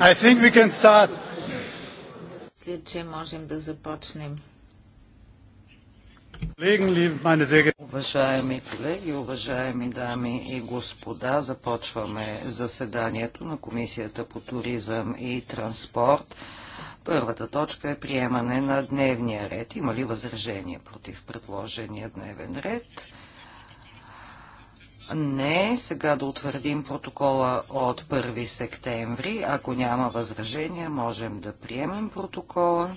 I think we can start. След, че можем да започнем. Уважаеми колеги, уважаеми дами и господа, започваме заседанието на Комисията по туризъм и транспорт. Първата точка е приемане на дневния ред. Има ли възражения против предложения дневен ред? Не, сега да утвърдим протокола от 1 септември. Ако няма възражения, можем да приемем протокола.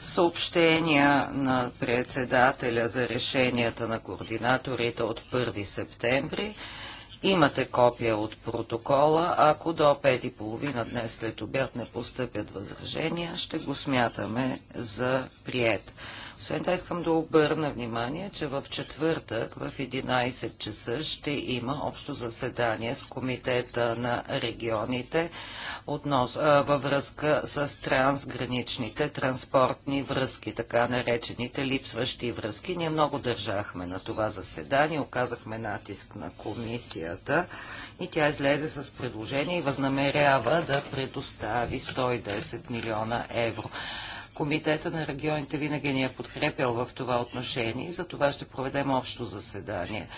Съобщения на председателя за решенията на координаторите от 1 септември. Имате копия от протокола. Ако до 5.30 днес след обяд не постъпят възражения, ще го смятаме за прият. Освен това искам да обърна внимание, че в четвъртък в 11 часа ще има общо заседание с Комитета на регионите относ, а, във връзка с трансграничните транспортни връзки, така наречените липсващи връзки. Ние много държахме на това заседание, оказахме натиск на комисията и тя излезе с предложение и възнамерява да предостави 110 милиона евро. Комитета на регионите винаги ни е подкрепял в това отношение и за това ще проведем общо заседание.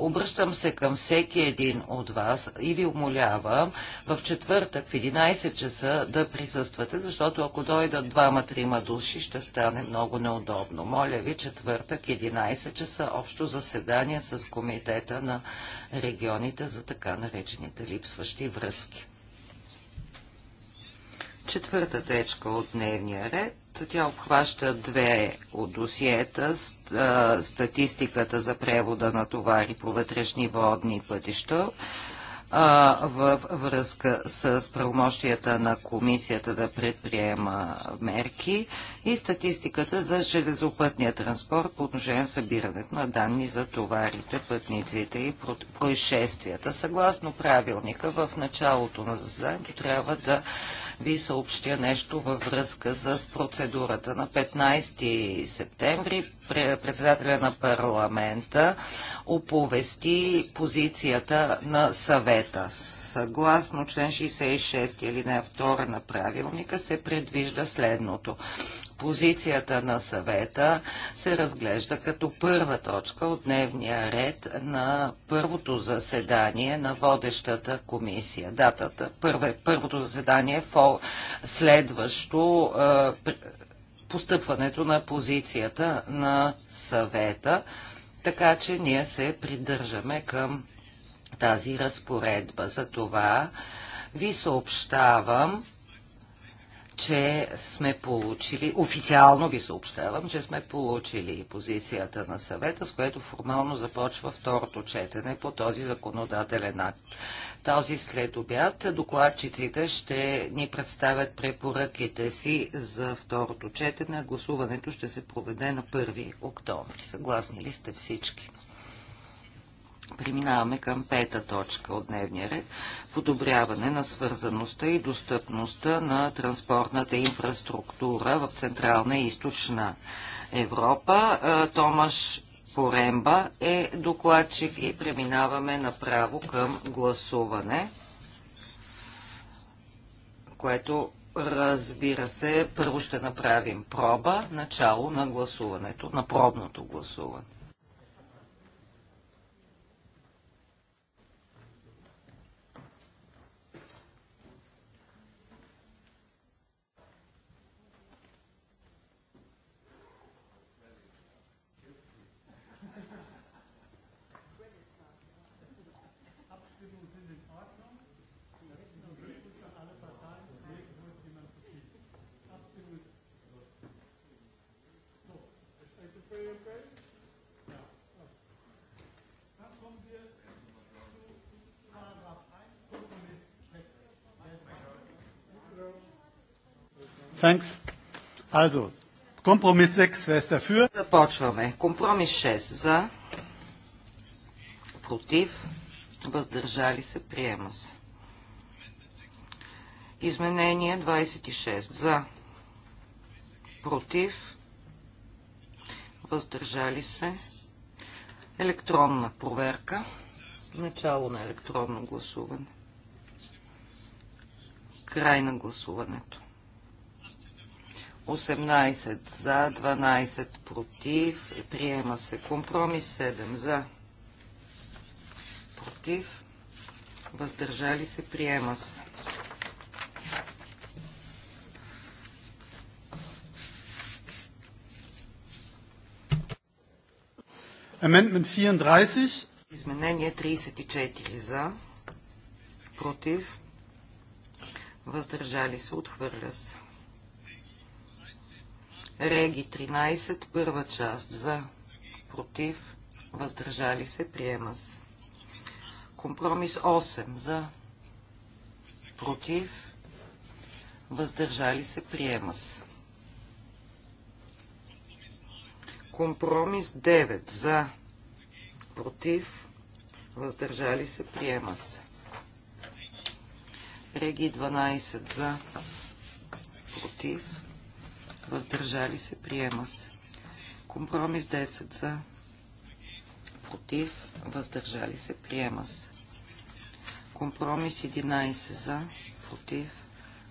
Обръщам се към всеки един от вас и ви умолявам в четвъртък в 11 часа да присъствате, защото ако дойдат двама-трима души, ще стане много неудобно. Моля ви, четвъртък 11 часа общо заседание с Комитета на регионите за така наречените липсващи връзки четвърта течка от дневния ред. Тя обхваща две от досиета, статистиката за превода на товари по вътрешни водни пътища в връзка с правомощията на комисията да предприема мерки и статистиката за железопътния транспорт по отношение на събирането на данни за товарите, пътниците и происшествията. Съгласно правилника, в началото на заседанието трябва да ви съобщя нещо във връзка с процедурата. На 15 септември председателя на парламента оповести позицията на съвета. Съгласно член 66 или 2 на правилника се предвижда следното позицията на съвета се разглежда като първа точка от дневния ред на първото заседание на водещата комисия. Датата, първе, първото заседание в е следващо е, постъпването на позицията на съвета, така че ние се придържаме към тази разпоредба. За това ви съобщавам, че сме получили, официално ви съобщавам, че сме получили позицията на съвета, с което формално започва второто четене по този законодателен акт. Този след обяд докладчиците ще ни представят препоръките си за второто четене. Гласуването ще се проведе на 1 октомври. Съгласни ли сте всички? Преминаваме към пета точка от дневния ред – подобряване на свързаността и достъпността на транспортната инфраструктура в Централна и Източна Европа. Томаш Поремба е докладчик и преминаваме направо към гласуване, което разбира се, първо ще направим проба, начало на гласуването, на пробното гласуване. Thanks. Also, Kompromiss 6, wer ist dafür? Започваме. Компромис 6 за, против, въздържали се, приема се. Изменение 26 за, против, въздържали се, електронна проверка, начало на електронно гласуване, край на гласуването. 18 за, 12 против, приема се. Компромис 7 за, против, въздържали се, приема се. Amendment 34. Изменение 34 за, против, въздържали се, отхвърля се. Реги 13, първа част. За, против, въздържали се, приема се. Компромис 8. За, против, въздържали се, приема се. Компромис 9. За, против, въздържали се, приема се. Реги 12 за, против, въздържали се, приема се. Компромис 10 за, против, въздържали се, приема се. Компромис 11 за, против,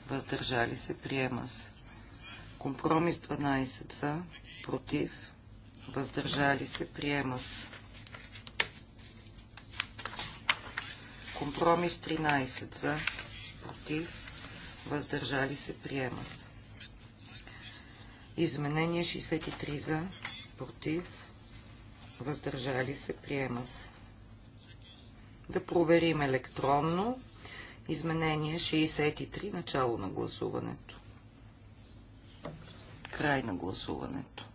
въздържали се, приема се. Компромис 12 за, против, въздържали се, приема се. Компромис 13 за, против, въздържали се, приема се. Изменение 63 за, против, въздържали се, приема се. Да проверим електронно. Изменение 63, начало на гласуването. Край на гласуването.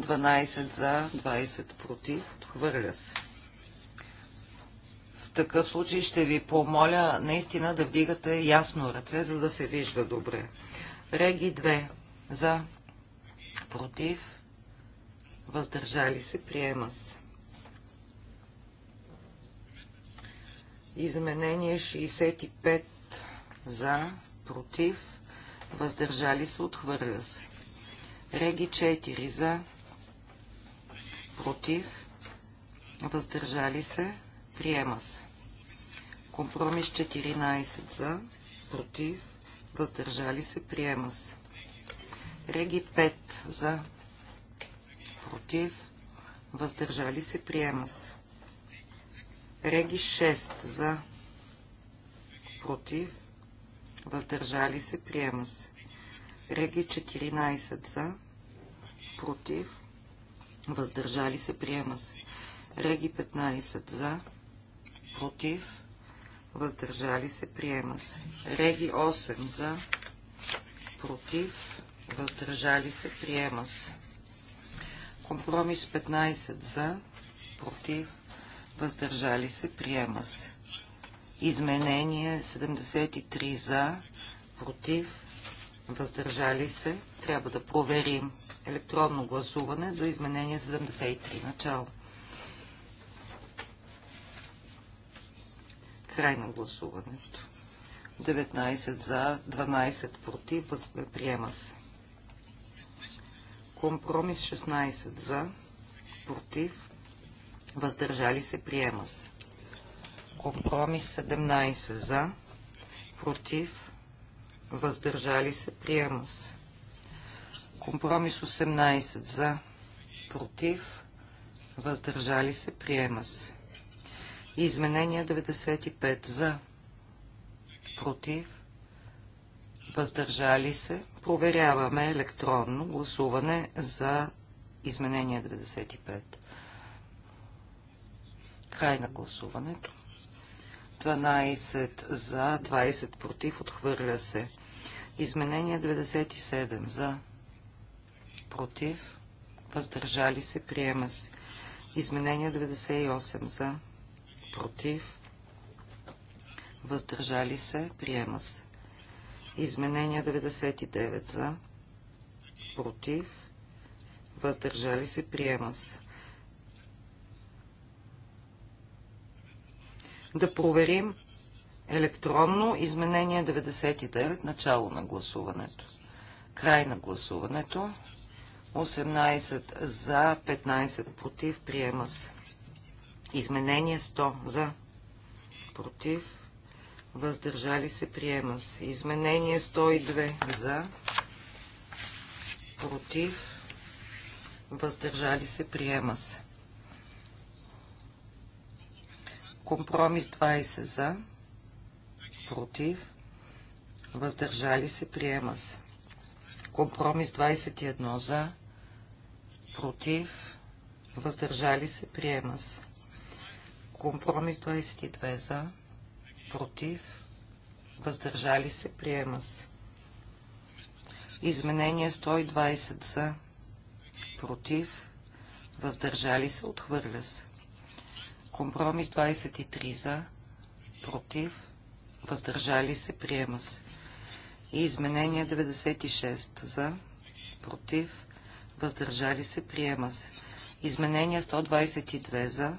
12 за, 20 против, отхвърля се. В такъв случай ще ви помоля наистина да вдигате ясно ръце, за да се вижда добре. Реги 2 за, против, въздържали се, приема се. Изменение 65 за, против, въздържали се, отхвърля се. Реги 4 за, против, въздържали се, приема се. Компромис 14 за, против, въздържали се, приема се. Реги 5 за, против, въздържали се, приема се. Реги 6 за, против, въздържали се, приема се. Реги 14 за, против, въздържали се, приема се. Реги 15 за, против, въздържали се, приема се. Реги 8 за, против, въздържали се, приема се. Компромис 15 за, против, въздържали се, приема се. Изменение 73 за, против, въздържали се. Трябва да проверим електронно гласуване за изменение 73. Начало. Край на гласуването. 19 за, 12 против, приема се. Компромис 16 за, против, въздържали се, приема се. Компромис 17 за, против, въздържали се, приема се. Компромис 18 за, против, въздържали се, приема се. Изменение 95 за, против, въздържали се. Проверяваме електронно гласуване за изменение 95. Край на гласуването. 12 за, 20 против, отхвърля се. Изменение 97 за, против, въздържали се, приема се. Изменение 98 за, против, въздържали се, приема се. Изменение 99 за, против, въздържали се, приема се. Да проверим електронно изменение 99, начало на гласуването. Край на гласуването. 18 за, 15 против, приема се. Изменение 100 за, против, въздържали се, приема се. Изменение 102 за, против, въздържали се, приема се. Компромис 20 за, против, въздържали се, приема се. Компромис 21 за, против, въздържали се, приема се. Компромис 22 за, против, въздържали се, приема се. Изменение 120 за, против, въздържали се, отхвърля се. Компромис 23 за, против, въздържали се, приема се. И изменение 96 за, против, въздържали се, приема се. Изменение 122 за,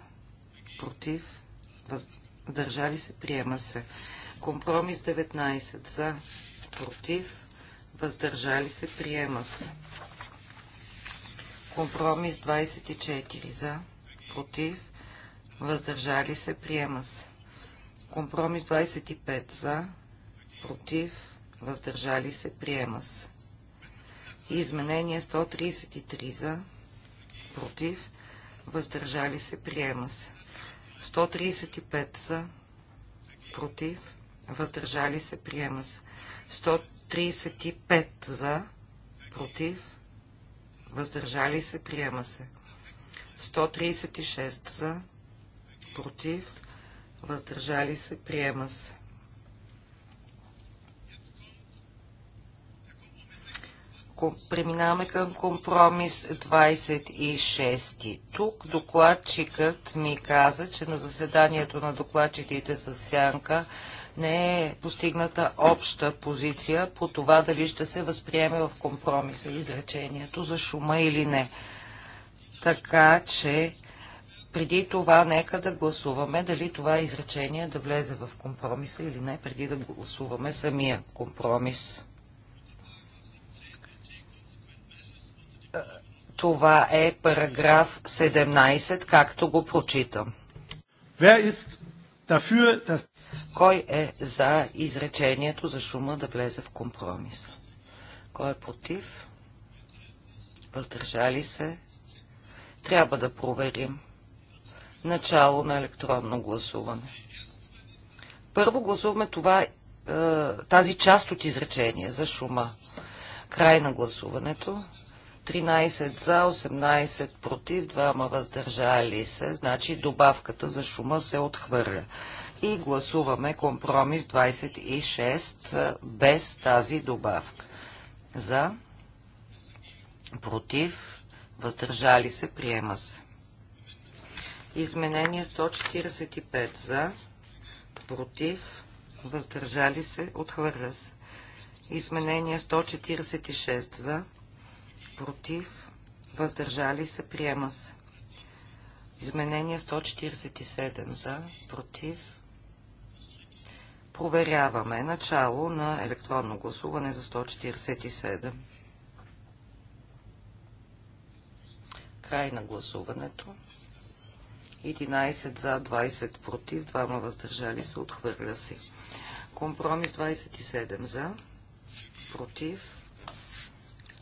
против, въздържали се, приема се. Компромис 19 за, против, въздържали се, приема се. Компромис 24 за, против, въздържали се, приема се. Компромис 25 за, против, въздържали се, приема се. Изменение 133 за, против, въздържали се, приема се. 135 са против, въздържали се, приема се. 135 за, против, въздържали се, приема се. 136 за, против, въздържали се, приема се. Преминаваме към компромис 26. Тук докладчикът ми каза, че на заседанието на докладчиците с Сянка не е постигната обща позиция по това дали ще се възприеме в компромиса изречението за шума или не. Така че преди това нека да гласуваме дали това изречение да влезе в компромиса или не, преди да гласуваме самия компромис. Това е параграф 17, както го прочитам. Кой е за изречението за шума да влезе в компромис? Кой е против? Въздържали се? Трябва да проверим. Начало на електронно гласуване. Първо гласуваме това, е, тази част от изречение за шума. Край на гласуването. 13 за, 18 против, 2 въздържали се, значи добавката за шума се отхвърля. И гласуваме компромис 26 без тази добавка. За, против, въздържали се, приема се. Изменение 145 за, против, въздържали се, отхвърля се. Изменение 146 за, против, въздържали се, приема се. Изменение 147 за, против. Проверяваме начало на електронно гласуване за 147. Край на гласуването. 11 за, 20 против, 2 въздържали се, отхвърля се. Компромис 27 за, против,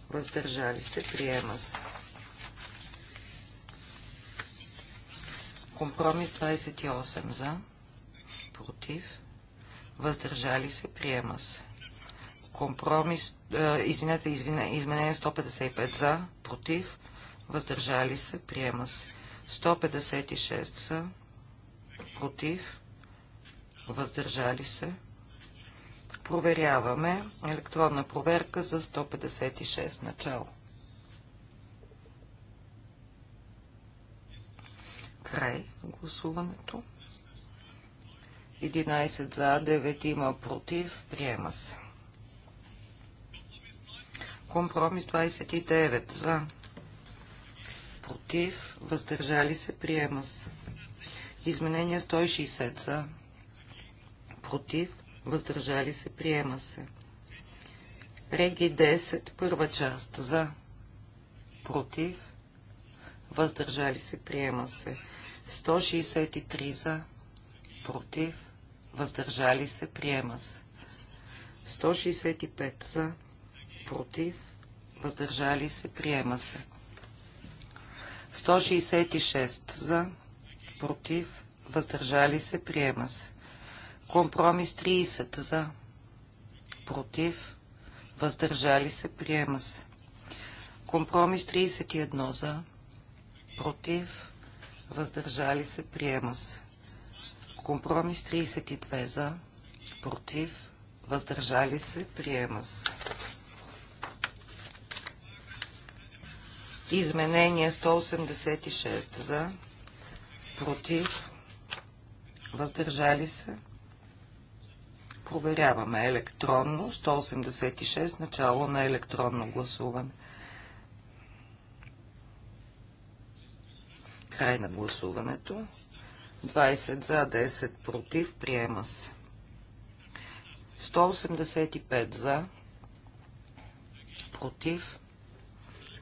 въздържали се, приема се. Компромис 28 за, против, въздържали се, приема се. Компромис, э, извинете, извинете, изменение 155 за, против, въздържали се, приема се. 156 за, против, въздържали се, Проверяваме електронна проверка за 156 начало. Край гласуването. 11 за, 9 има против. Приема се. Компромис 29 за. Против. Въздържали се. Приема се. Изменение 160 за. Против въздържали се, приема се. Реги 10, първа част, за, против, въздържали се, приема се. 163 за, против, въздържали се, приема се. 165 за, против, въздържали се, приема се. 166 за, против, въздържали се, приема се. Компромис 30 за. Против. Въздържали се. Приема се. Компромис 31 за. Против. Въздържали се. Приема се. Компромис 32 за. Против. Въздържали се. Приема се. Изменение 186 за. Против. Въздържали се. Проверяваме електронно. 186. Начало на електронно гласуване. Край на гласуването. 20 за, 10 против. Приема се. 185 за, против,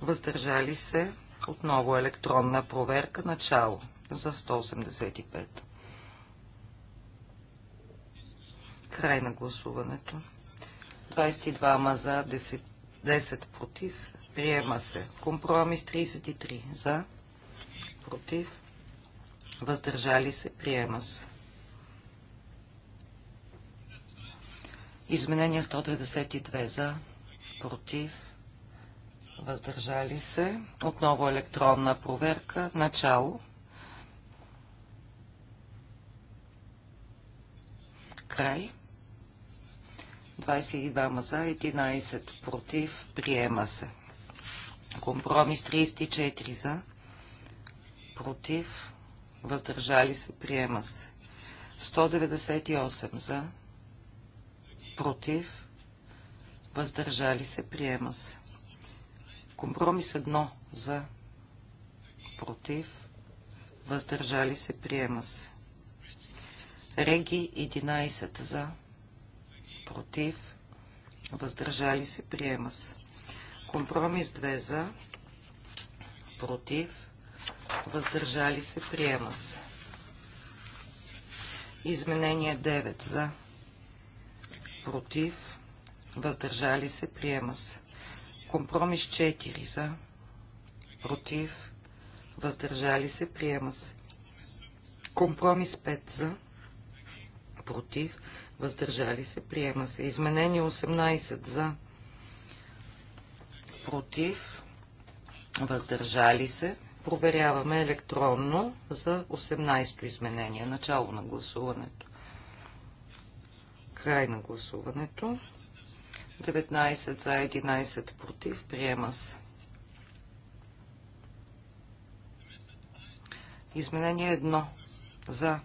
въздържали се. Отново електронна проверка. Начало за 185. Край на гласуването. 22 за, 10, 10 против. Приема се. Компромис 33 за, против. Въздържали се. Приема се. Изменение 192 за, против, въздържали се. Отново електронна проверка. Начало. Край. 22 за, 11 против. Приема се. Компромис 34 за, против. Въздържали се. Приема се. 198 за, против. Въздържали се. Приема се. Компромис 1 за, против. Въздържали се. Приема се. Реги 11 за, против против, въздържали се, приема се. Компромис 2 за, против, въздържали се, приема се. Изменение 9 за, против, въздържали се, приема се. Компромис 4 за, против, въздържали се, приема се. Компромис 5 за, против, въздържали се, приема се. Изменение 18 за, против, въздържали се. Проверяваме електронно за 18-то изменение, начало на гласуването. Край на гласуването. 19 за, 11 против, приема се. Изменение 1 за,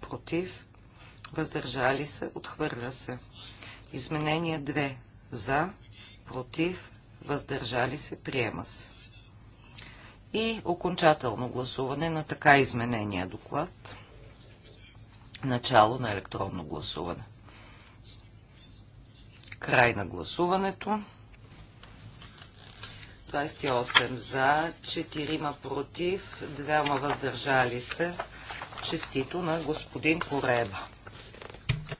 против, въздържали се, отхвърля се. Изменение 2. За, против, въздържали се, приема се. И окончателно гласуване на така изменения доклад. Начало на електронно гласуване. Край на гласуването. 28 за, 4 против, 2 въздържали се. Честито на господин Кореба.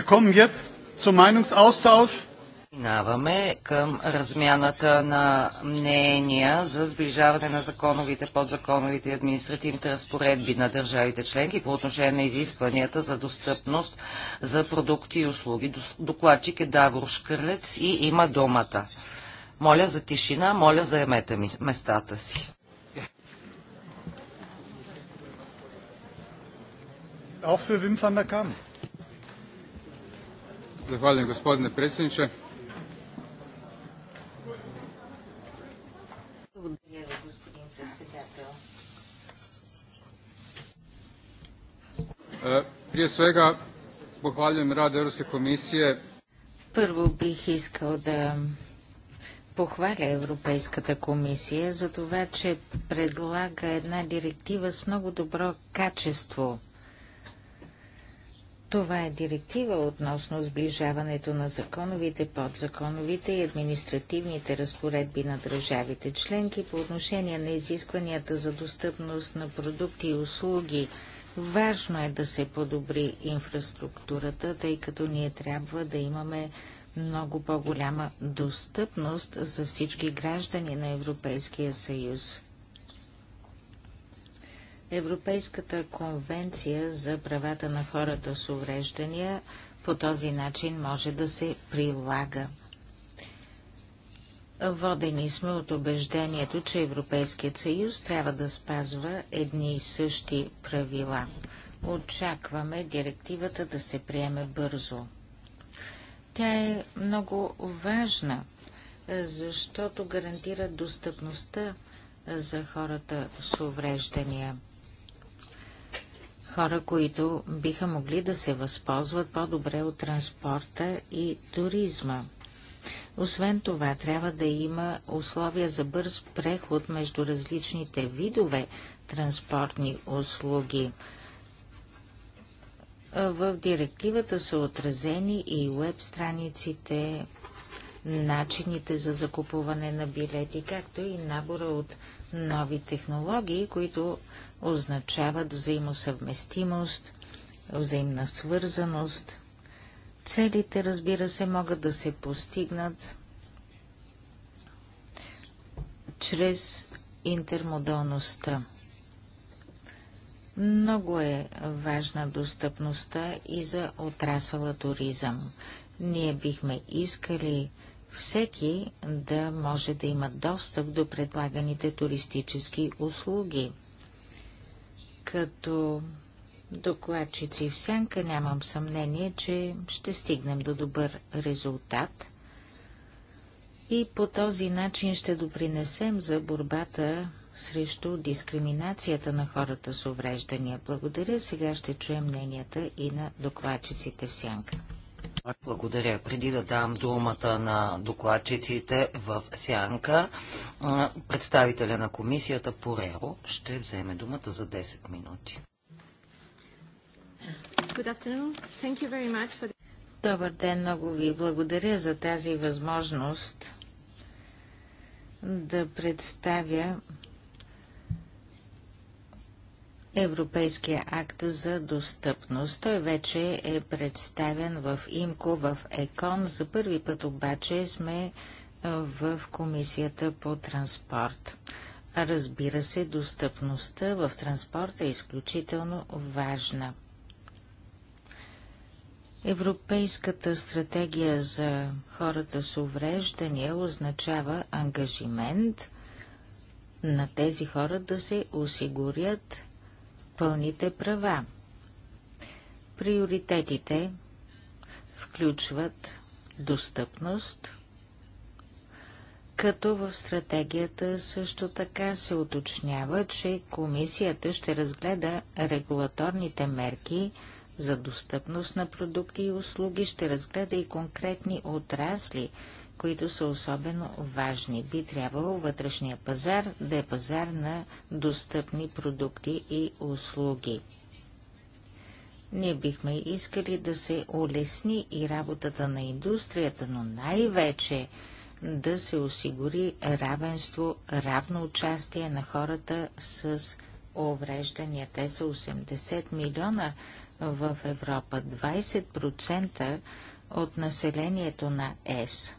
Wir kommen jetzt zum Meinungsaustausch. Минаваме към размяната на мнения за сближаване на законовите, подзаконовите и административните разпоредби на държавите членки по отношение на изискванията за достъпност за продукти и услуги. Докладчик е Давор Шкърлец и има думата. Моля за тишина, моля заемете местата си. Auch für Wim van der Kamp. Zahvaljujem gospodine predsjedniče. Благодаря ви, господин председател. Prije svega pohvaljujem rad Europske komisije. Първо бих искал да похваля Европейската комисия за това, че предлага една директива с много добро качество – това е директива относно сближаването на законовите, подзаконовите и административните разпоредби на държавите членки по отношение на изискванията за достъпност на продукти и услуги. Важно е да се подобри инфраструктурата, тъй като ние трябва да имаме много по-голяма достъпност за всички граждани на Европейския съюз. Европейската конвенция за правата на хората с увреждания по този начин може да се прилага. Водени сме от убеждението, че Европейският съюз трябва да спазва едни и същи правила. Очакваме директивата да се приеме бързо. Тя е много важна, защото гарантира достъпността за хората с увреждания хора, които биха могли да се възползват по-добре от транспорта и туризма. Освен това, трябва да има условия за бърз преход между различните видове транспортни услуги. В директивата са отразени и веб страниците, начините за закупуване на билети, както и набора от нови технологии, които означават взаимосъвместимост, взаимна свързаност. Целите, разбира се, могат да се постигнат чрез интермодалността. Много е важна достъпността и за отрасъла туризъм. Ние бихме искали всеки да може да има достъп до предлаганите туристически услуги. Като докладчици в сянка нямам съмнение, че ще стигнем до добър резултат и по този начин ще допринесем за борбата срещу дискриминацията на хората с увреждания. Благодаря. Сега ще чуем мненията и на докладчиците в сянка. Благодаря. Преди да дам думата на докладчиците в Сянка, представителя на комисията Пореро ще вземе думата за 10 минути. For... Добър ден, много ви благодаря за тази възможност да представя Европейския акт за достъпност. Той вече е представен в ИМКО, в ЕКОН. За първи път обаче сме е, в Комисията по транспорт. Разбира се, достъпността в транспорта е изключително важна. Европейската стратегия за хората с увреждания означава ангажимент на тези хора да се осигурят пълните права. Приоритетите включват достъпност, като в стратегията също така се уточнява, че комисията ще разгледа регулаторните мерки за достъпност на продукти и услуги, ще разгледа и конкретни отрасли – които са особено важни. Би трябвало вътрешния пазар да е пазар на достъпни продукти и услуги. Ние бихме искали да се улесни и работата на индустрията, но най-вече да се осигури равенство, равно участие на хората с увреждания. Те са 80 милиона в Европа. 20% от населението на ЕС.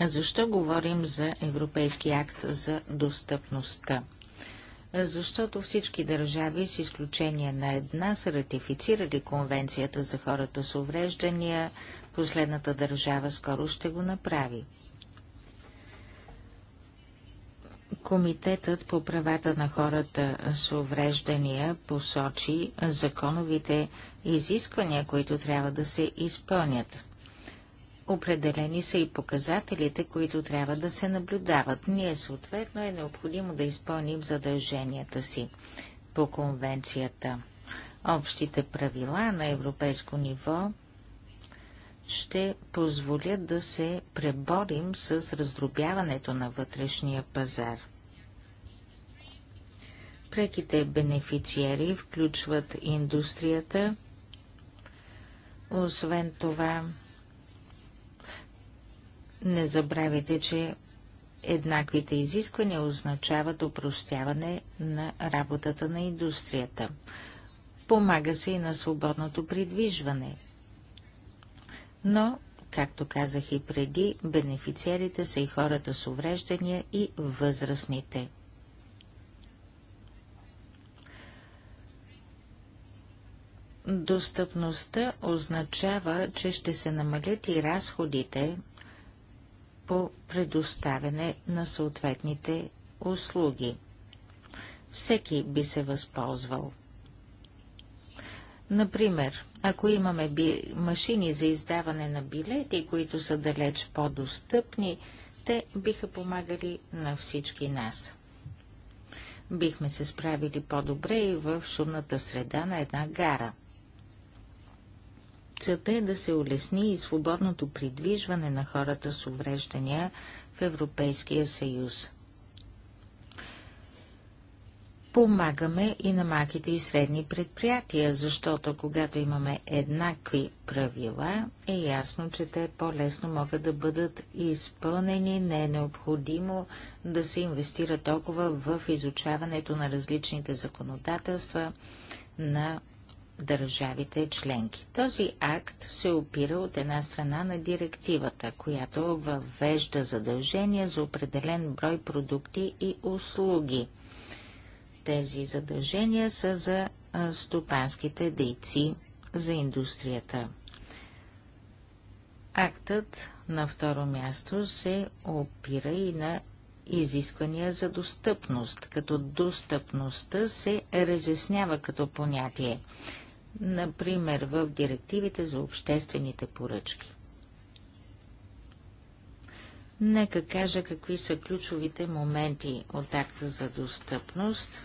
Защо говорим за Европейски акт за достъпността? Защото всички държави, с изключение на една, са ратифицирали Конвенцията за хората с увреждания. Последната държава скоро ще го направи. Комитетът по правата на хората с увреждания посочи законовите изисквания, които трябва да се изпълнят. Определени са и показателите, които трябва да се наблюдават. Ние съответно е необходимо да изпълним задълженията си по конвенцията. Общите правила на европейско ниво ще позволят да се преборим с раздробяването на вътрешния пазар. Преките бенефициери включват индустрията, освен това не забравяйте, че еднаквите изисквания означават упростяване на работата на индустрията. Помага се и на свободното придвижване. Но, както казах и преди, бенефициарите са и хората с увреждания и възрастните. Достъпността означава, че ще се намалят и разходите по предоставяне на съответните услуги. Всеки би се възползвал. Например, ако имаме би... машини за издаване на билети, които са далеч по-достъпни, те биха помагали на всички нас. Бихме се справили по-добре и в шумната среда на една гара – Целта е да се улесни и свободното придвижване на хората с увреждания в Европейския съюз. Помагаме и на малките и средни предприятия, защото когато имаме еднакви правила, е ясно, че те по-лесно могат да бъдат изпълнени. Не е необходимо да се инвестира толкова в изучаването на различните законодателства на държавите членки. Този акт се опира от една страна на директивата, която въвежда задължения за определен брой продукти и услуги. Тези задължения са за стопанските дейци за индустрията. Актът на второ място се опира и на изисквания за достъпност, като достъпността се разяснява като понятие например в директивите за обществените поръчки. Нека кажа какви са ключовите моменти от акта за достъпност.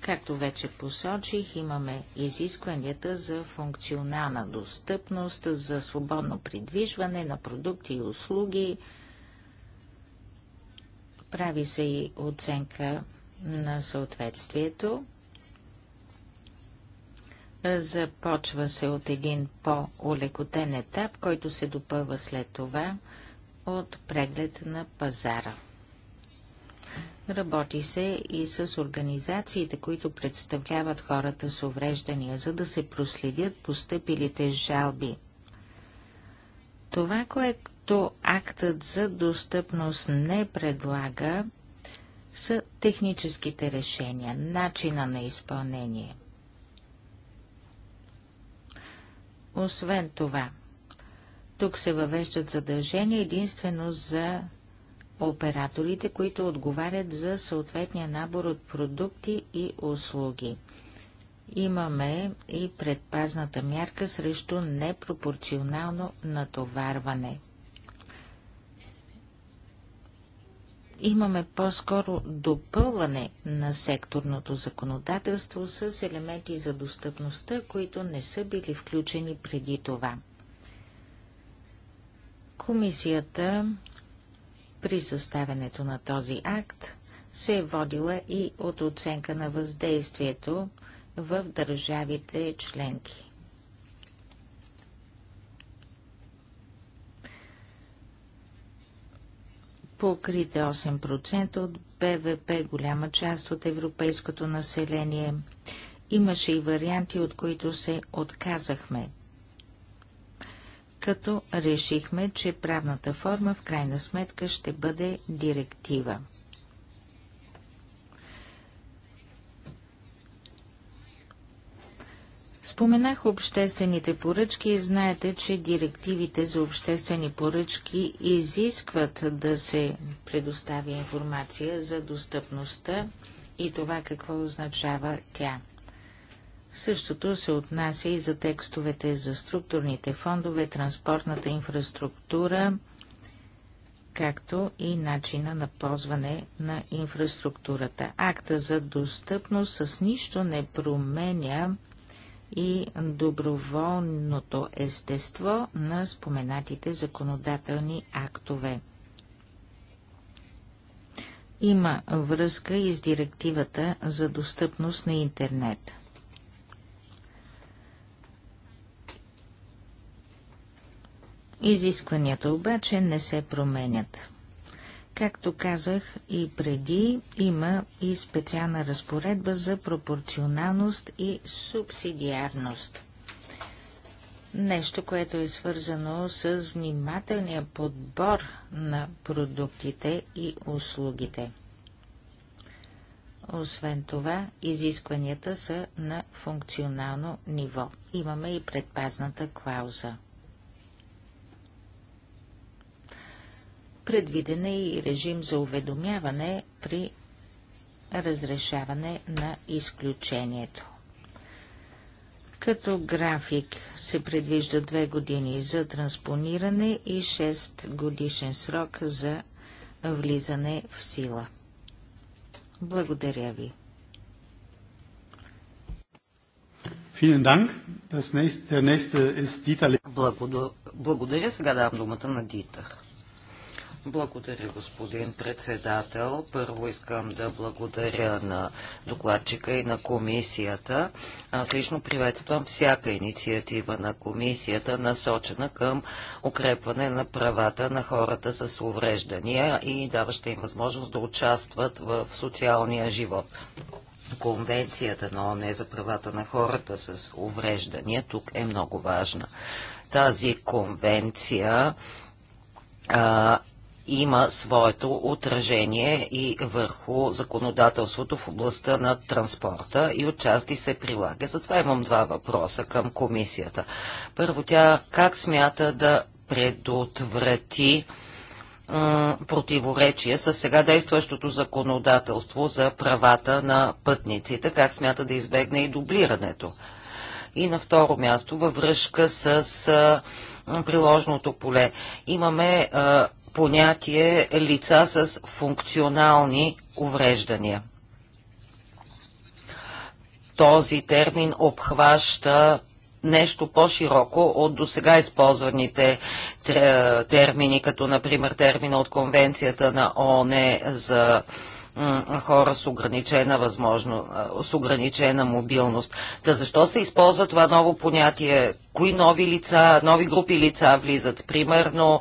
Както вече посочих, имаме изискванията за функционална достъпност, за свободно придвижване на продукти и услуги. Прави се и оценка на съответствието. Започва се от един по-улекотен етап, който се допълва след това от преглед на пазара. Работи се и с организациите, които представляват хората с увреждания, за да се проследят постъпилите жалби. Това, което актът за достъпност не предлага, са техническите решения, начина на изпълнение. Освен това, тук се въвеждат задължения единствено за операторите, които отговарят за съответния набор от продукти и услуги. Имаме и предпазната мярка срещу непропорционално натоварване – имаме по-скоро допълване на секторното законодателство с елементи за достъпността, които не са били включени преди това. Комисията при съставянето на този акт се е водила и от оценка на въздействието в държавите членки. покрите 8% от БВП, голяма част от европейското население. Имаше и варианти, от които се отказахме, като решихме, че правната форма в крайна сметка ще бъде директива. Споменах обществените поръчки и знаете, че директивите за обществени поръчки изискват да се предостави информация за достъпността и това какво означава тя. Същото се отнася и за текстовете за структурните фондове, транспортната инфраструктура, както и начина на ползване на инфраструктурата. Акта за достъпност с нищо не променя и доброволното естество на споменатите законодателни актове. Има връзка и с директивата за достъпност на интернет. Изискванията обаче не се променят. Както казах и преди, има и специална разпоредба за пропорционалност и субсидиарност. Нещо, което е свързано с внимателния подбор на продуктите и услугите. Освен това, изискванията са на функционално ниво. Имаме и предпазната клауза. Предвиден е и режим за уведомяване при разрешаване на изключението. Като график се предвижда две години за транспониране и 6 годишен срок за влизане в сила. Благодаря ви. Благодаря. Сега давам думата на Дитър. Благодаря, господин председател. Първо искам да благодаря на докладчика и на комисията. Аз лично приветствам всяка инициатива на комисията, насочена към укрепване на правата на хората с увреждания и даваща им възможност да участват в социалния живот. Конвенцията на ОНЕ за правата на хората с увреждания тук е много важна. Тази конвенция има своето отражение и върху законодателството в областта на транспорта и отчасти се прилага. Затова имам два въпроса към комисията. Първо тя как смята да предотврати противоречие с сега действащото законодателство за правата на пътниците, как смята да избегне и дублирането. И на второ място, във връзка с приложното поле. Имаме понятие лица с функционални увреждания. Този термин обхваща нещо по-широко от досега използваните термини, като например термина от Конвенцията на ООН за хора с ограничена възможно, с ограничена мобилност. Та защо се използва това ново понятие? Кои нови лица, нови групи лица влизат? Примерно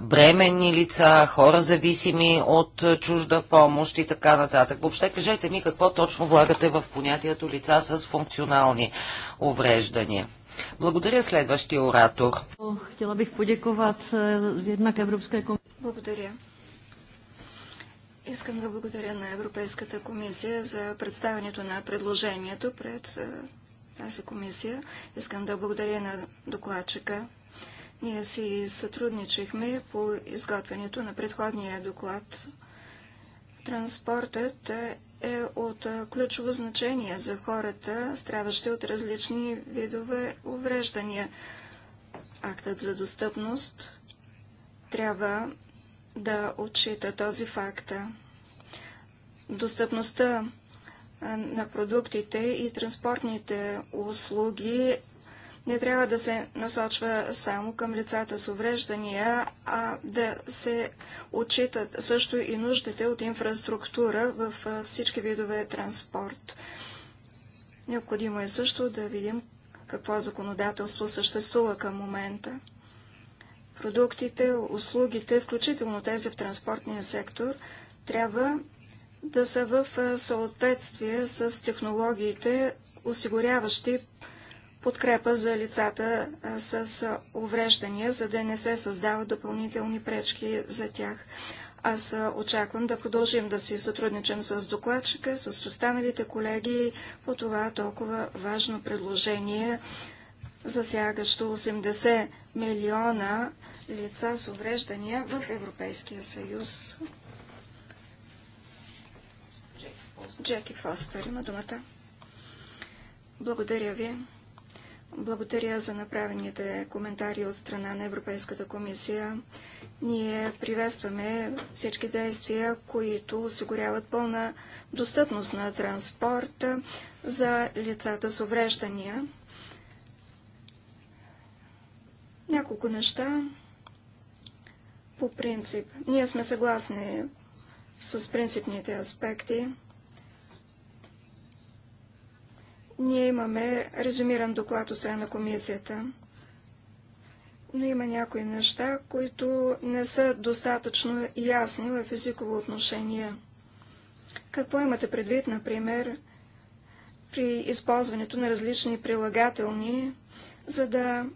бременни лица, хора зависими от чужда помощ и така нататък. Въобще кажете ми какво точно влагате в понятието лица с функционални увреждания. Благодаря следващия оратор. Хотела бих комисия. Благодаря. Искам да благодаря на Европейската комисия за представянето на предложението пред е, тази комисия. Искам да благодаря на докладчика. Ние си сътрудничихме по изготвянето на предходния доклад. Транспортът е от ключово значение за хората, страдащи от различни видове увреждания. Актът за достъпност трябва да отчита този факт. Достъпността на продуктите и транспортните услуги не трябва да се насочва само към лицата с увреждания, а да се отчитат също и нуждите от инфраструктура в всички видове транспорт. Необходимо е също да видим какво законодателство съществува към момента продуктите, услугите, включително тези в транспортния сектор, трябва да са в съответствие с технологиите, осигуряващи подкрепа за лицата с увреждания, за да не се създават допълнителни пречки за тях. Аз очаквам да продължим да си сътрудничам с докладчика, с останалите колеги по това толкова важно предложение, засягащо 80 милиона лица с увреждания в Европейския съюз. Джеки Фостер има думата. Благодаря ви. Благодаря за направените коментари от страна на Европейската комисия. Ние приветстваме всички действия, които осигуряват пълна достъпност на транспорт за лицата с увреждания. Няколко неща по принцип, ние сме съгласни с принципните аспекти. Ние имаме резюмиран доклад от страна на комисията, но има някои неща, които не са достатъчно ясни в езиково отношение. Какво имате предвид, например, при използването на различни прилагателни, за да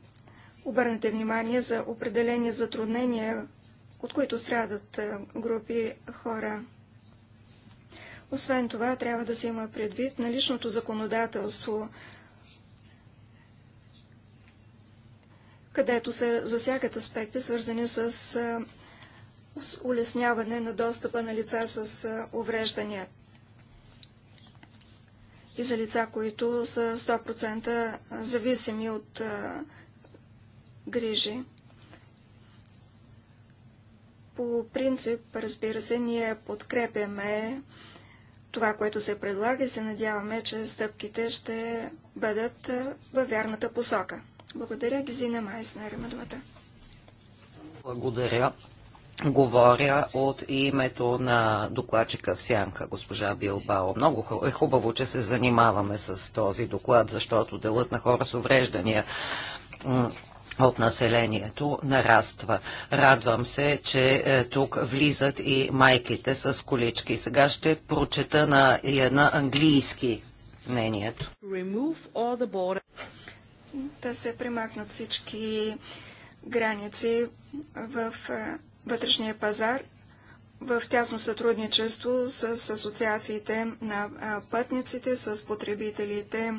обърнете внимание за определени затруднения, от които страдат е, групи хора. Освен това, трябва да се има предвид на личното законодателство, където се засягат аспекти, свързани с, е, улесняване на достъпа на лица с е, увреждания и за лица, които са 100% зависими от грижи. По принцип, разбира се, ние подкрепяме това, което се предлага и се надяваме, че стъпките ще бъдат във вярната посока. Благодаря, Гизина Майснер. Има думата. Благодаря. Говоря от името на докладчика в Сянка, госпожа Билбао. Много е хубаво, че се занимаваме с този доклад, защото делът на хора с увреждания от населението нараства. Радвам се, че е, тук влизат и майките с колички. Сега ще прочета на, една английски мнението. Да се примахнат всички граници в е, вътрешния пазар в тясно сътрудничество с, асоциациите на е, пътниците, с потребителите.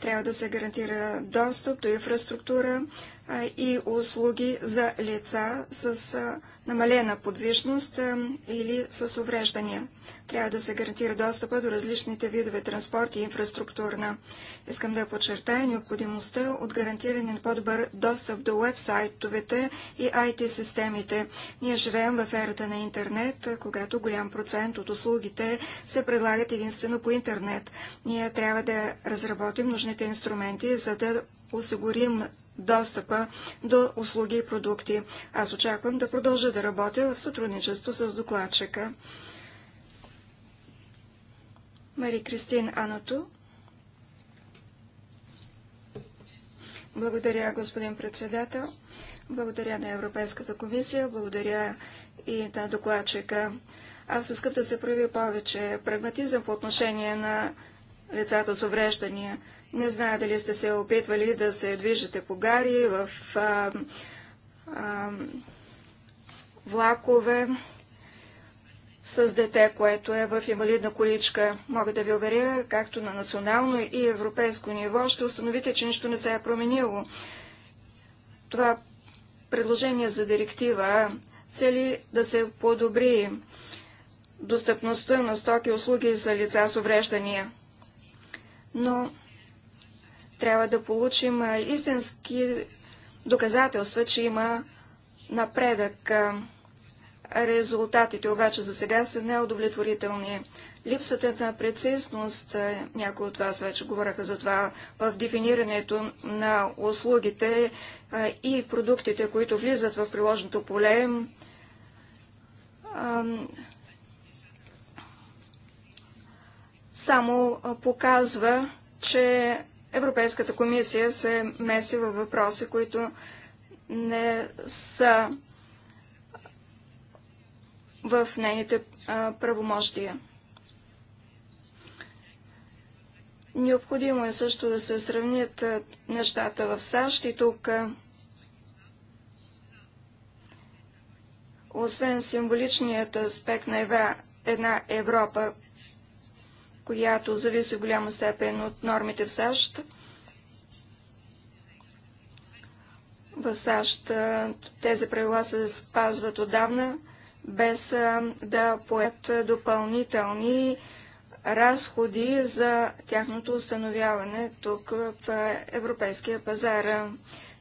Трябва да се гарантира достъп до инфраструктура, и услуги за лица с намалена подвижност или с увреждания. Трябва да се гарантира достъпа до различните видове транспорт и инфраструктурна. Искам да подчертая необходимостта от гарантиране на по-добър достъп до вебсайтовете и IT-системите. Ние живеем в ерата на интернет, когато голям процент от услугите се предлагат единствено по интернет. Ние трябва да разработим нужните инструменти, за да осигурим достъпа до услуги и продукти. Аз очаквам да продължа да работя в сътрудничество с докладчика. Мари Кристин Аното. Благодаря, господин председател. Благодаря на Европейската комисия. Благодаря и на докладчика. Аз искам да се прояви повече прагматизъм по отношение на лицата с увреждания. Не знае дали сте се опитвали да се движите по гари, в а, а, влакове с дете, което е в инвалидна количка. Мога да ви уверя, както на национално и европейско ниво, ще установите, че нищо не се е променило. Това предложение за директива цели да се подобри достъпността на стоки и услуги за лица с увреждания. Но трябва да получим истински доказателства, че има напредък. Резултатите обаче за сега са неудовлетворителни. Липсата на прецизност, някои от вас вече говореха за това, в дефинирането на услугите и продуктите, които влизат в приложното поле, само показва, че Европейската комисия се меси във въпроси, които не са в нейните правомощия. Необходимо е също да се сравнят нещата в САЩ и тук. освен символичният аспект на една Европа, която зависи в голяма степен от нормите в САЩ. В САЩ тези правила се спазват отдавна, без да поят допълнителни разходи за тяхното установяване тук в европейския пазар.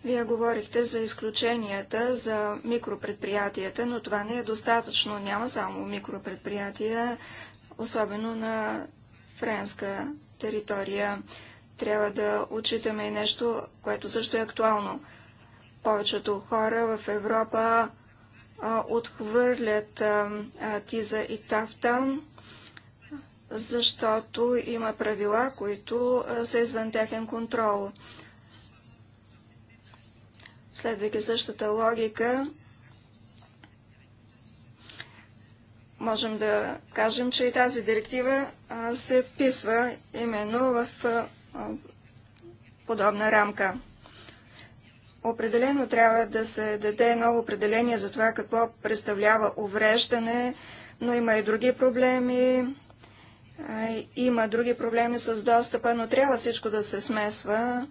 Вие говорихте за изключенията за микропредприятията, но това не е достатъчно. Няма само микропредприятия, особено на френска територия. Трябва да отчитаме и нещо, което също е актуално. Повечето хора в Европа а, отхвърлят а, Тиза и Тафта, защото има правила, които а, са извън техен контрол. Следвайки същата логика, можем да кажем, че и тази директива се вписва именно в подобна рамка. Определено трябва да се даде ново определение за това какво представлява увреждане, но има и други проблеми. Има други проблеми с достъпа, но трябва всичко да се смесва,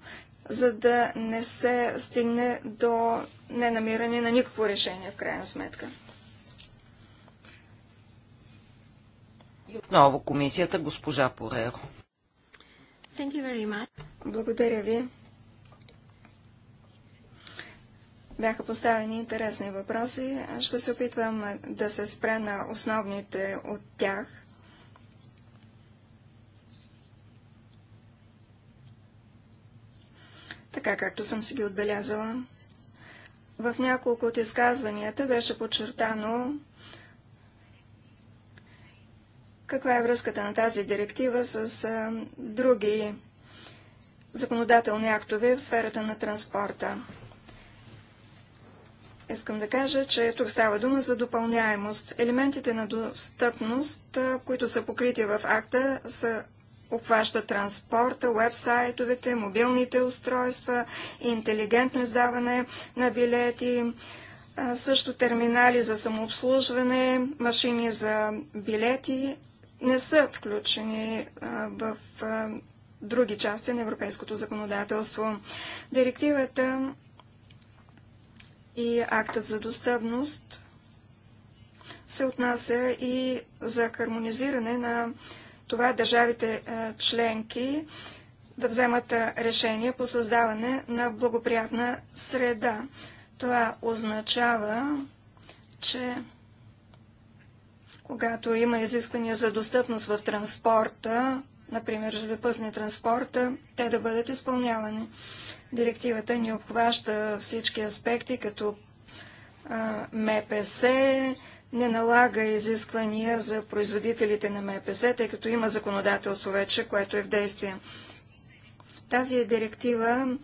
за да не се стигне до ненамиране на никакво решение в крайна сметка. И отново комисията госпожа Пореро. Благодаря ви. Бяха поставени интересни въпроси. Ще се опитвам да се спре на основните от тях. Така както съм си ги отбелязала. В няколко от изказванията беше подчертано каква е връзката на тази директива с а, други законодателни актове в сферата на транспорта? Искам да кажа, че тук става дума за допълняемост. Елементите на достъпност, които са покрити в акта, са обхваща транспорта, уебсайтовете, мобилните устройства, интелигентно издаване на билети, също терминали за самообслужване, машини за билети, не са включени в други части на европейското законодателство. Директивата и актът за достъпност се отнася и за хармонизиране на това държавите членки да вземат решение по създаване на благоприятна среда. Това означава, че когато има изисквания за достъпност в транспорта, например железопътни транспорта, те да бъдат изпълнявани. Директивата ни обхваща всички аспекти, като а, МПС, не налага изисквания за производителите на МПС, тъй като има законодателство вече, което е в действие. Тази директива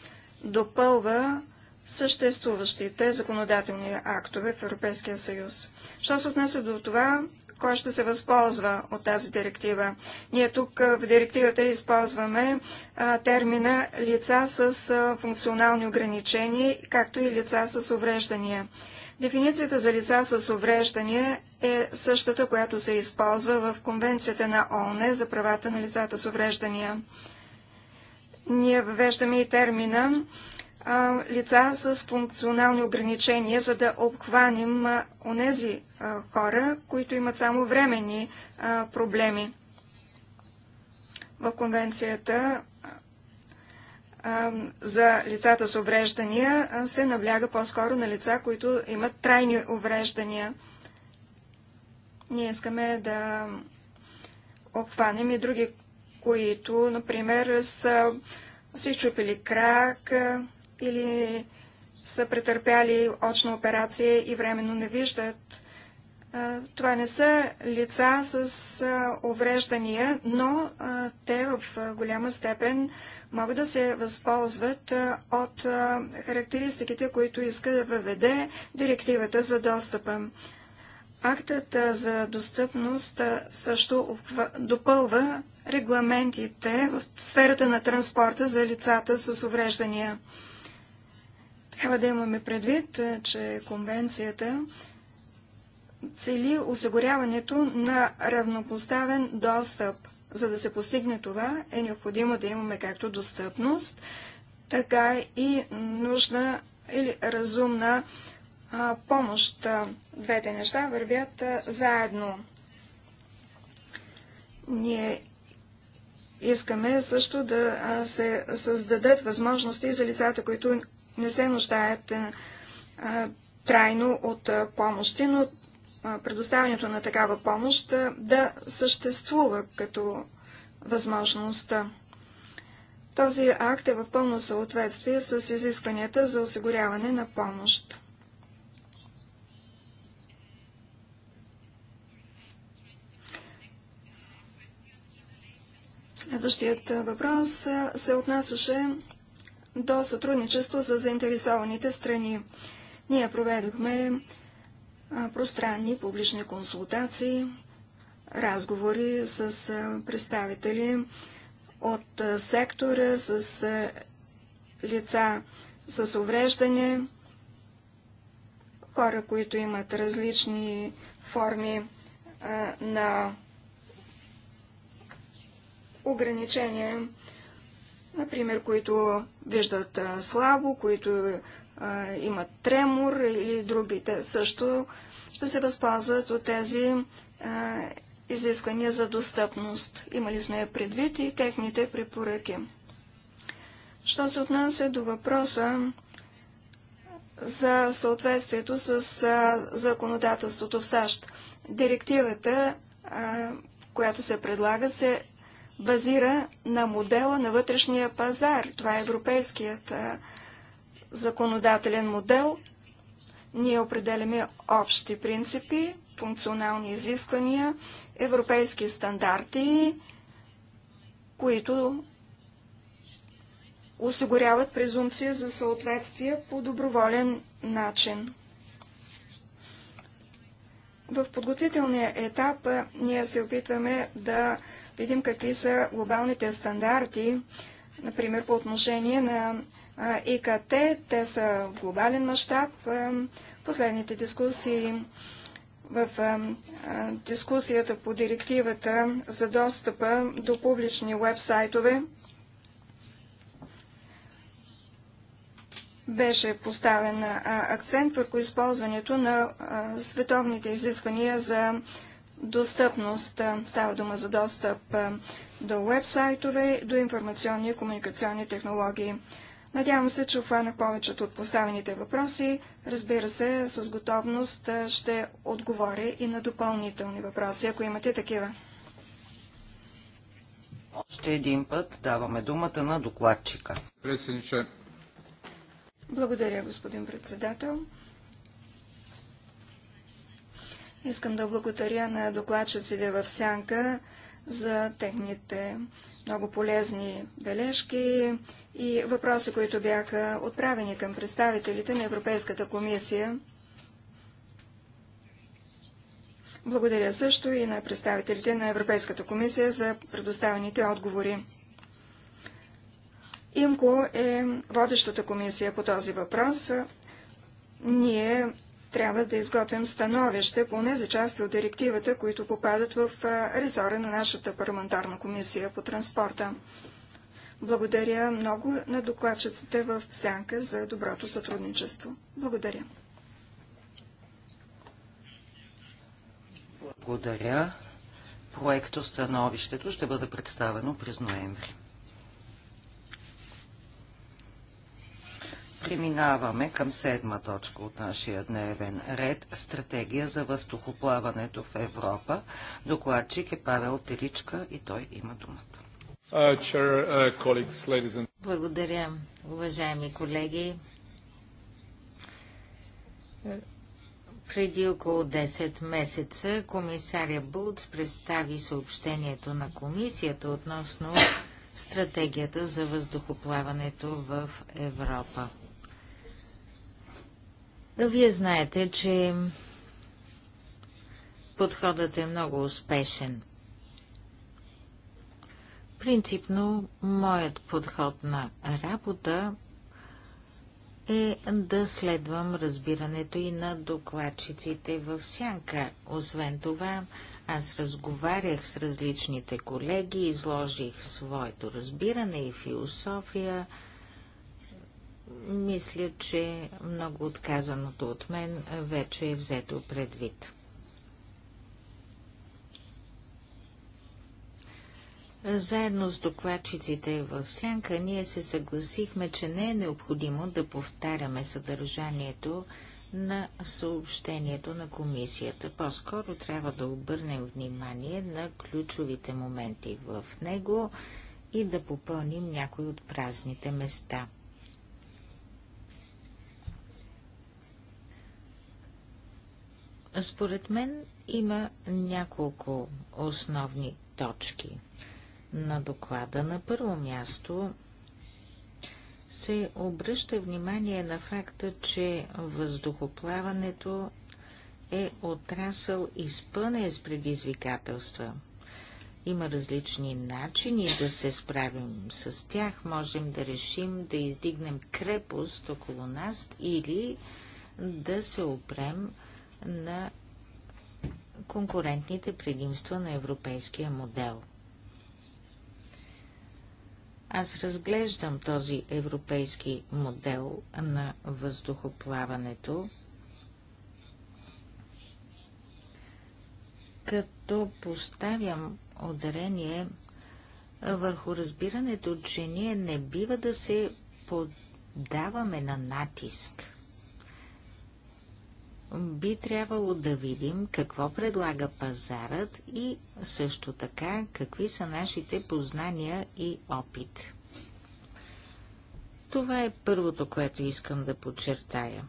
допълва съществуващите законодателни актове в Европейския съюз. Що се отнася до това, кой ще се възползва от тази директива. Ние тук в директивата използваме термина лица с функционални ограничения, както и лица с увреждания. Дефиницията за лица с увреждания е същата, която се използва в Конвенцията на ООН за правата на лицата с увреждания. Ние въвеждаме и термина а, лица с функционални ограничения, за да обхванем а, онези а, хора, които имат само временни а, проблеми. В конвенцията а, за лицата с увреждания а, се набляга по-скоро на лица, които имат трайни увреждания. Ние искаме да обхванем и други, които, например, са си чупили крак, или са претърпяли очна операция и временно не виждат. Това не са лица с увреждания, но те в голяма степен могат да се възползват от характеристиките, които иска да въведе директивата за достъпа. Актът за достъпност също допълва регламентите в сферата на транспорта за лицата с увреждания. Трябва да имаме предвид, е, че конвенцията цели осигуряването на равнопоставен достъп. За да се постигне това, е необходимо да имаме както достъпност, така и нужна или разумна а, помощ. Двете неща вървят а, заедно. Ние искаме също да се създадат възможности за лицата, които не се нуждаят е, трайно от помощи, но предоставянето на такава помощ да съществува като възможност. Този акт е в пълно съответствие с изискванията за осигуряване на помощ. Следващият въпрос се отнасяше до сътрудничество за заинтересованите страни. Ние проведохме пространни публични консултации, разговори с представители от сектора, с лица с увреждане, хора, които имат различни форми на ограничения например, които виждат а, слабо, които а, имат тремор или другите също ще се възползват от тези а, изисквания за достъпност. Имали сме предвид и техните препоръки. Що се отнася до въпроса за съответствието с а, законодателството в САЩ. Директивата, а, която се предлага, се базира на модела на вътрешния пазар. Това е европейският а, законодателен модел. Ние определяме общи принципи, функционални изисквания, европейски стандарти, които осигуряват презумпция за съответствие по доброволен начин. В подготвителния етап ние се опитваме да видим какви са глобалните стандарти, например по отношение на ИКТ. Те са в глобален мащаб. Последните дискусии в дискусията по директивата за достъпа до публични вебсайтове беше поставен акцент върху използването на световните изисквания за достъпност. Е, става дума за достъп е, до вебсайтове, до информационни и комуникационни технологии. Надявам се, че обхванах повечето от поставените въпроси. Разбира се, с готовност е, ще отговоря и на допълнителни въпроси, ако имате такива. Още един път даваме думата на докладчика. Благодаря, господин председател. Искам да благодаря на докладчиците в Сянка за техните много полезни бележки и въпроси, които бяха отправени към представителите на Европейската комисия. Благодаря също и на представителите на Европейската комисия за предоставените отговори. ИМКО е водещата комисия по този въпрос. Ние трябва да изготвим становище по за части от директивата, които попадат в резора на нашата парламентарна комисия по транспорта. Благодаря много на докладчиците в Сянка за доброто сътрудничество. Благодаря. Благодаря. Проекто становището ще бъде представено през ноември. Преминаваме към седма точка от нашия дневен ред – стратегия за въздухоплаването в Европа. Докладчик е Павел Теричка и той има думата. Uh, uh, Благодаря, уважаеми колеги. Преди около 10 месеца комисаря Булц представи съобщението на комисията относно стратегията за въздухоплаването в Европа. Вие знаете, че подходът е много успешен. Принципно, моят подход на работа е да следвам разбирането и на докладчиците в сянка. Освен това, аз разговарях с различните колеги, изложих своето разбиране и философия – мисля, че много отказаното от мен вече е взето предвид. Заедно с докладчиците в Сянка ние се съгласихме, че не е необходимо да повтаряме съдържанието на съобщението на комисията. По-скоро трябва да обърнем внимание на ключовите моменти в него и да попълним някои от празните места – Според мен има няколко основни точки на доклада. На първо място се обръща внимание на факта, че въздухоплаването е отрасъл изпълнен с предизвикателства. Има различни начини да се справим с тях. Можем да решим да издигнем крепост около нас или да се опрем на конкурентните предимства на европейския модел. Аз разглеждам този европейски модел на въздухоплаването като поставям ударение върху разбирането, че ние не бива да се поддаваме на натиск – би трябвало да видим какво предлага пазарът и също така какви са нашите познания и опит. Това е първото, което искам да подчертая.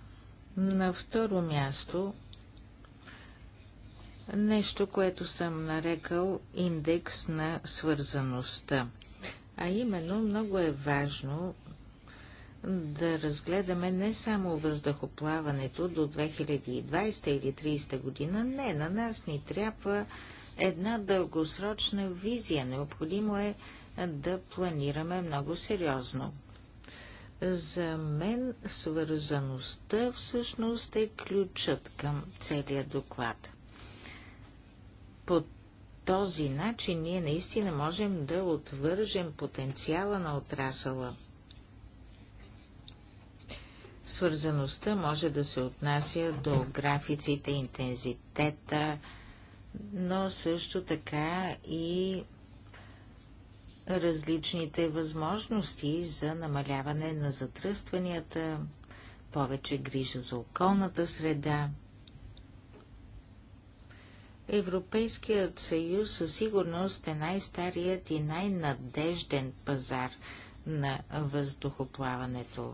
На второ място нещо, което съм нарекал индекс на свързаността. А именно много е важно да разгледаме не само въздухоплаването до 2020 или 30 година. Не, на нас ни трябва една дългосрочна визия. Необходимо е да планираме много сериозно. За мен свързаността всъщност е ключът към целия доклад. По този начин ние наистина можем да отвържем потенциала на отрасъла – Свързаността може да се отнася до графиците, интензитета, но също така и различните възможности за намаляване на затръстванията, повече грижа за околната среда. Европейският съюз със сигурност е най-старият и най-надежден пазар на въздухоплаването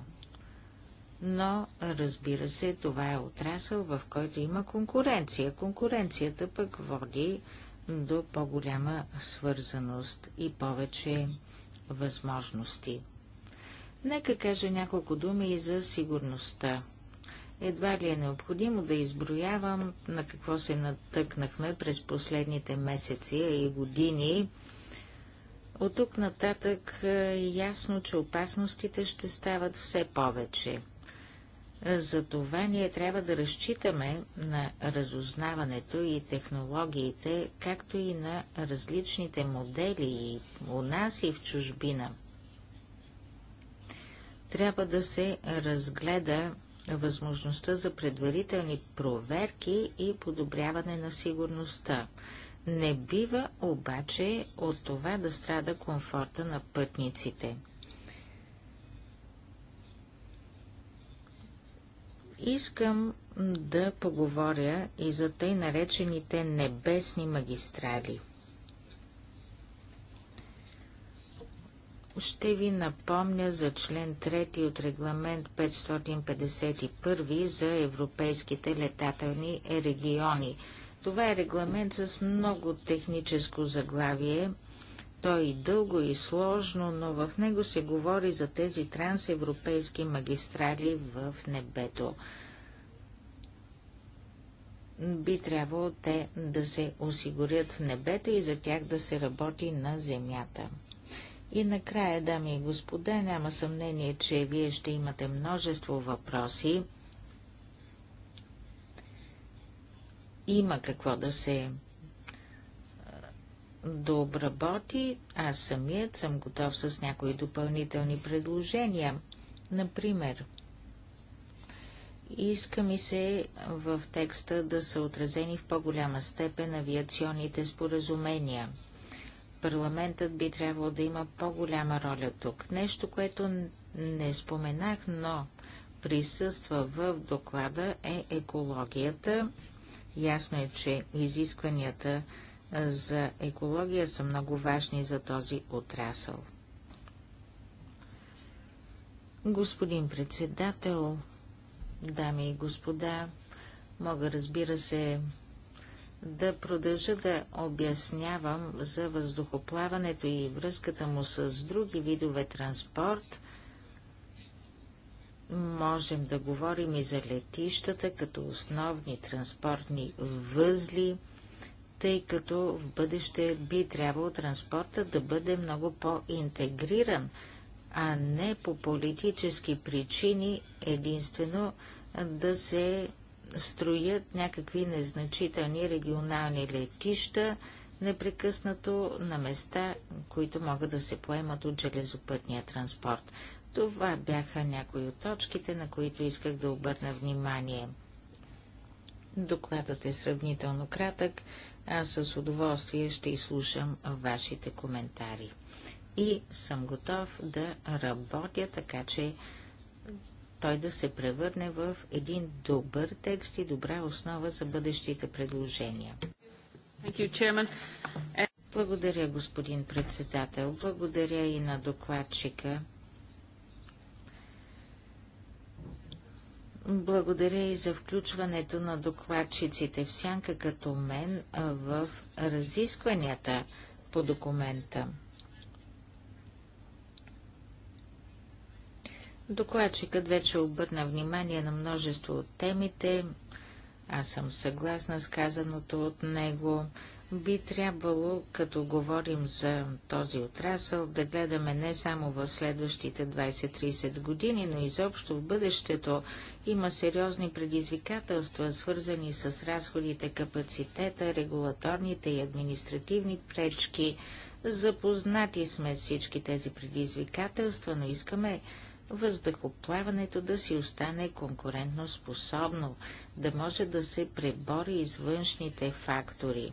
но разбира се, това е отрасъл, в който има конкуренция. Конкуренцията пък води до по-голяма свързаност и повече възможности. Нека кажа няколко думи и за сигурността. Едва ли е необходимо да изброявам на какво се натъкнахме през последните месеци и години. От тук нататък е ясно, че опасностите ще стават все повече. Затова ние трябва да разчитаме на разузнаването и технологиите, както и на различните модели и у нас и в чужбина. Трябва да се разгледа възможността за предварителни проверки и подобряване на сигурността. Не бива обаче от това да страда комфорта на пътниците. Искам да поговоря и за тъй наречените небесни магистрали. Ще ви напомня за член 3 от регламент 551 за европейските летателни региони. Това е регламент с много техническо заглавие – той е дълго и сложно, но в него се говори за тези трансевропейски магистрали в небето. Би трябвало те да се осигурят в небето и за тях да се работи на земята. И накрая, дами и господа, няма съмнение, че вие ще имате множество въпроси. Има какво да се да обработи, аз самият съм готов с някои допълнителни предложения. Например, иска ми се в текста да са отразени в по-голяма степен авиационните споразумения. Парламентът би трябвало да има по-голяма роля тук. Нещо, което не споменах, но присъства в доклада е екологията. Ясно е, че изискванията за екология са много важни за този отрасъл. Господин председател, дами и господа, мога разбира се да продължа да обяснявам за въздухоплаването и връзката му с други видове транспорт. Можем да говорим и за летищата като основни транспортни възли – тъй като в бъдеще би трябвало транспорта да бъде много по-интегриран, а не по политически причини единствено да се строят някакви незначителни регионални летища, непрекъснато на места, които могат да се поемат от железопътния транспорт. Това бяха някои от точките, на които исках да обърна внимание. Докладът е сравнително кратък аз с удоволствие ще изслушам вашите коментари. И съм готов да работя така, че той да се превърне в един добър текст и добра основа за бъдещите предложения. Благодаря, господин председател. Благодаря и на докладчика. Благодаря и за включването на докладчиците в сянка като мен в разискванията по документа. Докладчикът вече обърна внимание на множество от темите. Аз съм съгласна с казаното от него би трябвало, като говорим за този отрасъл, да гледаме не само в следващите 20-30 години, но изобщо в бъдещето има сериозни предизвикателства, свързани с разходите, капацитета, регулаторните и административни пречки. Запознати сме всички тези предизвикателства, но искаме въздухоплаването да си остане конкурентно способно, да може да се пребори из външните фактори.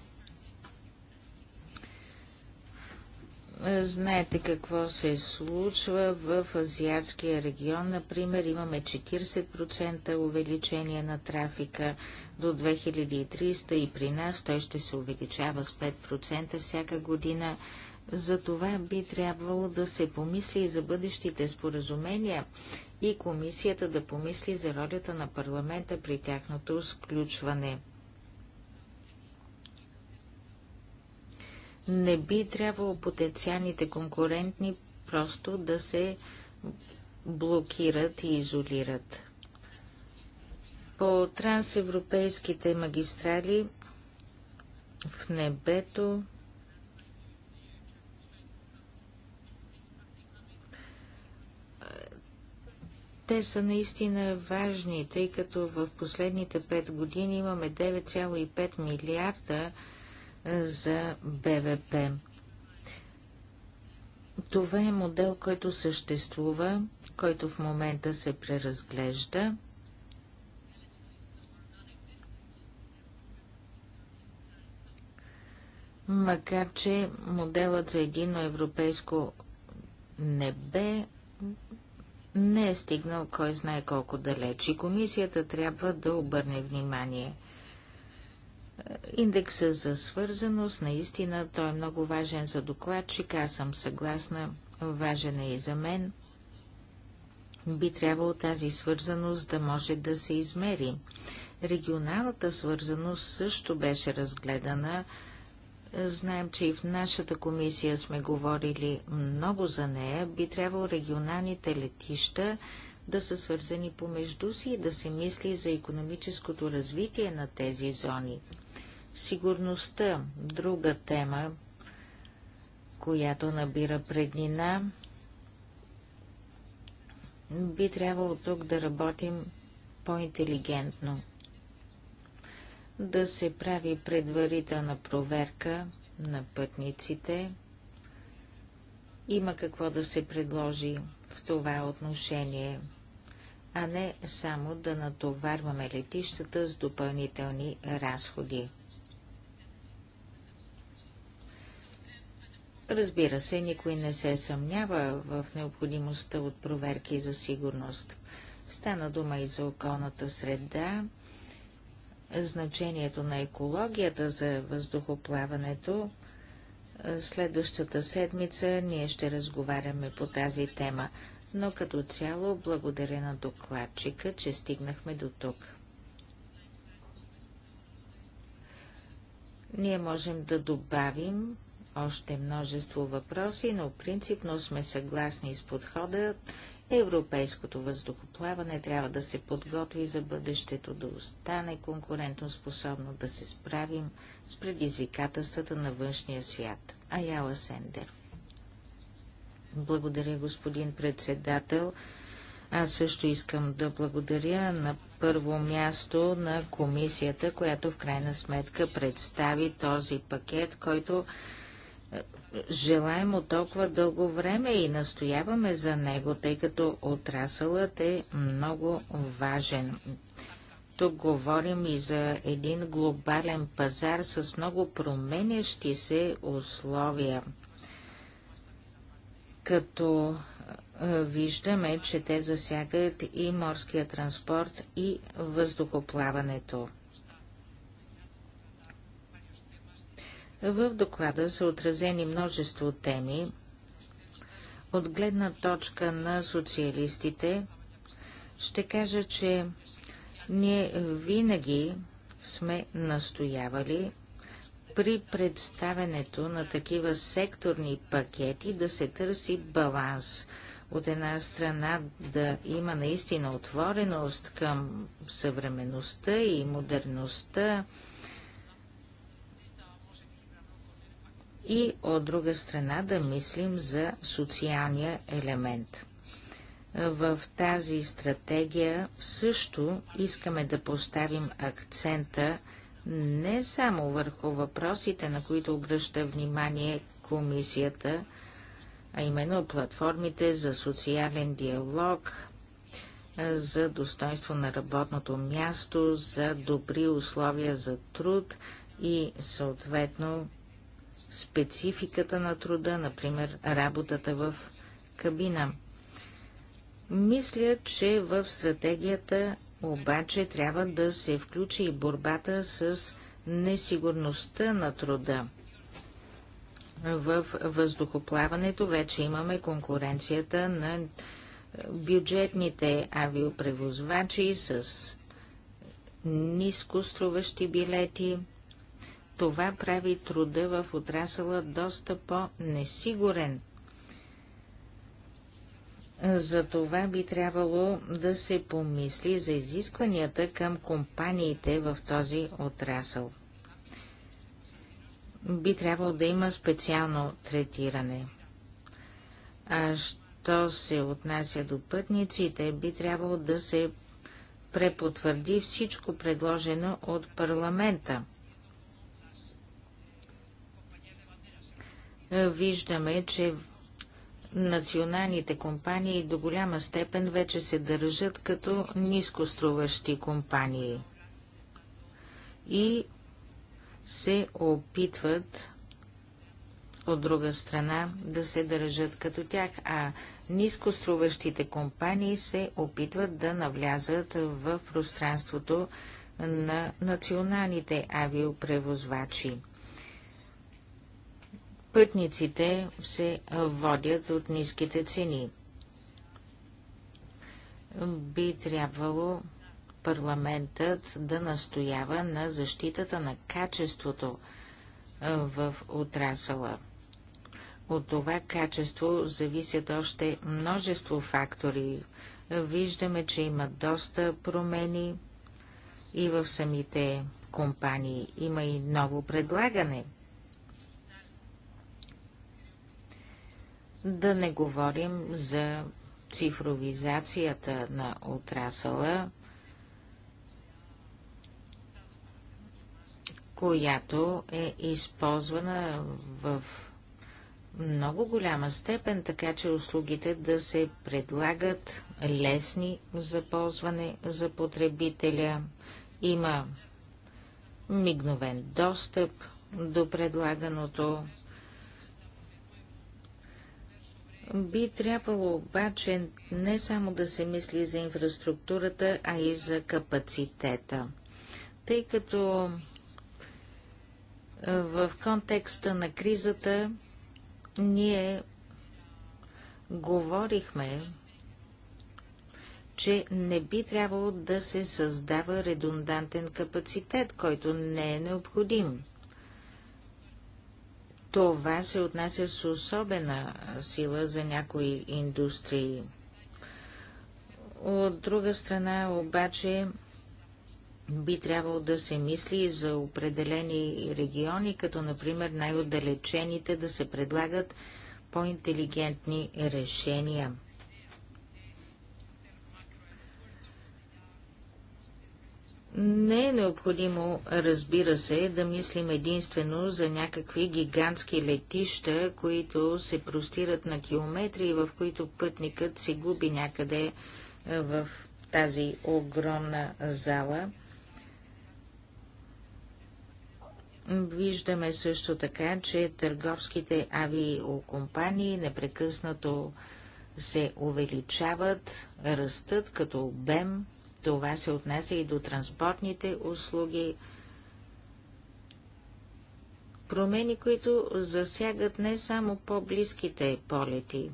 Знаете какво се случва в азиатския регион. Например, имаме 40% увеличение на трафика до 2300 и при нас той ще се увеличава с 5% всяка година. За това би трябвало да се помисли и за бъдещите споразумения и комисията да помисли за ролята на парламента при тяхното сключване. Не би трябвало потенциалните конкурентни просто да се блокират и изолират. По трансевропейските магистрали в небето Те са наистина важни, тъй като в последните 5 години имаме 9,5 милиарда за БВП. Това е модел, който съществува, който в момента се преразглежда. Макар, че моделът за едино европейско небе не е стигнал кой знае колко далеч и комисията трябва да обърне внимание. Индекса за свързаност, наистина, той е много важен за докладчик, аз съм съгласна, важен е и за мен. Би трябвало тази свързаност да може да се измери. Регионалната свързаност също беше разгледана. Знаем, че и в нашата комисия сме говорили много за нея. Би трябвало регионалните летища да са свързани помежду си и да се мисли за економическото развитие на тези зони. Сигурността – друга тема, която набира преднина. Би трябвало тук да работим по-интелигентно. Да се прави предварителна проверка на пътниците. Има какво да се предложи в това отношение, а не само да натоварваме летищата с допълнителни разходи. Разбира се, никой не се съмнява в необходимостта от проверки за сигурност. Стана дума и за околната среда, значението на екологията за въздухоплаването. Следващата седмица ние ще разговаряме по тази тема, но като цяло благодаря на докладчика, че стигнахме до тук. Ние можем да добавим още множество въпроси, но принципно сме съгласни с подхода. Европейското въздухоплаване трябва да се подготви за бъдещето, да остане конкурентоспособно, да се справим с предизвикателствата на външния свят. Аяла Сендер. Благодаря, господин председател. Аз също искам да благодаря на първо място на комисията, която в крайна сметка представи този пакет, който желаем от толкова дълго време и настояваме за него, тъй като отрасълът е много важен. Тук говорим и за един глобален пазар с много променящи се условия. Като виждаме, че те засягат и морския транспорт, и въздухоплаването. В доклада са отразени множество теми. От гледна точка на социалистите ще кажа, че ние винаги сме настоявали при представенето на такива секторни пакети да се търси баланс. От една страна да има наистина отвореност към съвременността и модерността, и от друга страна да мислим за социалния елемент. В тази стратегия също искаме да поставим акцента не само върху въпросите, на които обръща внимание комисията, а именно платформите за социален диалог, за достоинство на работното място, за добри условия за труд и съответно спецификата на труда, например работата в кабина. Мисля, че в стратегията обаче трябва да се включи и борбата с несигурността на труда. В въздухоплаването вече имаме конкуренцията на бюджетните авиопревозвачи с ниско струващи билети – това прави труда в отрасъла доста по-несигурен. За това би трябвало да се помисли за изискванията към компаниите в този отрасъл. Би трябвало да има специално третиране. А що се отнася до пътниците, би трябвало да се препотвърди всичко предложено от парламента – виждаме, че националните компании до голяма степен вече се държат като нискоструващи компании и се опитват от друга страна да се държат като тях, а нискоструващите компании се опитват да навлязат в пространството на националните авиопревозвачи пътниците се водят от ниските цени. Би трябвало парламентът да настоява на защитата на качеството в отрасъла. От това качество зависят още множество фактори. Виждаме, че има доста промени и в самите компании. Има и ново предлагане – Да не говорим за цифровизацията на отрасъла, която е използвана в много голяма степен, така че услугите да се предлагат лесни за ползване за потребителя. Има мигновен достъп до предлаганото би трябвало обаче не само да се мисли за инфраструктурата, а и за капацитета. Тъй като в контекста на кризата ние говорихме, че не би трябвало да се създава редундантен капацитет, който не е необходим. Това се отнася с особена сила за някои индустрии. От друга страна обаче би трябвало да се мисли и за определени региони, като например най-отдалечените да се предлагат по-интелигентни решения – Не е необходимо, разбира се, да мислим единствено за някакви гигантски летища, които се простират на километри и в които пътникът се губи някъде е, в тази огромна зала. Виждаме също така, че търговските авиокомпании непрекъснато се увеличават, растат като обем това се отнася и до транспортните услуги. Промени, които засягат не само по-близките полети,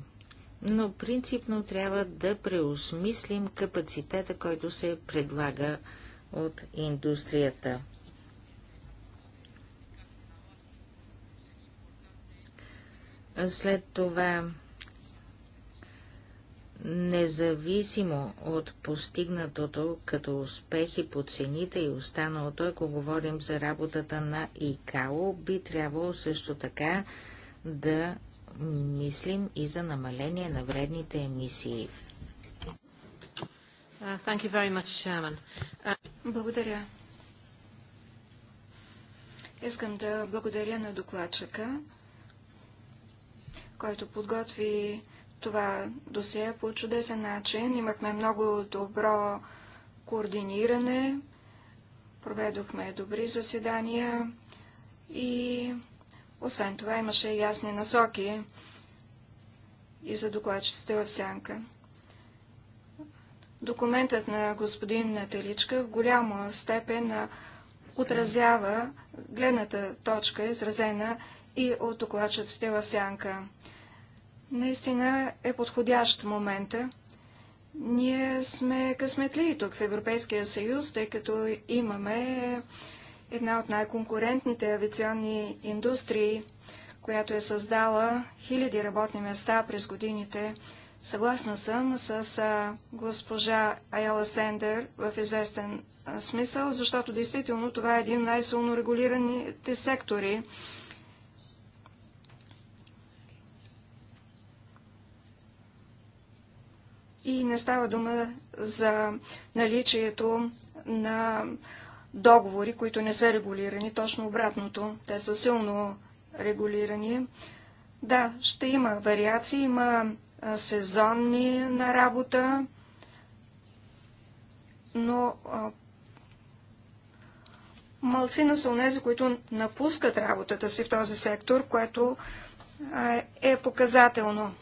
но принципно трябва да преосмислим капацитета, който се предлага от индустрията. След това Независимо от постигнатото като успехи по цените и останалото, ако говорим за работата на ИКАО, би трябвало също така да мислим и за намаление на вредните емисии. Uh, much, uh, благодаря. Искам да благодаря на докладчика, който подготви това досие по чудесен начин. Имахме много добро координиране, проведохме добри заседания и освен това имаше ясни насоки и за докладчиците в сянка. Документът на господин Нателичка в голяма степен отразява гледната точка, изразена и от докладчиците в сянка. Наистина е подходящ момента. Ние сме късметли тук в Европейския съюз, тъй като имаме една от най-конкурентните авиационни индустрии, която е създала хиляди работни места през годините. Съгласна съм с госпожа Айела Сендер в известен смисъл, защото действително това е един най-силно регулираните сектори и не става дума за наличието на договори, които не са регулирани, точно обратното. Те са силно регулирани. Да, ще има вариации, има сезонни на работа, но малцина са онези, които напускат работата си в този сектор, което е показателно.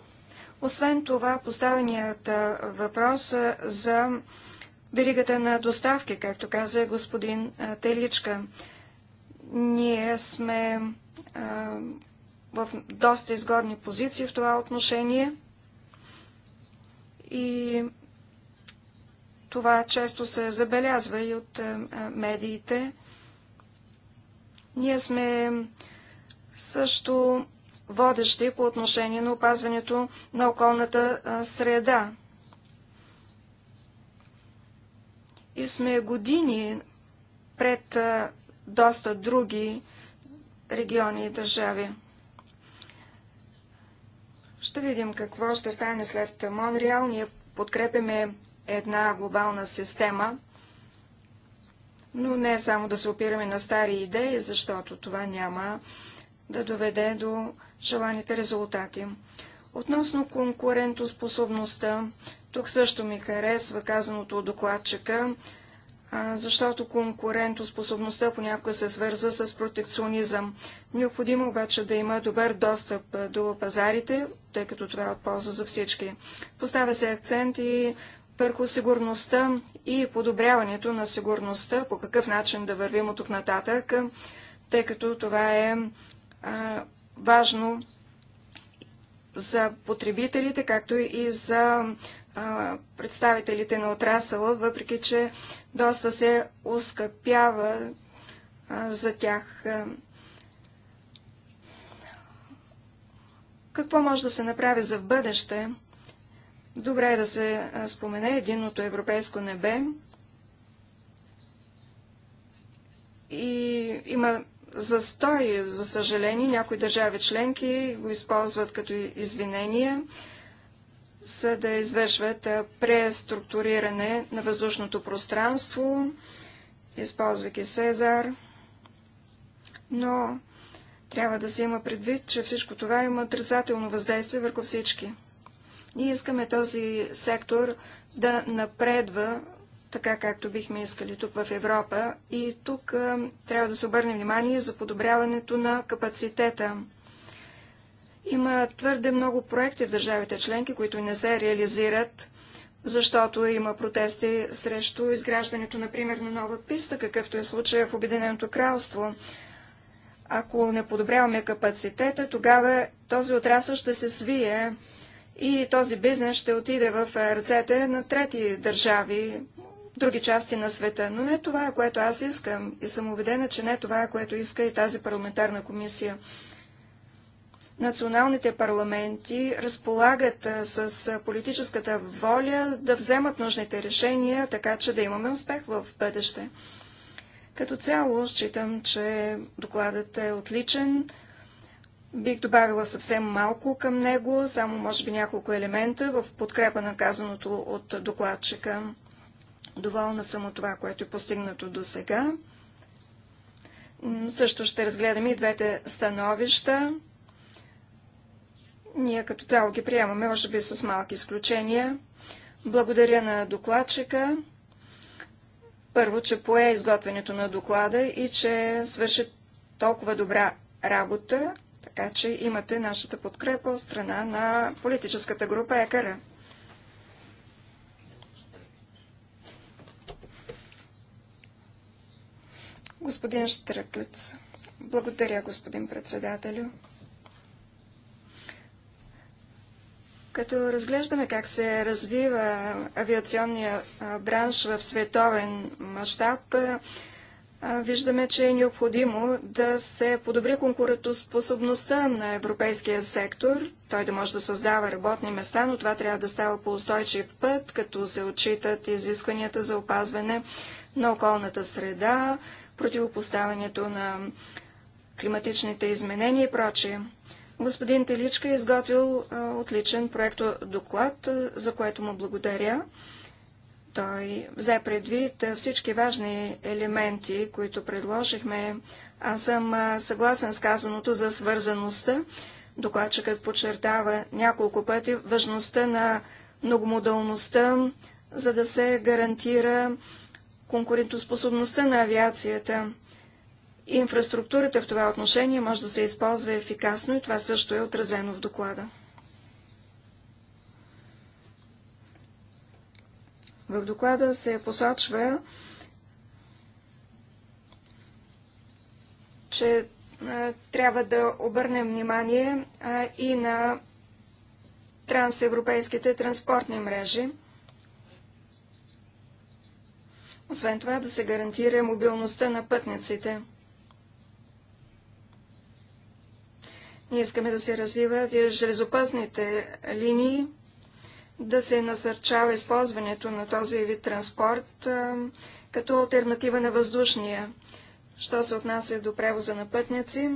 Освен това, поставеният въпрос за веригата на доставки, както каза господин Теличка. Ние сме в доста изгодни позиции в това отношение и това често се забелязва и от медиите. Ние сме също водещи по отношение на опазването на околната среда. И сме години пред доста други региони и държави. Ще видим какво ще стане след Монреал. Ние подкрепяме една глобална система, но не само да се опираме на стари идеи, защото това няма да доведе до желаните резултати. Относно конкурентоспособността, тук също ми харесва казаното от докладчика, защото конкурентоспособността понякога се свързва с протекционизъм. Необходимо обаче да има добър достъп до пазарите, тъй като това е от полза за всички. Поставя се акцент и върху сигурността и подобряването на сигурността, по какъв начин да вървим от тук нататък, тъй като това е важно за потребителите, както и за представителите на отрасъла, въпреки че доста се ускъпява за тях. Какво може да се направи за в бъдеще? Добре е да се спомене единното европейско небе. И има застой, за съжаление. Някои държави членки го използват като извинение, за да извършват преструктуриране на въздушното пространство, използвайки Сезар. Но трябва да се има предвид, че всичко това има отрицателно въздействие върху всички. Ние искаме този сектор да напредва така както бихме искали тук в Европа. И тук а, трябва да се обърне внимание за подобряването на капацитета. Има твърде много проекти в държавите членки, които не се реализират, защото има протести срещу изграждането, например, на нова писта, какъвто е случая в Обединеното кралство. Ако не подобряваме капацитета, тогава този отрасъл ще се свие и този бизнес ще отиде в ръцете на трети държави, други части на света. Но не това е, което аз искам и съм убедена, че не това е, което иска и тази парламентарна комисия. Националните парламенти разполагат с политическата воля да вземат нужните решения, така че да имаме успех в бъдеще. Като цяло, считам, че докладът е отличен. Бих добавила съвсем малко към него, само може би няколко елемента в подкрепа на казаното от докладчика. Доволна съм от това, което е постигнато до сега. Също ще разгледаме и двете становища. Ние като цяло ги приемаме, може би с малки изключения. Благодаря на докладчика. Първо, че пое изготвянето на доклада и че свърши толкова добра работа, така че имате нашата подкрепа от страна на политическата група ЕКАРА. Господин Штръклец. Благодаря, господин председателю. Като разглеждаме как се развива авиационния бранш в световен мащаб, виждаме, че е необходимо да се подобри конкурентоспособността на европейския сектор. Той да може да създава работни места, но това трябва да става по устойчив път, като се отчитат изискванията за опазване на околната среда, противопоставянето на климатичните изменения и прочие. Господин Теличка е изготвил отличен проекто доклад, за което му благодаря. Той взе предвид всички важни елементи, които предложихме. Аз съм съгласен с казаното за свързаността. Докладчикът подчертава няколко пъти важността на многомодалността, за да се гарантира конкурентоспособността на авиацията. Инфраструктурата в това отношение може да се използва ефикасно и това също е отразено в доклада. В доклада се посочва, че а, трябва да обърнем внимание а, и на трансевропейските транспортни мрежи. Освен това да се гарантира мобилността на пътниците. Ние искаме да се развиват и железопасните линии, да се насърчава използването на този вид транспорт като альтернатива на въздушния. Що се отнася до превоза на пътници,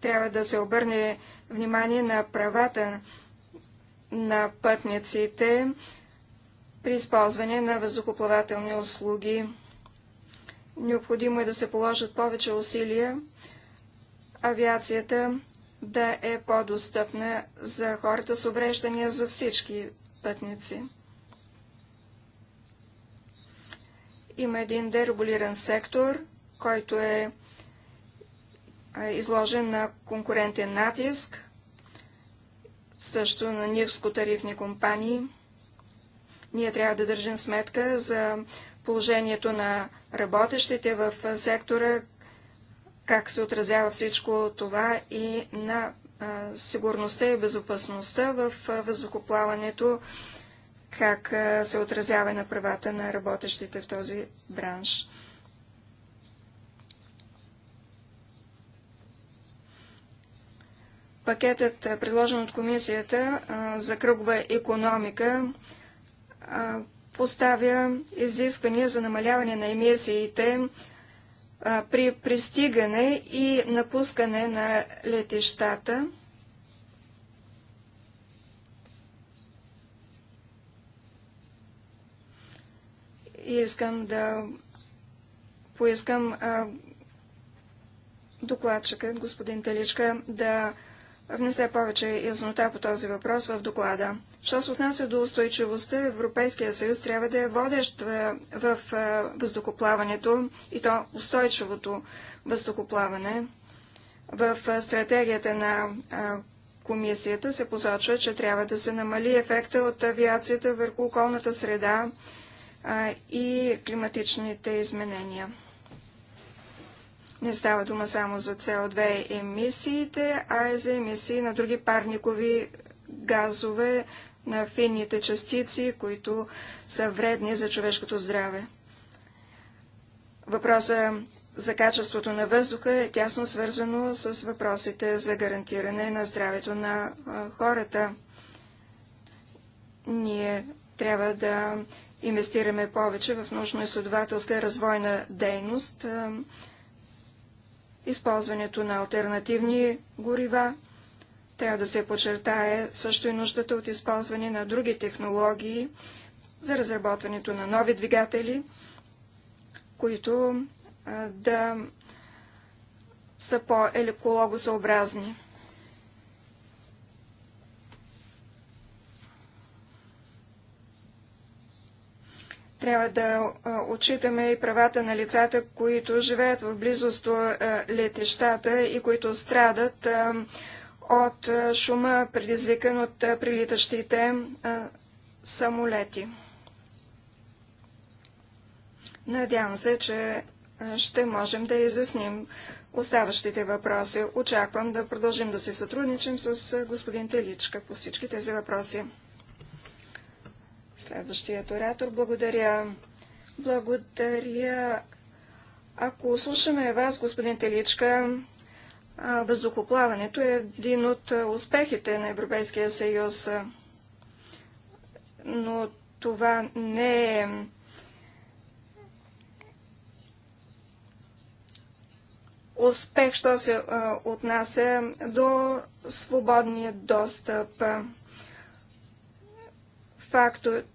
трябва да се обърне внимание на правата на пътниците, при използване на въздухоплавателни услуги. Необходимо е да се положат повече усилия авиацията да е по-достъпна за хората с увреждания за всички пътници. Има един дерегулиран сектор, който е изложен на конкурентен натиск, също на нирско тарифни компании – ние трябва да държим сметка за положението на работещите в сектора, как се отразява всичко това и на сигурността и безопасността в въздухоплаването, как се отразява на правата на работещите в този бранш. Пакетът, предложен от комисията за кръгва економика, поставя изисквания за намаляване на емисиите при пристигане и напускане на летищата. Искам да поискам докладчика, господин Теличка, да внесе е повече яснота по този въпрос в доклада. Що се отнася до устойчивостта, Европейския съюз трябва да е водещ в, е, въздухоплаването и то устойчивото въздухоплаване. В е, стратегията на комисията се посочва, че трябва да се намали ефекта от авиацията върху околната среда и климатичните изменения. Не става дума само за CO2 емисиите, а и за емисии на други парникови газове, на финните частици, които са вредни за човешкото здраве. Въпроса за качеството на въздуха е тясно свързано с въпросите за гарантиране на здравето на хората. Ние трябва да инвестираме повече в научно-изследователска развойна дейност, използването на альтернативни горива. Трябва да се подчертае също и нуждата от използване на други технологии за разработването на нови двигатели, които да са по-елекологосъобразни. Трябва да отчитаме и правата на лицата, които живеят в близост до летещата и които страдат от шума, предизвикан от прилитащите самолети. Надявам се, че ще можем да изясним оставащите въпроси. Очаквам да продължим да се сътрудничим с господин Теличка по всички тези въпроси. Следващият оратор. Благодаря. Благодаря. Ако слушаме вас, господин Теличка, въздухоплаването е един от успехите на Европейския съюз. Но това не е успех, що се отнася до свободния достъп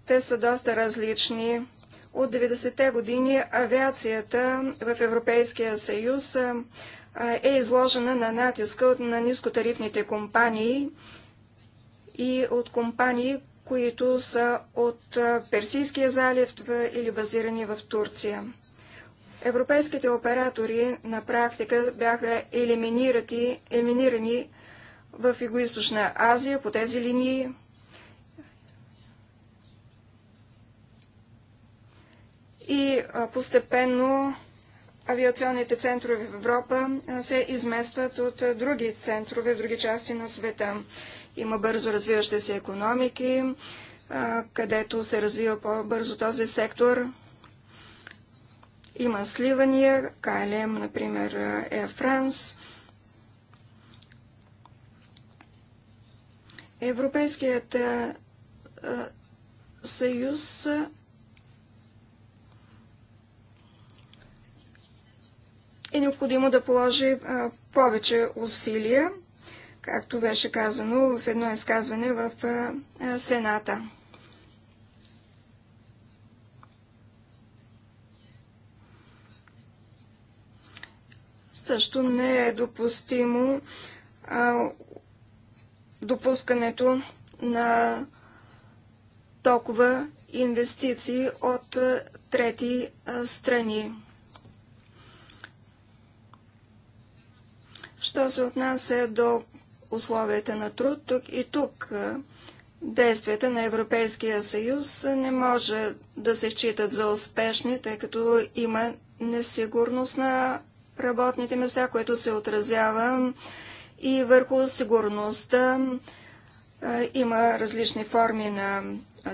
те са доста различни. От 90-те години авиацията в Европейския съюз е изложена на натиска от на нискотарифните компании и от компании, които са от Персийския залив или базирани в Турция. Европейските оператори на практика бяха елиминирани в Юго-Источна Азия по тези линии, и постепенно авиационните центрове в Европа се изместват от други центрове в други части на света. Има бързо развиващи се економики, където се развива по-бързо този сектор. Има сливания, КЛМ, например, Air France. Европейският съюз е необходимо да положи а, повече усилия, както беше казано в едно изказване в а, а, Сената. Също не е допустимо допускането на толкова инвестиции от трети страни. Що се отнася до условията на труд, тук и тук действията на Европейския съюз не може да се считат за успешни, тъй като има несигурност на работните места, което се отразява и върху сигурността. Има различни форми на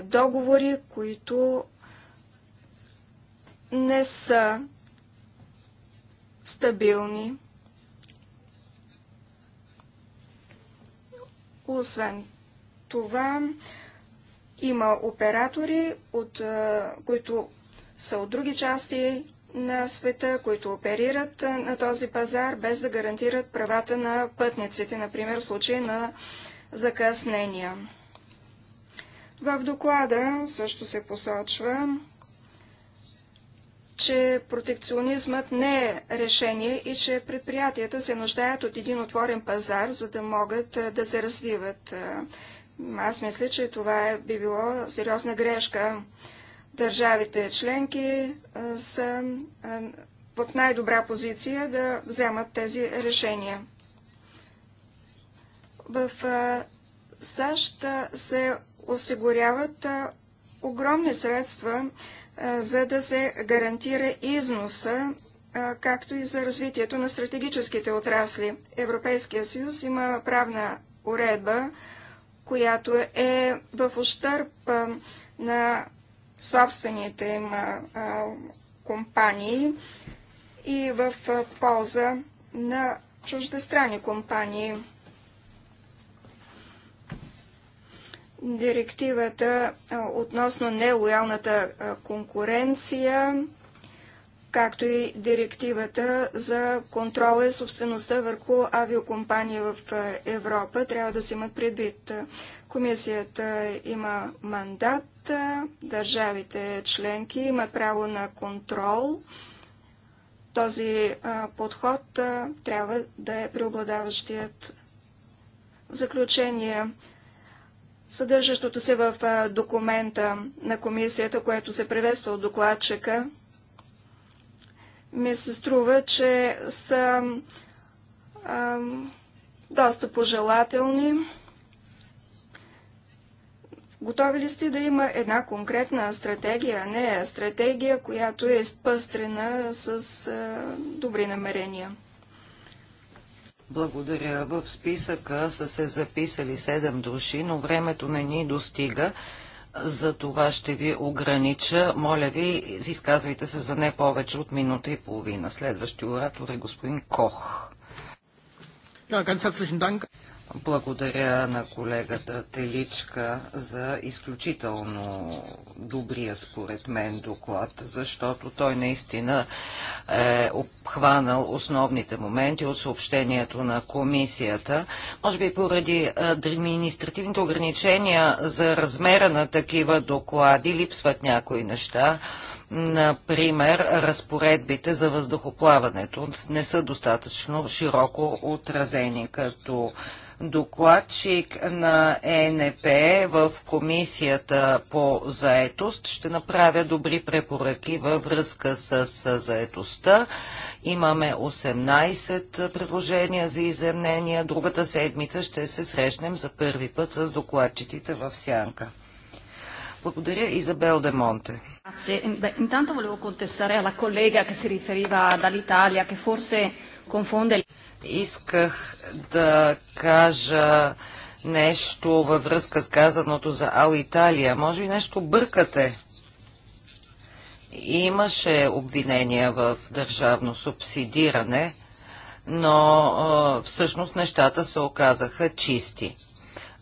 договори, които не са стабилни. Освен това, има оператори, от, които са от други части на света, които оперират на този пазар, без да гарантират правата на пътниците, например в случай на закъснения. В доклада също се посочва, че протекционизмът не е решение и че предприятията се нуждаят от един отворен пазар, за да могат да се развиват. Аз мисля, че това е, би било сериозна грешка. Държавите членки са в най-добра позиция да вземат тези решения. В САЩ се осигуряват огромни средства за да се гарантира износа, както и за развитието на стратегическите отрасли. Европейския съюз има правна уредба, която е в ущърп на собствените им компании и в полза на чуждестранни компании. директивата относно нелоялната конкуренция, както и директивата за контрола и собствеността върху авиокомпании в Европа, трябва да се имат предвид. Комисията има мандат, държавите членки имат право на контрол. Този подход трябва да е преобладаващият. заключение, съдържащото се в документа на комисията, което се приветства от докладчика, ми се струва, че са а, доста пожелателни. Готови ли сте да има една конкретна стратегия, не стратегия, която е спъстрена с а, добри намерения? Благодаря. В списъка са се записали 7 души, но времето не ни достига. За това ще ви огранича. Моля ви, изказвайте се за не повече от минута и половина. Следващия оратор е господин Кох. Ja, ganz herzlichen Dank. Благодаря на колегата Теличка за изключително добрия според мен доклад, защото той наистина е обхванал основните моменти от съобщението на комисията. Може би поради административните ограничения за размера на такива доклади липсват някои неща. Например, разпоредбите за въздухоплаването не са достатъчно широко отразени като докладчик на ЕНП в комисията по заетост. Ще направя добри препоръки във връзка с заетостта. Имаме 18 предложения за иземнения. Другата седмица ще се срещнем за първи път с докладчиците в Сянка. Благодаря, Изабел Демонте. Grazie. Beh, intanto volevo contestare alla collega che si riferiva dall'Italia che forse confunde. Исках да кажа нещо във връзка с казаното за Ал Италия. Може би нещо бъркате. Имаше обвинения в държавно субсидиране, но всъщност нещата се оказаха чисти.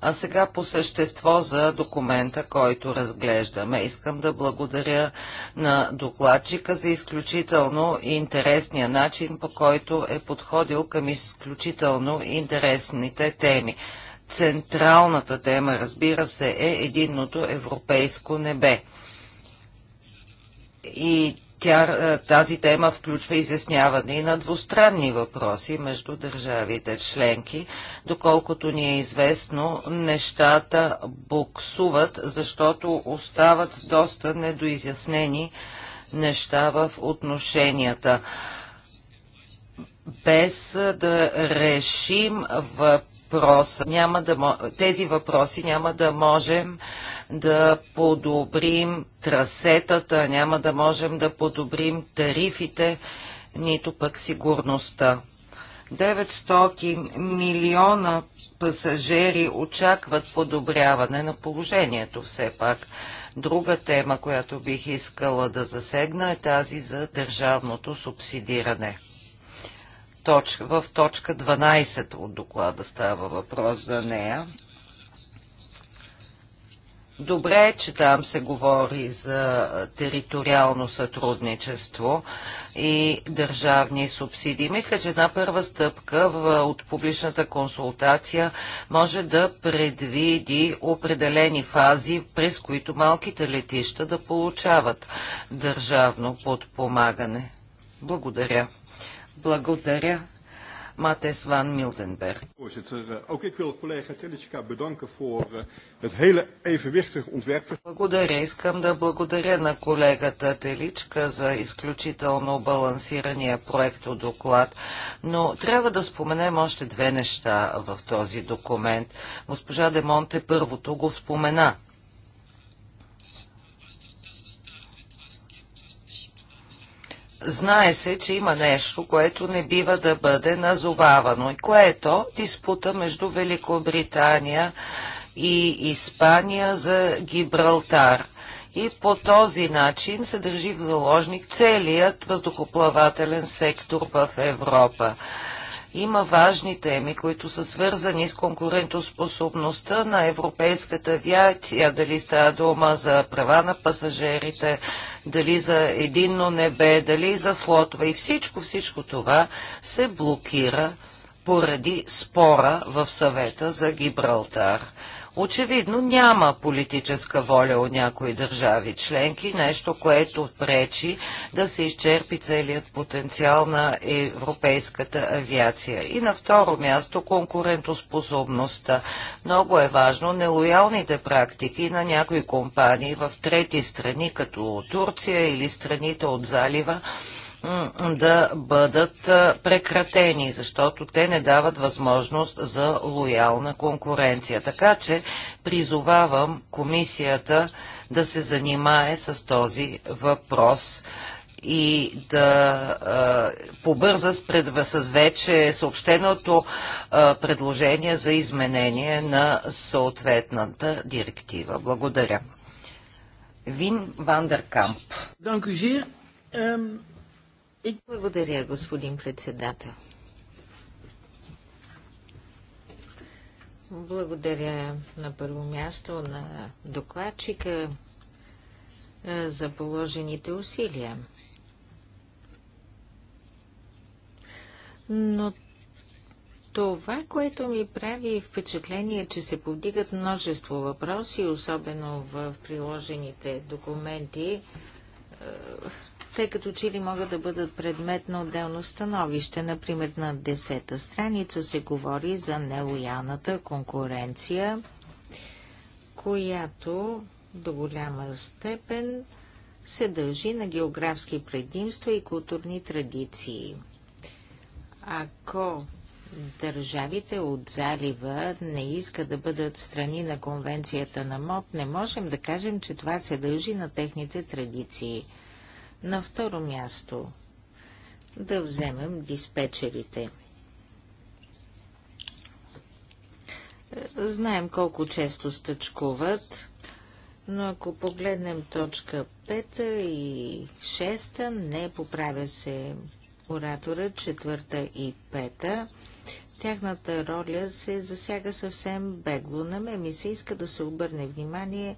А сега по същество за документа, който разглеждаме. Искам да благодаря на докладчика за изключително интересния начин, по който е подходил към изключително интересните теми. Централната тема, разбира се, е единното европейско небе. И тя, е, тази тема включва изясняване и на двустранни въпроси между държавите членки. Доколкото ни е известно, нещата буксуват, защото остават доста недоизяснени неща в отношенията без да решим въпроса, няма да, тези въпроси няма да можем да подобрим трасетата, няма да можем да подобрим тарифите, нито пък сигурността. 900 милиона пасажери очакват подобряване на положението все пак. Друга тема, която бих искала да засегна е тази за държавното субсидиране точка, в точка 12 от доклада става въпрос за нея. Добре е, че там се говори за териториално сътрудничество и държавни субсидии. Мисля, че една първа стъпка в, от публичната консултация може да предвиди определени фази, през които малките летища да получават държавно подпомагане. Благодаря. Благодаря. Матес Ван Милденберг. Eh, eh, благодаря. Искам да благодаря на колегата Теличка за изключително балансирания проект от доклад, но трябва да споменем още две неща в този документ. Госпожа Демонте първото го спомена – Знае се, че има нещо, което не бива да бъде назовавано и което е диспута между Великобритания и Испания за Гибралтар и по този начин се държи в заложник целият въздухоплавателен сектор в Европа има важни теми, които са свързани с конкурентоспособността на европейската авиация, дали става дума за права на пасажирите, дали за единно небе, дали за слотва и всичко, всичко това се блокира поради спора в съвета за Гибралтар. Очевидно няма политическа воля от някои държави членки, нещо, което пречи да се изчерпи целият потенциал на европейската авиация. И на второ място конкурентоспособността. Много е важно нелоялните практики на някои компании в трети страни, като Турция или страните от залива, да бъдат прекратени, защото те не дават възможност за лоялна конкуренция. Така че призовавам комисията да се занимае с този въпрос и да а, побърза с, пред, с вече съобщеното а, предложение за изменение на съответната директива. Благодаря. Вин Вандеркамп. Dank u zeer. Ehm, и... Благодаря, господин председател. Благодаря на първо място на докладчика за положените усилия. Но това, което ми прави впечатление, е, че се повдигат множество въпроси, особено в приложените документи, тъй като че ли могат да бъдат предмет на отделно становище. Например, на 10-та страница се говори за нелоялната конкуренция, която до голяма степен се дължи на географски предимства и културни традиции. Ако държавите от залива не искат да бъдат страни на конвенцията на МОП, не можем да кажем, че това се дължи на техните традиции – на второ място да вземем диспетчерите. Знаем колко често стъчкуват, но ако погледнем точка 5 и 6, не поправя се оратора, четвърта и пета, тяхната роля се засяга съвсем бегло. На мен ми се иска да се обърне внимание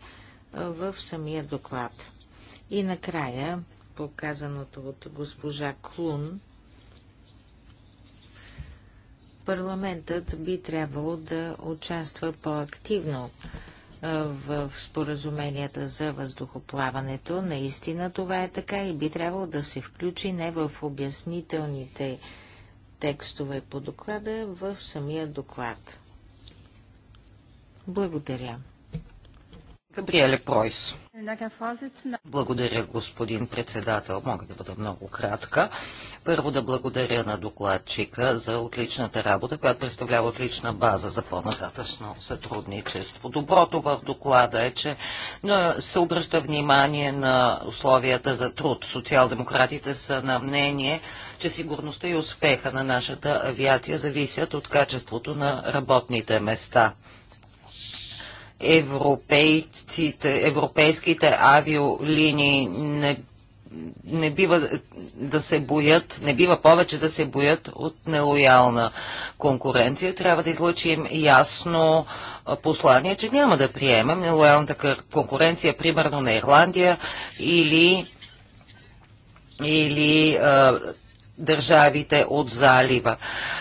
в самия доклад. И накрая показаното от госпожа Клун, парламентът би трябвало да участва по-активно в споразуменията за въздухоплаването. Наистина това е така и би трябвало да се включи не в обяснителните текстове по доклада, в самия доклад. Благодаря. Габриеле Пройс. Благодаря, господин председател. Мога да бъда много кратка. Първо да благодаря на докладчика за отличната работа, която представлява отлична база за по-нататъчно сътрудничество. Доброто в доклада е, че се обръща внимание на условията за труд. Социал-демократите са на мнение, че сигурността и успеха на нашата авиация зависят от качеството на работните места европейските авиолинии не, не бива да се боят, не бива повече да се боят от нелоялна конкуренция. Трябва да излъчим ясно послание, че няма да приемем нелоялната конкуренция, примерно на Ирландия или или а, държавите от залива.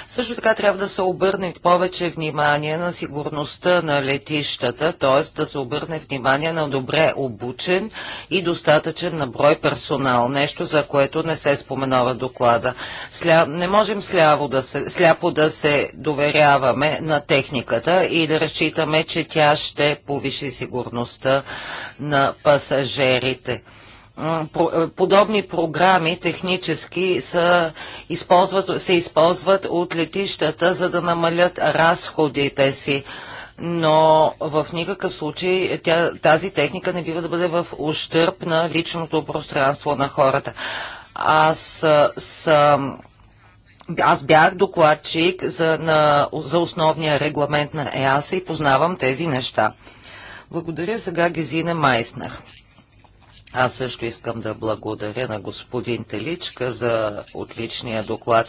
Също така трябва да се обърне повече внимание на сигурността на летищата, т.е. да се обърне внимание на добре обучен и достатъчен наброй персонал, нещо за което не се споменава доклада. Сля... Не можем сляво да се... сляпо да се доверяваме на техниката и да разчитаме, че тя ще повиши сигурността на пасажерите подобни програми технически са, използват, се използват от летищата, за да намалят разходите си. Но в никакъв случай тя, тази техника не бива да бъде в ущърп на личното пространство на хората. Аз съм аз бях докладчик за, на, за основния регламент на ЕАСА и познавам тези неща. Благодаря сега Гезина Майснах. Аз също искам да благодаря на господин Теличка за отличния доклад.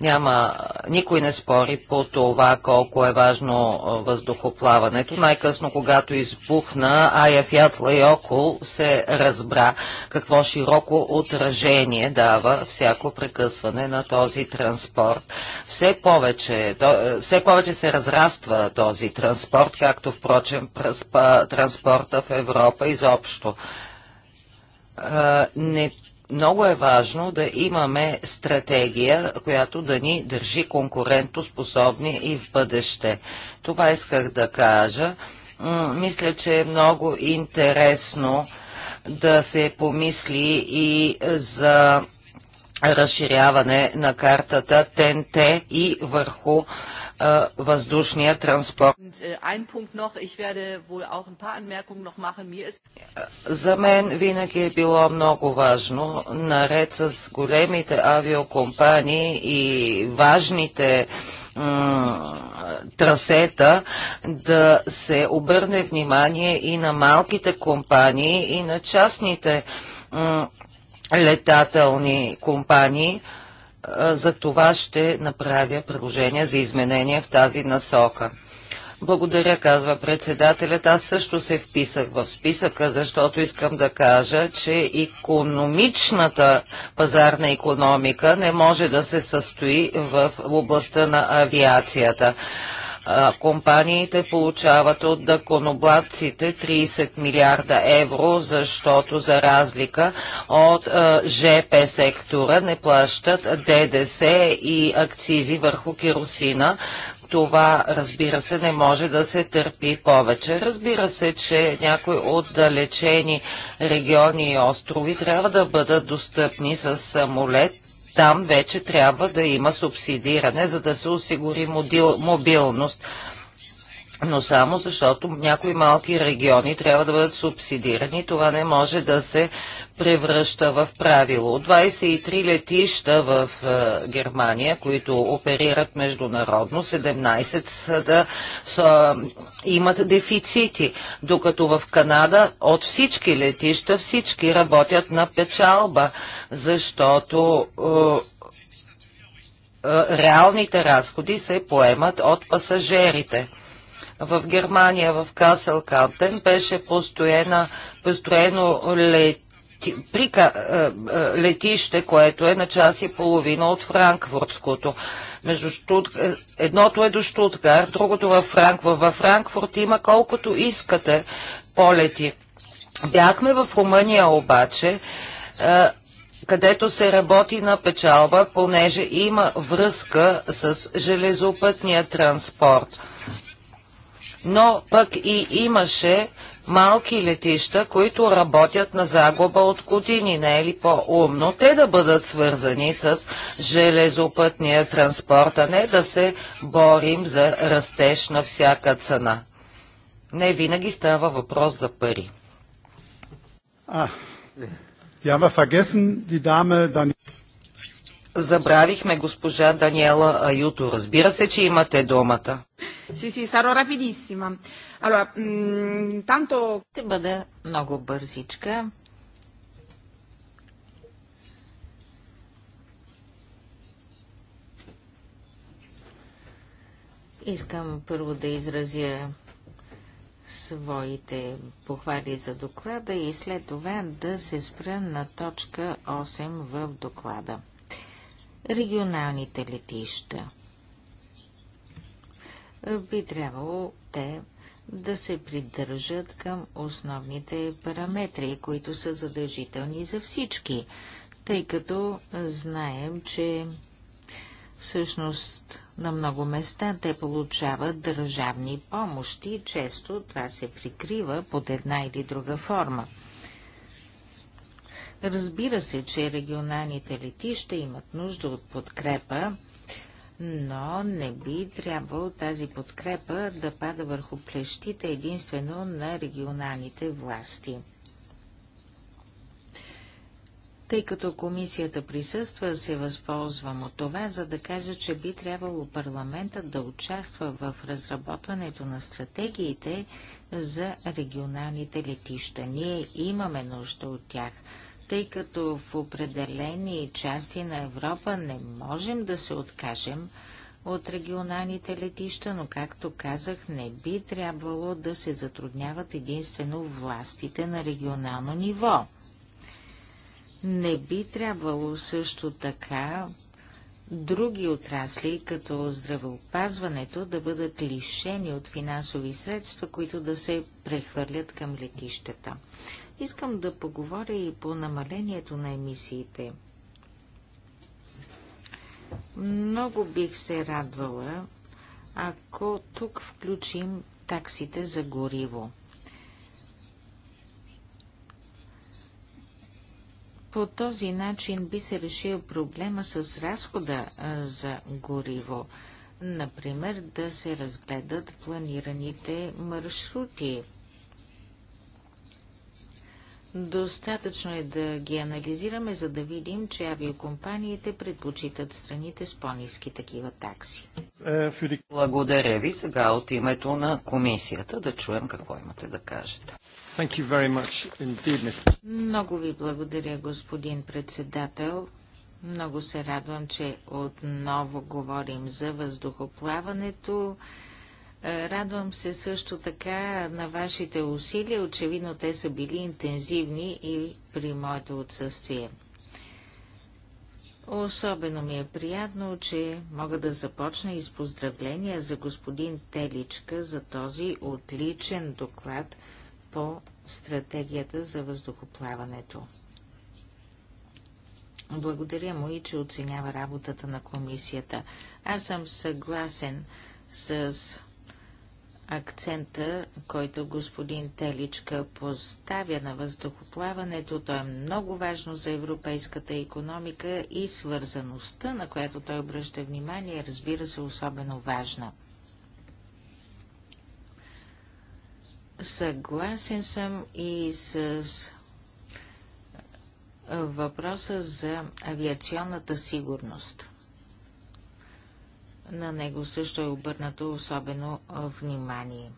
Няма, никой не спори по това колко е важно въздухоплаването. Най-късно, когато избухна Ая Фятла и Окол, се разбра какво широко отражение дава всяко прекъсване на този транспорт. Все повече, е, все повече се разраства този транспорт, както впрочем транспорта в Европа изобщо не много е важно да имаме стратегия, която да ни държи конкурентоспособни и в бъдеще. Това исках да кажа. Мисля, че е много интересно да се помисли и за разширяване на картата ТНТ и върху въздушния транспорт. Э, За мен винаги е било много важно, наред с големите авиокомпании и важните трасета, да се обърне внимание и на малките компании, и на частните летателни компании, за това ще направя предложение за изменения в тази насока. Благодаря, казва председателят. Аз също се вписах в списъка, защото искам да кажа, че економичната пазарна економика не може да се състои в областта на авиацията а, компаниите получават от дъконобладците 30 милиарда евро, защото за разлика от ЖП сектора не плащат ДДС и акцизи върху керосина, това, разбира се, не може да се търпи повече. Разбира се, че някои отдалечени региони и острови трябва да бъдат достъпни с самолет там вече трябва да има субсидиране, за да се осигури мобилност но само защото някои малки региони трябва да бъдат субсидирани. Това не може да се превръща в правило. 23 летища в е, Германия, които оперират международно, 17 са да са, имат дефицити, докато в Канада от всички летища всички работят на печалба, защото е, е реалните разходи се поемат от пасажерите в Германия, в Касел Картен, беше построена, построено лет прика, е, е, летище, което е на час и половина от Франкфуртското. Между Штут... Е, едното е до Штутгар, другото във Франкфурт. Във Франкфурт има колкото искате полети. Бяхме в Румъния обаче, където се работи на печалба, понеже има връзка с железопътния транспорт но пък и имаше малки летища, които работят на загуба от години. Не е ли по-умно те да бъдат свързани с железопътния транспорт, а не да се борим за растеж на всяка цена? Не винаги става въпрос за пари. А, яма фагесен, ди даме Забравихме госпожа Даниела Аюто. Разбира се, че имате думата. Sì, sì, sarò rapidissima. Allora, mm, intanto... Ще бъда много бързичка. Искам първо да изразя своите похвали за доклада и след това да се спра на точка 8 в доклада. Регионалните летища – би трябвало те да се придържат към основните параметри, които са задължителни за всички, тъй като знаем, че всъщност на много места те получават държавни помощи често това се прикрива под една или друга форма. Разбира се, че регионалните летища имат нужда от подкрепа, но не би трябвало тази подкрепа да пада върху плещите единствено на регионалните власти. Тъй като комисията присъства, се възползвам от това, за да кажа, че би трябвало парламентът да участва в разработването на стратегиите за регионалните летища. Ние имаме нужда от тях – тъй като в определени части на Европа не можем да се откажем от регионалните летища, но както казах, не би трябвало да се затрудняват единствено властите на регионално ниво. Не би трябвало също така други отрасли, като здравеопазването, да бъдат лишени от финансови средства, които да се прехвърлят към летищата. Искам да поговоря и по намалението на емисиите. Много бих се радвала, ако тук включим таксите за гориво. По този начин би се решил проблема с разхода за гориво. Например, да се разгледат планираните маршрути. Достатъчно е да ги анализираме, за да видим, че авиокомпаниите предпочитат страните с по-низки такива такси. Е, благодаря ви сега от името на комисията да чуем какво имате да кажете. Indeed, Много ви благодаря, господин председател. Много се радвам, че отново говорим за въздухоплаването. Е, радвам се също така на вашите усилия. Очевидно те са били интензивни и при моето отсъствие. Особено ми е приятно, че мога да започна и с поздравления за господин Теличка за този отличен доклад по стратегията за въздухоплаването. Благодаря му и, че оценява работата на комисията. Аз съм съгласен с акцента, който господин Теличка поставя на въздухоплаването. то е много важно за европейската економика и свързаността, на която той обръща внимание, разбира се, особено важна. Съгласен съм и с въпроса за авиационната сигурност на него също е обърнато особено внимание.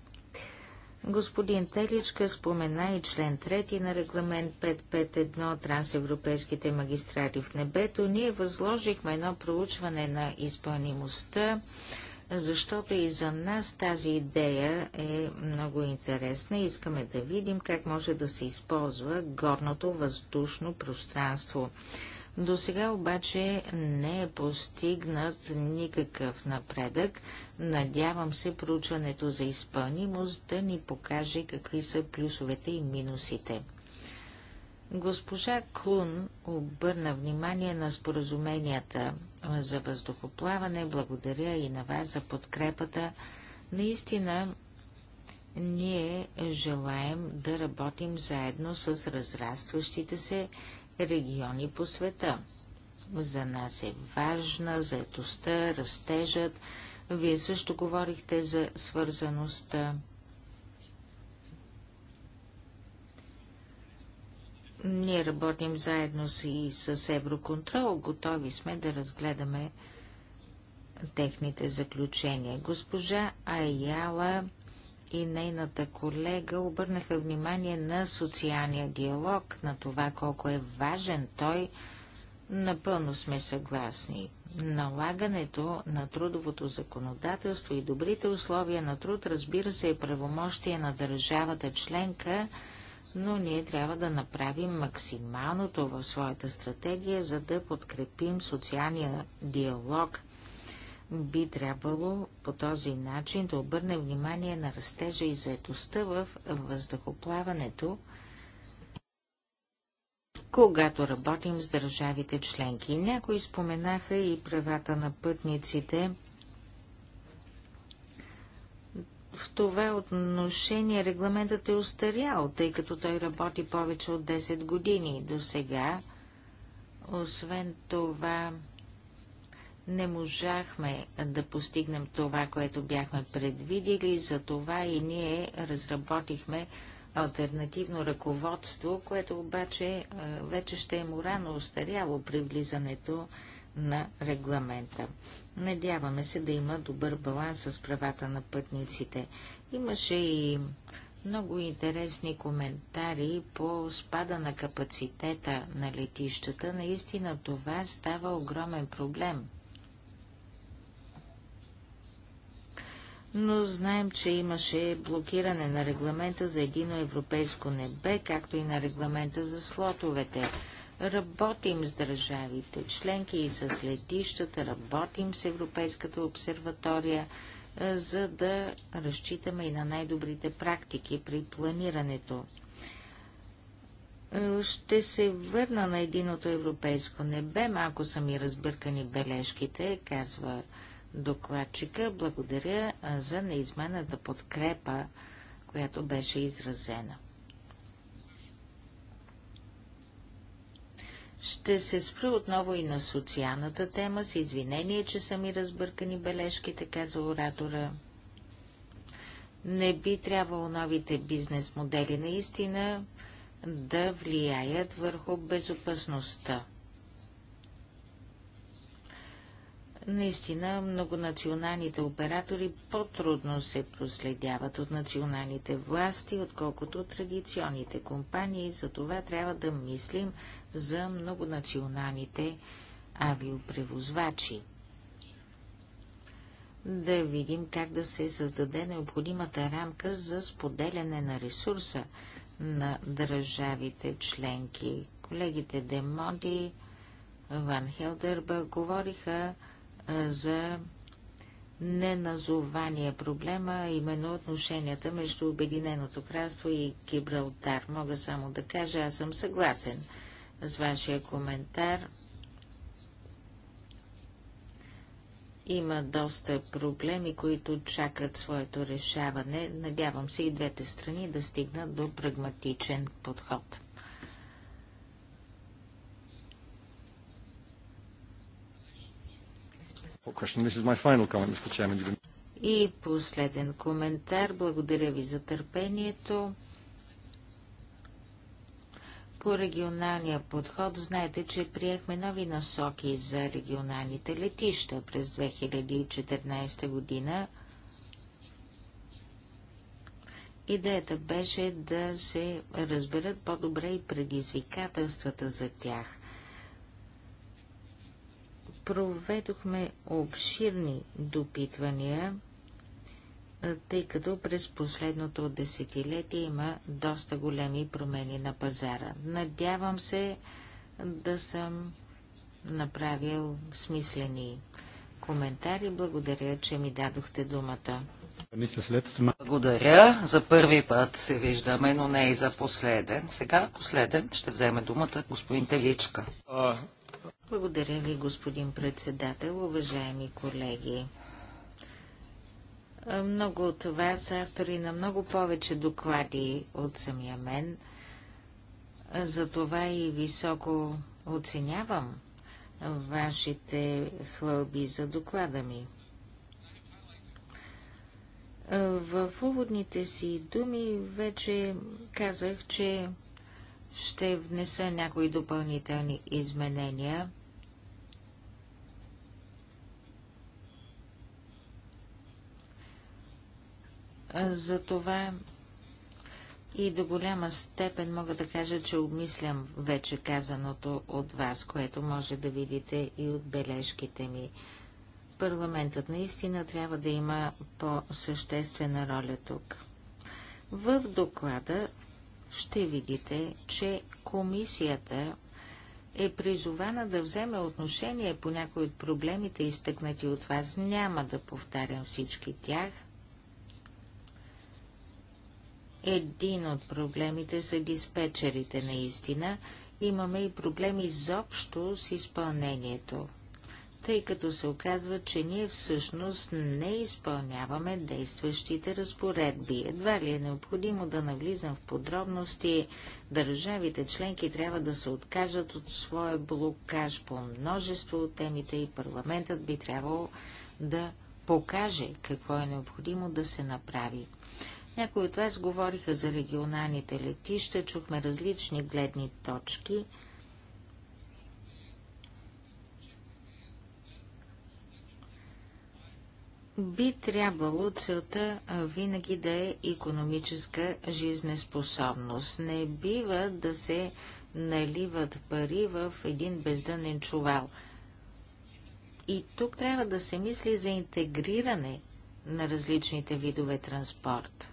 Господин Теличка спомена и член 3 на регламент 551 трансевропейските магистрали в небето. Ние възложихме едно проучване на изпълнимостта, защото и за нас тази идея е много интересна. Искаме да видим как може да се използва горното въздушно пространство. До сега обаче не е постигнат никакъв напредък. Надявам се проучването за изпълнимост да ни покаже какви са плюсовете и минусите. Госпожа Клун обърна внимание на споразуменията за въздухоплаване. Благодаря и на вас за подкрепата. Наистина, ние желаем да работим заедно с разрастващите се региони по света. За нас е важна заетостта, растежът. Вие също говорихте за свързаността. Ние работим заедно и с Евроконтрол. Готови сме да разгледаме техните заключения. Госпожа Айяла и нейната колега обърнаха внимание на социалния диалог, на това колко е важен той. Напълно сме съгласни. Налагането на трудовото законодателство и добрите условия на труд, разбира се, е правомощие на държавата членка, но ние трябва да направим максималното в своята стратегия, за да подкрепим социалния диалог би трябвало по този начин да обърне внимание на растежа и заетостта в въздухоплаването, когато работим с държавите членки. Някои споменаха и правата на пътниците. В това отношение регламентът е устарял, тъй като той работи повече от 10 години до сега. Освен това, не можахме да постигнем това, което бяхме предвидели, затова и ние разработихме альтернативно ръководство, което обаче е, вече ще е морано устаряло при влизането на регламента. Надяваме се да има добър баланс с правата на пътниците. Имаше и много интересни коментари по спада на капацитета на летищата. Наистина това става огромен проблем. но знаем, че имаше блокиране на регламента за едино европейско небе, както и на регламента за слотовете. Работим с държавите, членки и с летищата, работим с Европейската обсерватория, за да разчитаме и на най-добрите практики при планирането. Ще се върна на единото европейско небе, малко са ми разбъркани бележките, казва докладчика. Благодаря за неизменната подкрепа, която беше изразена. Ще се спра отново и на социалната тема, с извинение, че са ми разбъркани бележките, каза оратора. Не би трябвало новите бизнес модели наистина да влияят върху безопасността. Наистина, многонационалните оператори по-трудно се проследяват от националните власти, отколкото традиционните компании. За това трябва да мислим за многонационалните авиопревозвачи. Да видим как да се създаде необходимата рамка за споделяне на ресурса на държавите членки. Колегите Демоди, Ван Хелдерба говориха за неназования проблема, именно отношенията между Обединеното кралство и Гибралтар. Мога само да кажа, аз съм съгласен с вашия коментар. Има доста проблеми, които чакат своето решаване. Надявам се и двете страни да стигнат до прагматичен подход. И последен коментар. Благодаря ви за търпението. По регионалния подход знаете, че приехме нови насоки за регионалните летища през 2014 година. Идеята беше да се разберат по-добре и предизвикателствата за тях. Проведохме обширни допитвания, тъй като през последното десетилетие има доста големи промени на пазара. Надявам се да съм направил смислени коментари. Благодаря, че ми дадохте думата. Благодаря. За първи път се виждаме, но не и за последен. Сега последен ще вземе думата господин Теличка. Благодаря ви, господин председател, уважаеми колеги. Много от вас са автори на много повече доклади от самия мен. Затова и високо оценявам вашите хвалби за доклада ми. В уводните си думи вече казах, че ще внеса някои допълнителни изменения. За това и до голяма степен мога да кажа, че обмислям вече казаното от вас, което може да видите и от бележките ми. Парламентът наистина трябва да има по-съществена роля тук. В доклада ще видите, че комисията е призована да вземе отношение по някои от проблемите, изтъкнати от вас. Няма да повтарям всички тях – един от проблемите са диспетчерите наистина. Имаме и проблеми изобщо с изпълнението, тъй като се оказва, че ние всъщност не изпълняваме действащите разпоредби. Едва ли е необходимо да навлизам в подробности, държавите членки трябва да се откажат от своя блокаж по множество от темите и парламентът би трябвало да покаже какво е необходимо да се направи. Някои от вас говориха за регионалните летища, чухме различни гледни точки. Би трябвало целта винаги да е економическа жизнеспособност. Не бива да се наливат пари в един бездънен чувал. И тук трябва да се мисли за интегриране на различните видове транспорт.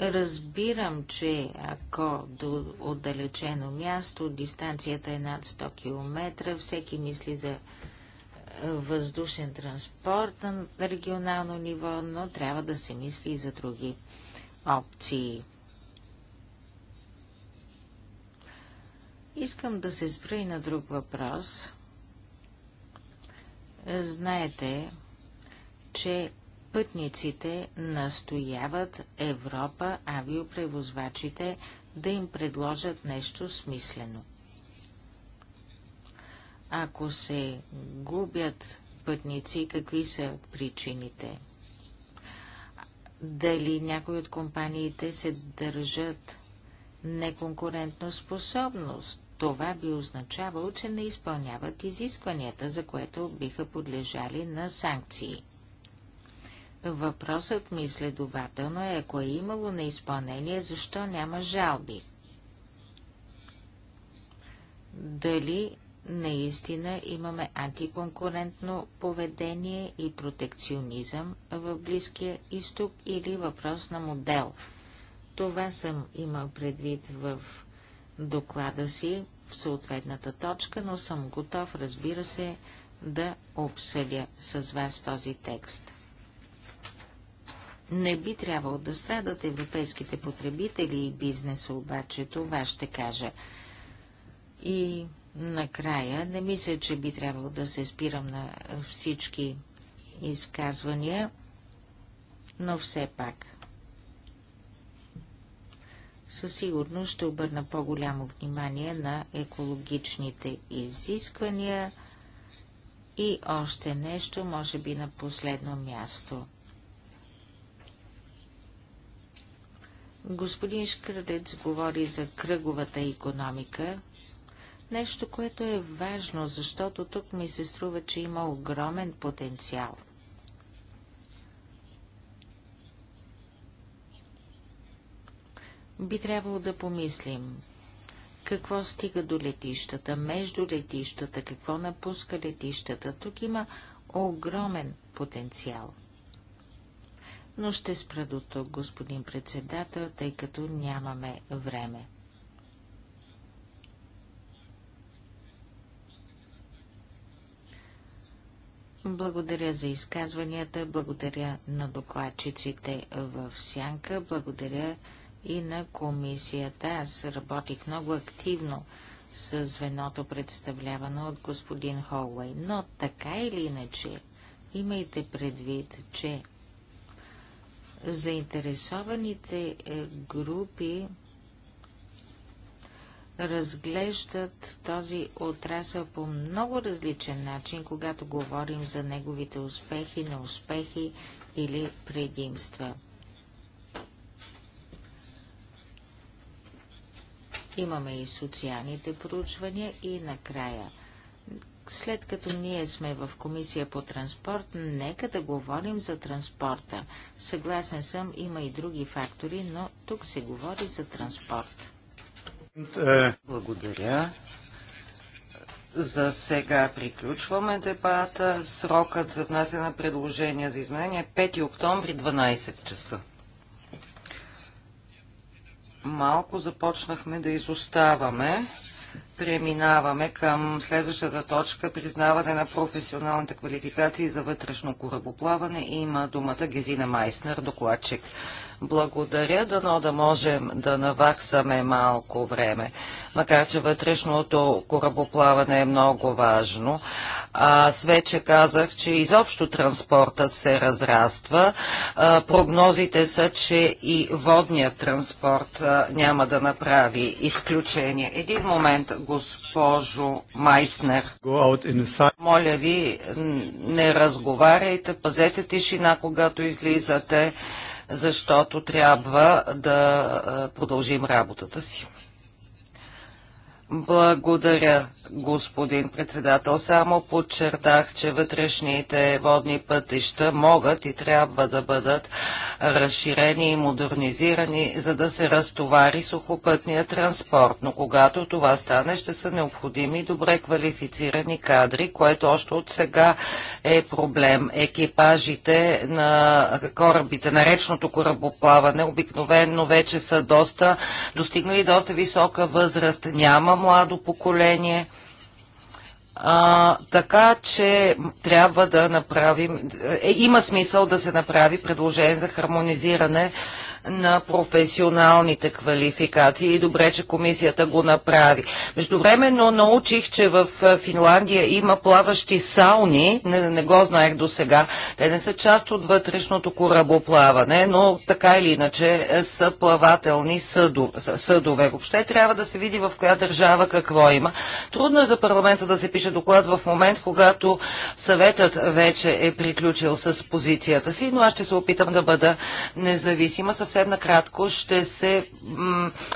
Разбирам, че ако до отдалечено място дистанцията е над 100 км, всеки мисли за е, въздушен транспорт на регионално ниво, но трябва да се мисли и за други опции. Искам да се спра и на друг въпрос. Знаете, че Пътниците настояват Европа, авиопревозвачите да им предложат нещо смислено. Ако се губят пътници, какви са причините? Дали някои от компаниите се държат неконкурентно способност? Това би означавало, че не изпълняват изискванията, за което биха подлежали на санкции. Въпросът ми следователно е, ако е имало неизпълнение, защо няма жалби? Дали наистина имаме антиконкурентно поведение и протекционизъм в Близкия изток или въпрос на модел? Това съм имал предвид в доклада си в съответната точка, но съм готов, разбира се, да обсъдя с вас този текст. Не би трябвало да страдат европейските потребители и бизнеса, обаче това ще кажа. И накрая, не мисля, че би трябвало да се спирам на всички изказвания, но все пак. Със сигурност ще обърна по-голямо внимание на екологичните изисквания и още нещо, може би на последно място – Господин Шкрадец говори за кръговата економика, нещо, което е важно, защото тук ми се струва, че има огромен потенциал. Би трябвало да помислим какво стига до летищата, между летищата, какво напуска летищата. Тук има огромен потенциал но ще спра до тук, господин председател, тъй като нямаме време. Благодаря за изказванията, благодаря на докладчиците в Сянка, благодаря и на комисията. Аз работих много активно с звеното, представлявано от господин Холуей. Но така или иначе, имайте предвид, че Заинтересованите е, групи разглеждат този отрасъл по много различен начин, когато говорим за неговите успехи, неуспехи или предимства. Имаме и социалните проучвания и накрая след като ние сме в комисия по транспорт, нека да говорим за транспорта. Съгласен съм, има и други фактори, но тук се говори за транспорт. Благодаря. За сега приключваме дебата. Срокът за внасяне на предложения за изменение е 5 октомври 12 часа. Малко започнахме да изоставаме. Преминаваме към следващата точка признаване на професионалните квалификации за вътрешно корабоплаване. Има думата Гезина Майснер, докладчик. Благодаря, дано да можем да наваксаме малко време, макар че вътрешното корабоплаване е много важно. Аз вече казах, че изобщо транспортът се разраства. А, прогнозите са, че и водният транспорт а, няма да направи изключение. Един момент, госпожо Майснер. Моля ви, не разговаряйте, пазете тишина, когато излизате защото трябва да продължим работата си. Благодаря, господин председател. Само подчертах, че вътрешните водни пътища могат и трябва да бъдат разширени и модернизирани, за да се разтовари сухопътния транспорт. Но когато това стане, ще са необходими добре квалифицирани кадри, което още от сега е проблем. Екипажите на корабите, на речното корабоплаване, обикновено вече са доста, достигнали доста висока възраст. Няма младо поколение. А, така че трябва да направим, е, има смисъл да се направи предложение за хармонизиране на професионалните квалификации и добре, че комисията го направи. Междувременно научих, че в Финландия има плаващи сауни, не, не го знаех до сега. Те не са част от вътрешното корабоплаване, но така или иначе е, са плавателни съдове. Въобще трябва да се види в коя държава какво има. Трудно е за парламента да се пише доклад в момент, когато съветът вече е приключил с позицията си, но аз ще се опитам да бъда независима. Съвсем съвсем накратко ще се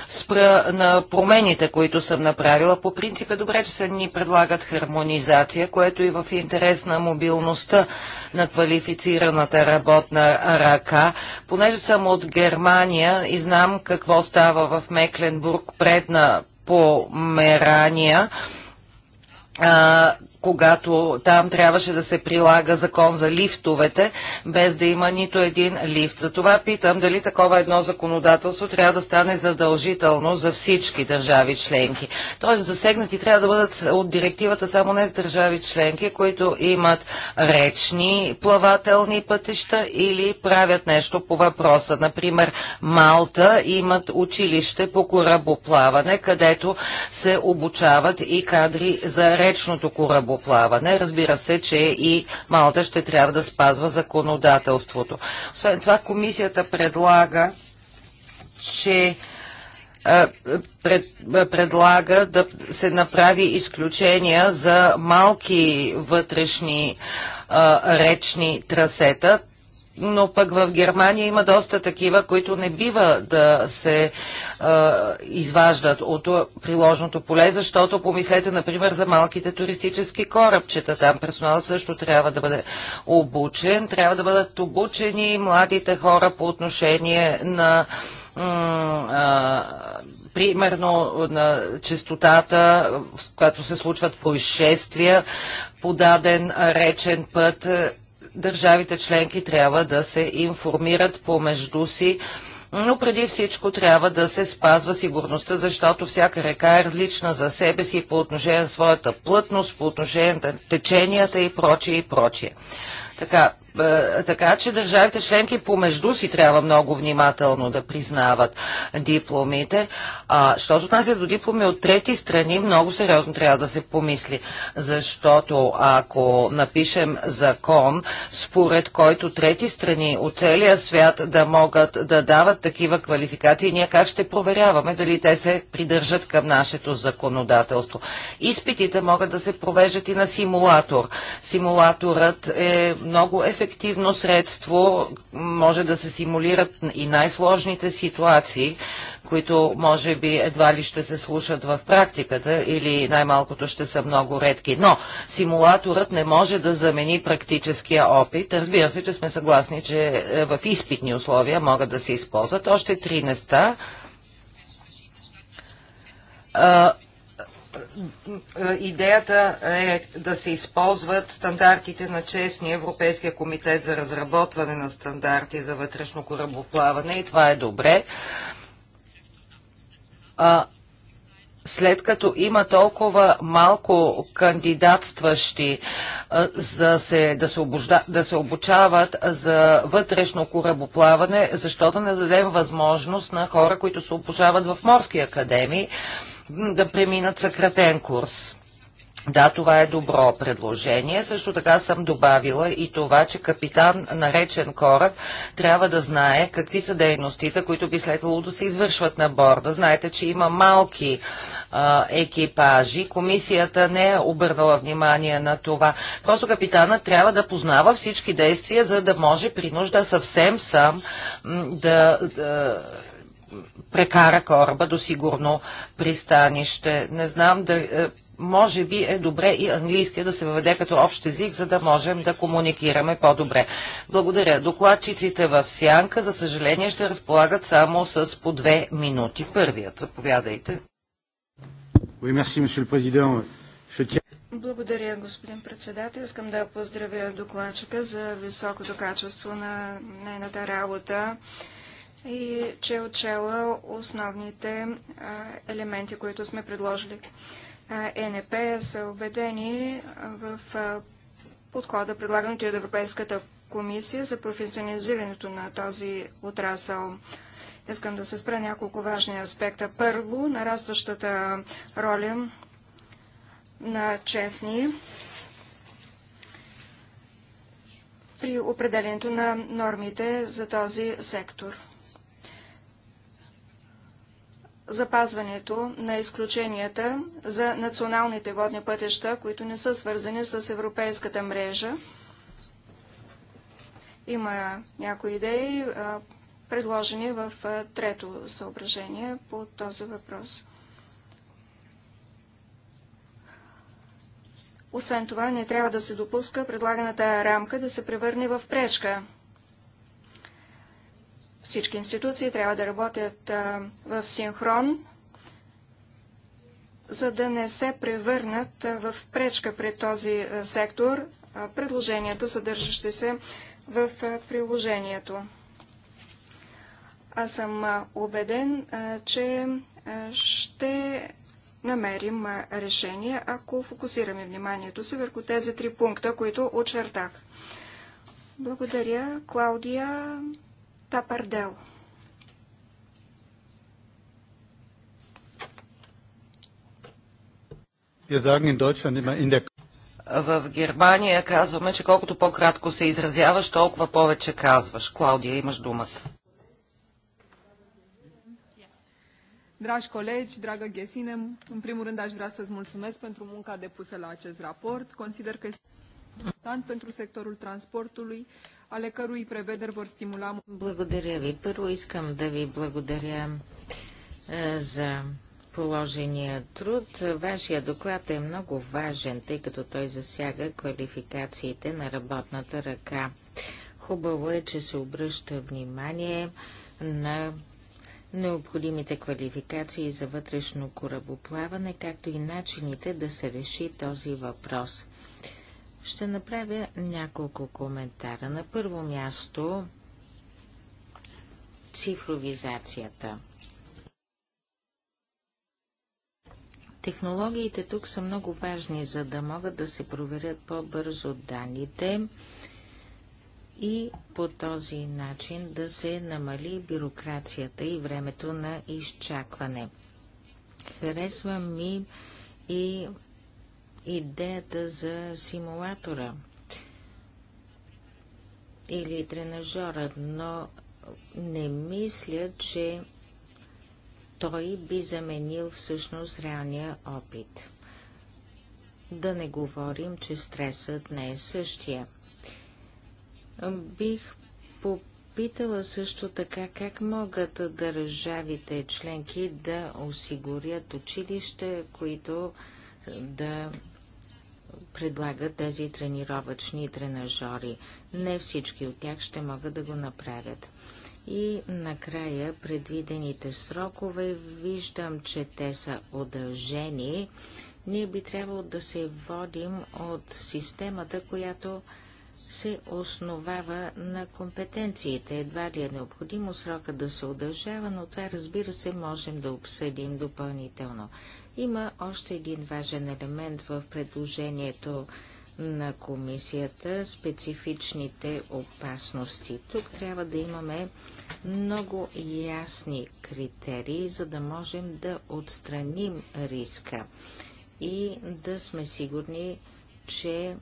спра на промените, които съм направила. По принцип е добре, че се ни предлагат хармонизация, което и в интерес на мобилността на квалифицираната работна ръка. Понеже съм от Германия и знам какво става в Мекленбург предна Померания, когато там трябваше да се прилага закон за лифтовете, без да има нито един лифт. За това питам дали такова едно законодателство трябва да стане задължително за всички държави членки. Тоест засегнати трябва да бъдат от директивата само не с държави членки, които имат речни плавателни пътища или правят нещо по въпроса. Например, Малта имат училище по корабоплаване, където се обучават и кадри за речното корабоплаване корабоплаване. Разбира се, че и Малта ще трябва да спазва законодателството. Освен това, комисията предлага, че пред, предлага да се направи изключения за малки вътрешни а, речни трасета, но пък в Германия има доста такива, които не бива да се а, изваждат от приложното поле, защото помислете, например, за малките туристически корабчета. Там персонал също трябва да бъде обучен. Трябва да бъдат обучени младите хора по отношение на а, примерно на частотата, с която се случват происшествия по даден речен път държавите членки трябва да се информират помежду си, но преди всичко трябва да се спазва сигурността, защото всяка река е различна за себе си по отношение на своята плътност, по отношение на теченията и прочие и прочие. Така, е, така че държавите членки помежду си трябва много внимателно да признават дипломите. А, що се отнася до дипломи от трети страни, много сериозно трябва да се помисли, защото ако напишем закон, според който трети страни от целия свят да могат да дават такива квалификации, ние как ще проверяваме дали те се придържат към нашето законодателство. Изпитите могат да се провеждат и на симулатор. Симулаторът е много ефективен ефективно средство може да се симулират и най-сложните ситуации, които може би едва ли ще се слушат в практиката или най-малкото ще са много редки. Но симулаторът не може да замени практическия опит. Разбира се, че сме съгласни, че е, в изпитни условия могат да се използват още три неща идеята е да се използват стандартите на честния Европейския комитет за разработване на стандарти за вътрешно корабоплаване и това е добре. А, след като има толкова малко кандидатстващи за се, да, се обожда, да се обучават за вътрешно корабоплаване, защо да не дадем възможност на хора, които се обучават в морски академии, да преминат съкратен курс. Да, това е добро предложение. Също така съм добавила и това, че капитан на речен кораб трябва да знае какви са дейностите, които би следвало да се извършват на борда. Знаете, че има малки а, екипажи. Комисията не е обърнала внимание на това. Просто капитана трябва да познава всички действия, за да може при нужда съвсем сам да, да прекара кораба до сигурно пристанище. Не знам да е, може би е добре и английския да се въведе като общ език, за да можем да комуникираме по-добре. Благодаря. Докладчиците в Сянка, за съжаление, ще разполагат само с по две минути. Първият, заповядайте. Благодаря, господин председател. Искам да поздравя докладчика за високото качество на нейната работа и че е отчела основните елементи, които сме предложили. ЕНП са убедени в подхода, предлаган от Европейската комисия за професионализирането на този отрасъл. Искам да се спра няколко важни аспекта. Първо, нарастващата роля на честни при определенето на нормите за този сектор запазването на изключенията за националните водни пътища, които не са свързани с европейската мрежа. Има някои идеи, предложени в трето съображение по този въпрос. Освен това, не трябва да се допуска предлаганата рамка да се превърне в пречка всички институции трябва да работят в синхрон, за да не се превърнат в пречка пред този сектор предложенията, съдържащи се в приложението. Аз съм убеден, че ще намерим решение, ако фокусираме вниманието си върху тези три пункта, които очертах. Благодаря, Клаудия. Тапардел. В Германия казваме, че колкото по-кратко се изразяваш, толкова повече казваш. Клаудия, имаш думата. Dragi colegi, dragă Ghesine, în primul rând aș vrea să-ți mulțumesc pentru munca depusă la acest raport. Consider că este important pentru sectorul transportului ale cărui prevederi vor stimula... Благодаря ви. Първо искам да ви благодаря е, за положения труд. Вашия доклад е много важен, тъй като той засяга квалификациите на работната ръка. Хубаво е, че се обръща внимание на необходимите квалификации за вътрешно корабоплаване, както и начините да се реши този въпрос. Ще направя няколко коментара. На първо място цифровизацията. Технологиите тук са много важни, за да могат да се проверят по-бързо данните и по този начин да се намали бюрокрацията и времето на изчакване. Харесва ми и идеята за симулатора или тренажора, но не мисля, че той би заменил всъщност реалния опит. Да не говорим, че стресът не е същия. Бих попитала също така как могат държавите членки да осигурят училища, които да предлагат тези тренировъчни тренажори. Не всички от тях ще могат да го направят. И накрая предвидените срокове, виждам, че те са удължени. Ние би трябвало да се водим от системата, която се основава на компетенциите. Едва ли е необходимо срока да се удължава, но това разбира се можем да обсъдим допълнително. Има още един важен елемент в предложението на комисията – специфичните опасности. Тук трябва да имаме много ясни критерии, за да можем да отстраним риска и да сме сигурни, че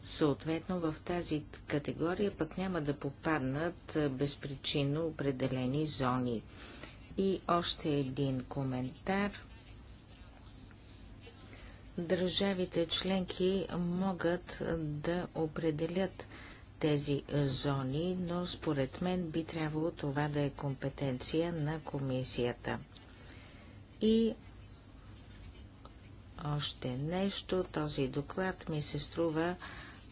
съответно в тази категория пък няма да попаднат безпричинно определени зони. И още един коментар – Държавите членки могат да определят тези зони, но според мен би трябвало това да е компетенция на комисията. И още нещо, този доклад ми се струва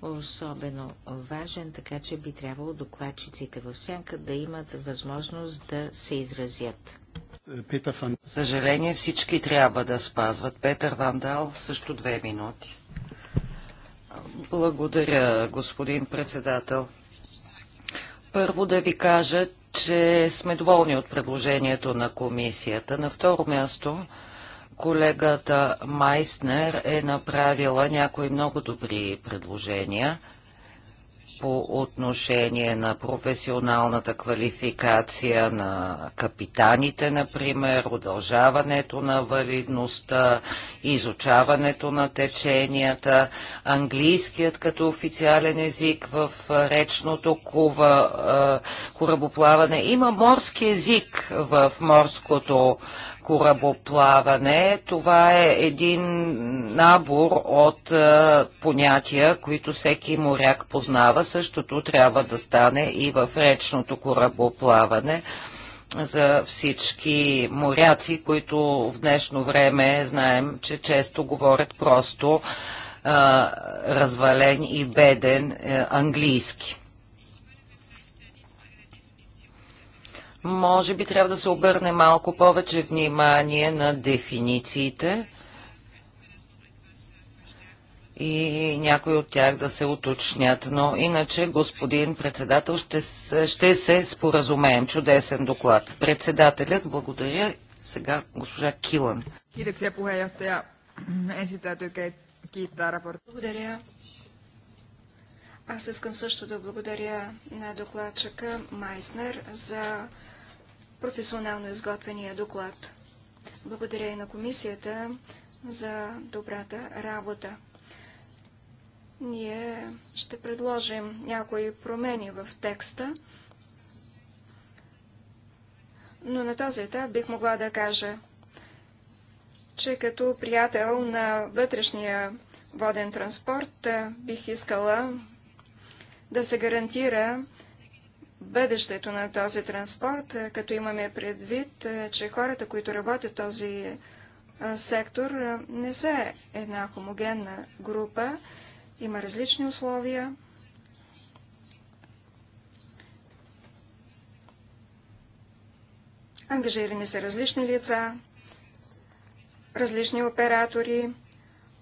особено важен, така че би трябвало докладчиците в сянка да имат възможност да се изразят. Съжаление, всички трябва да спазват. Петър Вандал, също две минути. Благодаря, господин председател. Първо да ви кажа, че сме доволни от предложението на комисията. На второ място, колегата Майснер е направила някои много добри предложения – по отношение на професионалната квалификация на капитаните, например, удължаването на валидността, изучаването на теченията, английският като официален език в речното кува, корабоплаване. Има морски език в морското корабоплаване. Това е един набор от а, е, понятия, които всеки моряк познава. Същото трябва да стане и в речното корабоплаване за всички моряци, които в днешно време знаем, че често говорят просто а, е, развален и беден а, е, английски. Може би трябва да се обърне малко повече внимание на дефинициите и някои от тях да се уточнят. Но иначе, господин председател, ще, ще се споразумеем. Чудесен доклад. Председателят, благодаря. Сега госпожа Килан. Благодаря. Аз искам също да благодаря на докладчика Майснер за професионално изготвения доклад. Благодаря и на комисията за добрата работа. Ние ще предложим някои промени в текста, но на този етап бих могла да кажа, че като приятел на вътрешния воден транспорт бих искала да се гарантира бъдещето на този транспорт, е, като имаме предвид, е, че хората, които работят в този е, сектор, не са една хомогенна група. Има различни условия. Ангажирани са различни лица, различни оператори,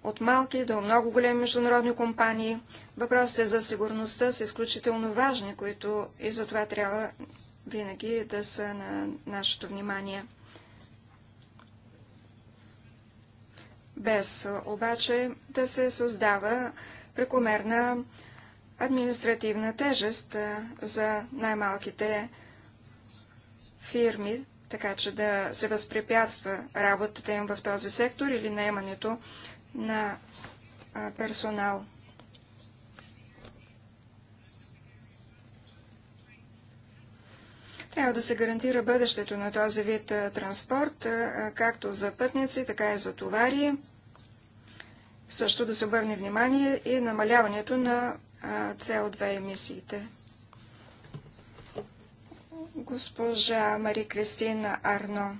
от малки до много големи международни компании. Въпросите за сигурността са изключително важни, които и за това трябва винаги да са на нашето внимание. Без обаче да се създава прекомерна административна тежест за най-малките фирми, така че да се възпрепятства работата им в този сектор или наемането на персонал. Трябва да се гарантира бъдещето на този вид транспорт, както за пътници, така и за товари. Също да се обърне внимание и намаляването на CO2 емисиите. Госпожа Мари Кристина Арно.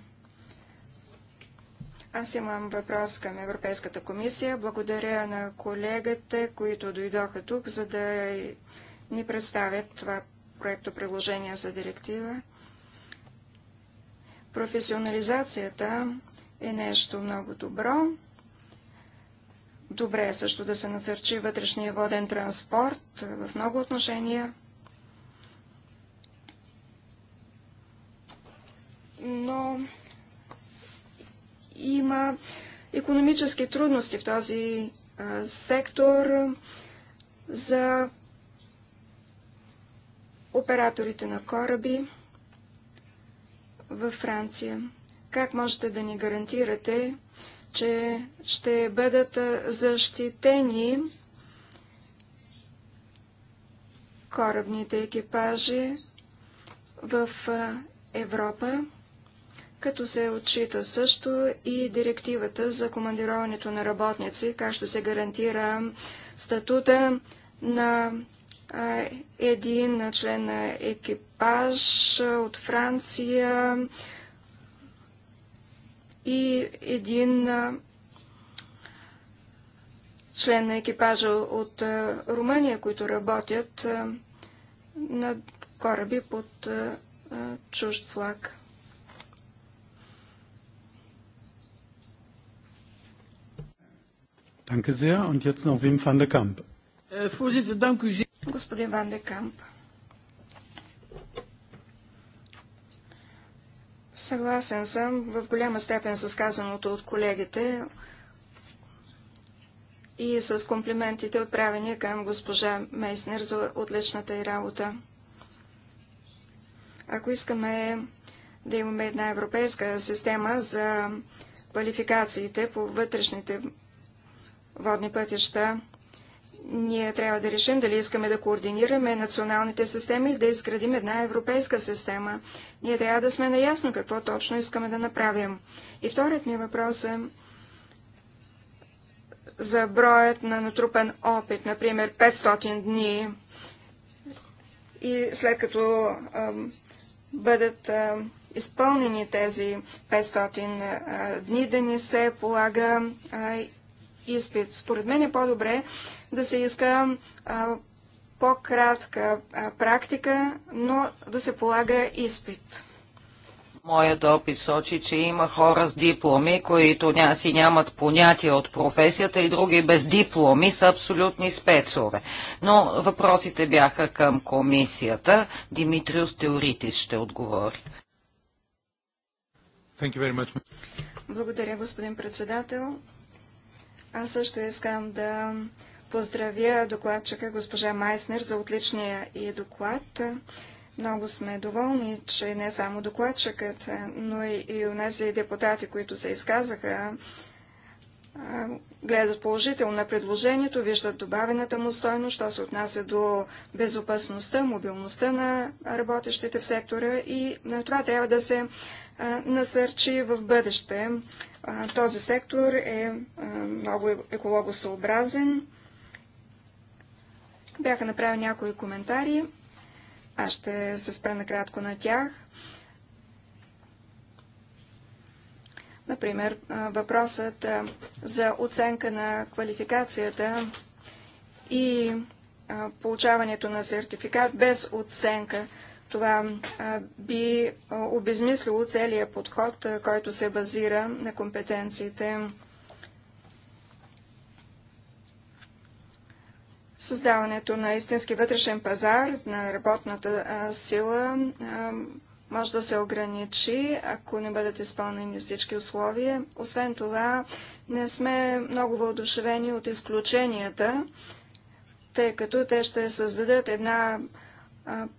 Аз имам въпрос към Европейската комисия. Благодаря на колегите, които дойдоха тук, за да ни представят това проекто приложение за директива. Професионализацията е нещо много добро. Добре е също да се насърчи вътрешния воден транспорт в много отношения. Но има економически трудности в този а, сектор за операторите на кораби във Франция. Как можете да ни гарантирате, че ще бъдат защитени корабните екипажи в Европа? като се отчита също и директивата за командироването на работници, как ще се гарантира статута на един член на екипаж от Франция и един член на екипажа от Румъния, които работят на кораби под чужд флаг. Danke sehr. Und jetzt noch Wim van Kamp. Eh, Господин Ван де Камп. Съгласен съм в голяма степен с казаното от колегите и с комплиментите отправени към госпожа Мейснер за отличната й работа. Ако искаме да имаме една европейска система за квалификациите по вътрешните водни пътища. Ние трябва да решим дали искаме да координираме националните системи или да изградим една европейска система. Ние трябва да сме наясно какво точно искаме да направим. И вторият ми въпрос е за броят на натрупан опит, например 500 дни и след като а, бъдат а, изпълнени тези 500 а, дни, да ни се полага а, изпит. Според мен е по-добре да се иска по-кратка практика, но да се полага изпит. Моят опит сочи, че има хора с дипломи, които ня, си нямат понятие от професията и други без дипломи са абсолютни спецове. Но въпросите бяха към комисията. Димитриус Теоритис ще отговори. Благодаря, господин председател. Аз също искам да поздравя докладчика госпожа Майснер за отличния и доклад. Много сме доволни, че не само докладчикът, но и, и и депутати, които се изказаха гледат положително на предложението, виждат добавената му стойност, що се отнася до безопасността, мобилността на работещите в сектора и на това трябва да се насърчи в бъдеще. Този сектор е много екологосъобразен. Бяха направени някои коментари. Аз ще се спра накратко на тях. Например, въпросът за оценка на квалификацията и получаването на сертификат без оценка. Това би обезмислило целия подход, който се базира на компетенциите. Създаването на истински вътрешен пазар на работната сила може да се ограничи, ако не бъдат изпълнени всички условия. Освен това, не сме много въодушевени от изключенията, тъй като те ще създадат една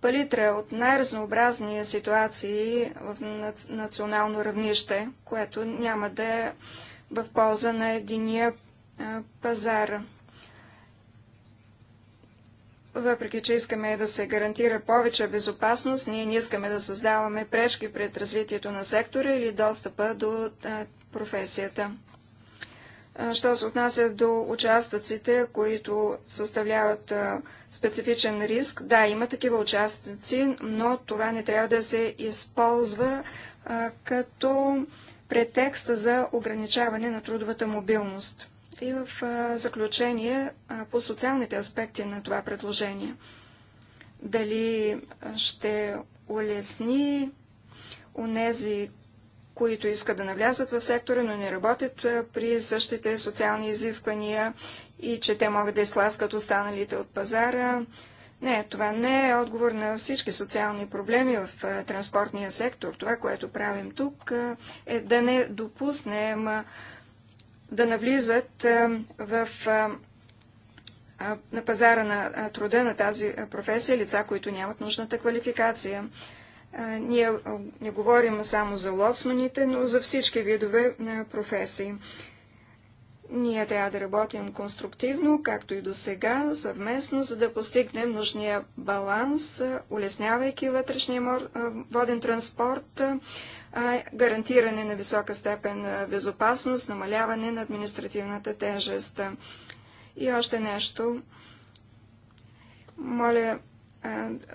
палитра от най-разнообразни ситуации в национално равнище, което няма да е в полза на единия пазар. Въпреки, че искаме да се гарантира повече безопасност, ние не искаме да създаваме пречки пред развитието на сектора или достъпа до професията. що се отнася до участъците, които съставляват специфичен риск, да, има такива участъци, но това не трябва да се използва като претекст за ограничаване на трудовата мобилност и в заключение по социалните аспекти на това предложение. Дали ще улесни унези, които искат да навлязат в сектора, но не работят при същите социални изисквания и че те могат да изтласкат останалите от пазара. Не, това не е отговор на всички социални проблеми в транспортния сектор. Това, което правим тук, е да не допуснем да навлизат е, в, е, на пазара на е, труда на тази професия лица, които нямат нужната квалификация. Ние не говорим само за лоцманите, но за всички видове професии. Ние трябва да работим конструктивно, както и до сега, съвместно, за да постигнем нужния баланс, улеснявайки вътрешния воден транспорт, гарантиране на висока степен на безопасност, намаляване на административната тежест. И още нещо. Моля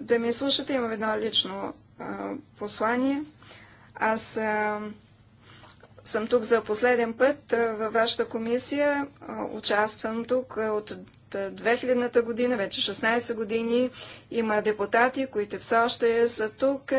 да ми слушате, имам едно лично послание. Аз съм тук за последен път във вашата комисия. Участвам тук от 2000-та година, вече 16 години. Има депутати, които все още са тук.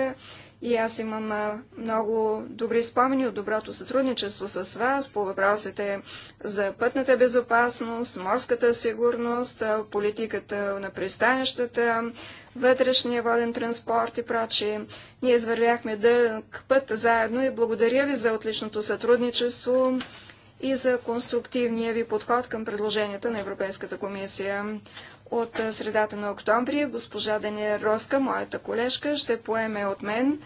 И аз имам много добри спомени от доброто сътрудничество с вас по въпросите за пътната безопасност, морската сигурност, политиката на пристанищата, вътрешния воден транспорт и прочие. Ние извървяхме дълъг път заедно и благодаря ви за отличното сътрудничество и за конструктивния ви подход към предложенията на Европейската комисия. От средата на октомври госпожа Дания Роска, моята колежка, ще поеме от мен,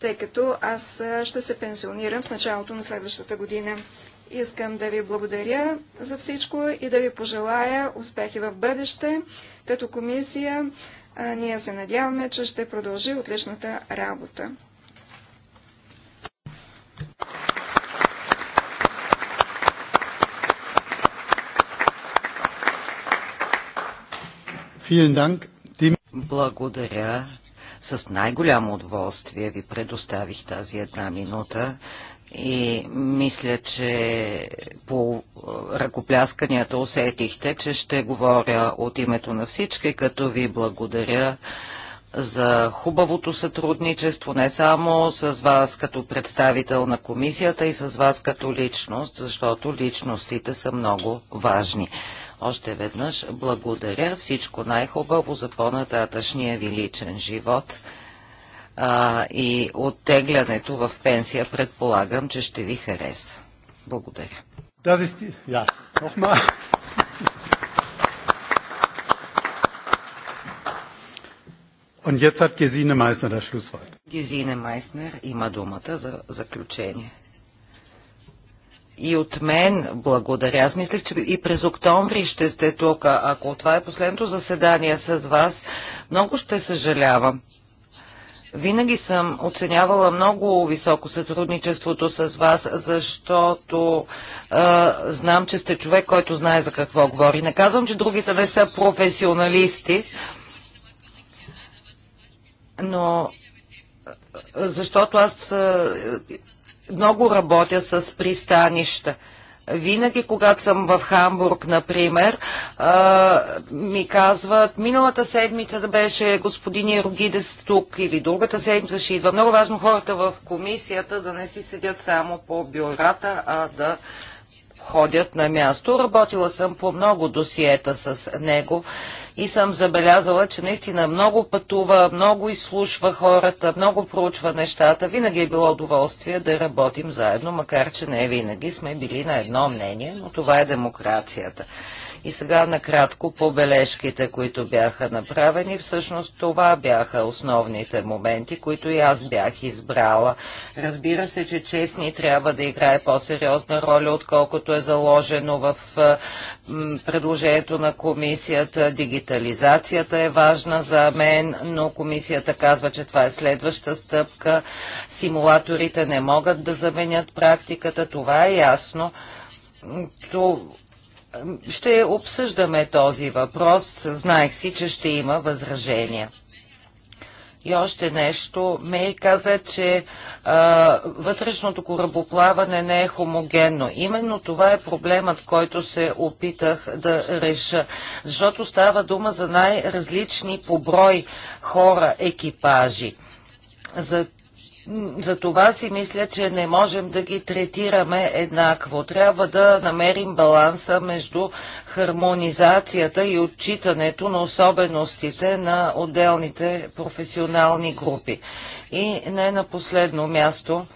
тъй като аз ще се пенсионирам в началото на следващата година. Искам да ви благодаря за всичко и да ви пожелая успехи в бъдеще. Като комисия ние се надяваме, че ще продължи отличната работа. Благодаря. С най-голямо удоволствие ви предоставих тази една минута и мисля, че по ръкоплясканията усетихте, че ще говоря от името на всички, като ви благодаря за хубавото сътрудничество не само с вас като представител на комисията и с вас като личност, защото личностите са много важни. Още веднъж благодаря всичко най-хубаво за по-нататъчния ви личен живот а, и оттеглянето в пенсия предполагам, че ще ви хареса. Благодаря. Тази сти... Я, охма. Und jetzt hat Gesine Meissner das Schlusswort. Gesine Meissner има думата за заключение и от мен благодаря. Аз мислех, че и през октомври ще сте тук. Ако това е последното заседание с вас, много ще съжалявам. Винаги съм оценявала много високо сътрудничеството с вас, защото е, знам, че сте човек, който знае за какво говори. Не казвам, че другите не са професионалисти, но защото аз много работя с пристанища. Винаги, когато съм в Хамбург, например, ми казват, миналата седмица да беше господин Ерогидес тук или другата седмица ще идва. Много важно хората в комисията да не си седят само по бюрата, а да ходят на място. Работила съм по много досиета с него и съм забелязала, че наистина много пътува, много изслушва хората, много проучва нещата. Винаги е било удоволствие да работим заедно, макар че не винаги сме били на едно мнение, но това е демокрацията. И сега накратко по бележките, които бяха направени. Всъщност това бяха основните моменти, които и аз бях избрала. Разбира се, че честни трябва да играе по-сериозна роля, отколкото е заложено в е, предложението на комисията. Дигитализацията е важна за мен, но комисията казва, че това е следваща стъпка. Симулаторите не могат да заменят практиката, това е ясно. То ще обсъждаме този въпрос. Знаех си, че ще има възражения. И още нещо. Мей каза, че а, вътрешното корабоплаване не е хомогенно. Именно това е проблемът, който се опитах да реша. Защото става дума за най-различни по брой хора, екипажи. За за това си мисля, че не можем да ги третираме еднакво. Трябва да намерим баланса между хармонизацията и отчитането на особеностите на отделните професионални групи. И не на последно място,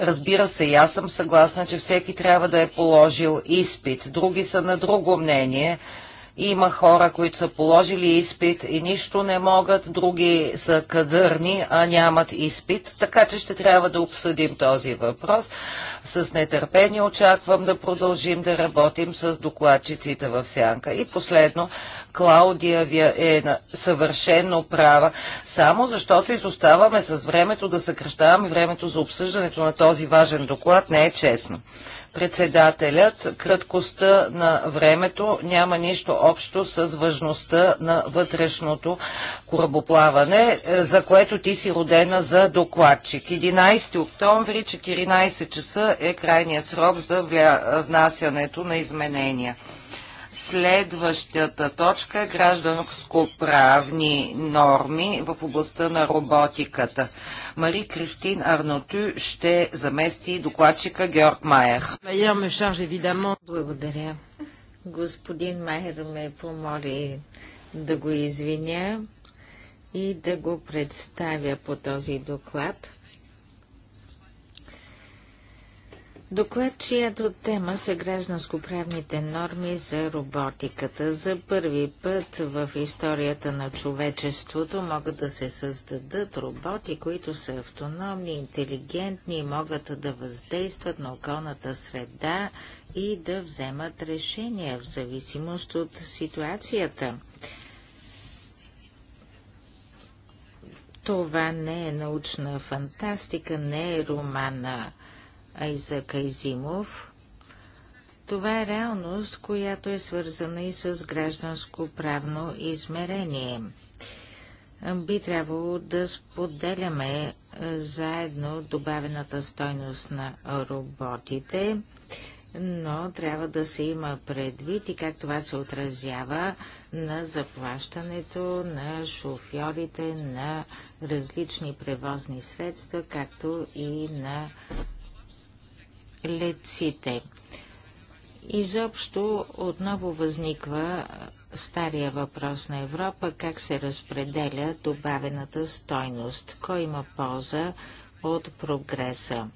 разбира се, и аз съм съгласна, че всеки трябва да е положил изпит. Други са на друго мнение – има хора, които са положили изпит и нищо не могат, други са кадърни, а нямат изпит, така че ще трябва да обсъдим този въпрос. С нетърпение очаквам да продължим да работим с докладчиците в сянка. И последно, Клаудия ви е съвършено права, само защото изоставаме с времето да съкръщаваме времето за обсъждането на този важен доклад, не е честно. Председателят, краткостта на времето няма нищо общо с важността на вътрешното корабоплаване, е, за което ти си родена за докладчик. 11 октомври, 14 часа е крайният срок за вля... внасянето на изменения. Следващата точка е – гражданско-правни норми в областта на роботиката. Мари Кристин Арноту ще замести докладчика Георг Майер. Благодаря. Господин Майер ме помоли да го извиня и да го представя по този доклад. Доклад, чиято тема са гражданско-правните норми за роботиката. За първи път в историята на човечеството могат да се създадат роботи, които са автономни, интелигентни и могат да въздействат на околната среда и да вземат решения в зависимост от ситуацията. Това не е научна фантастика, не е романа Айза Кайзимов. Това е реалност, която е свързана и с гражданско-правно измерение. Би трябвало да споделяме е, заедно добавената стойност на роботите, но трябва да се има предвид и как това се отразява на заплащането на шофьорите на различни превозни средства, както и на Леците, Изобщо отново възниква стария въпрос на Европа как се разпределя добавената стойност, кой има полза от прогреса.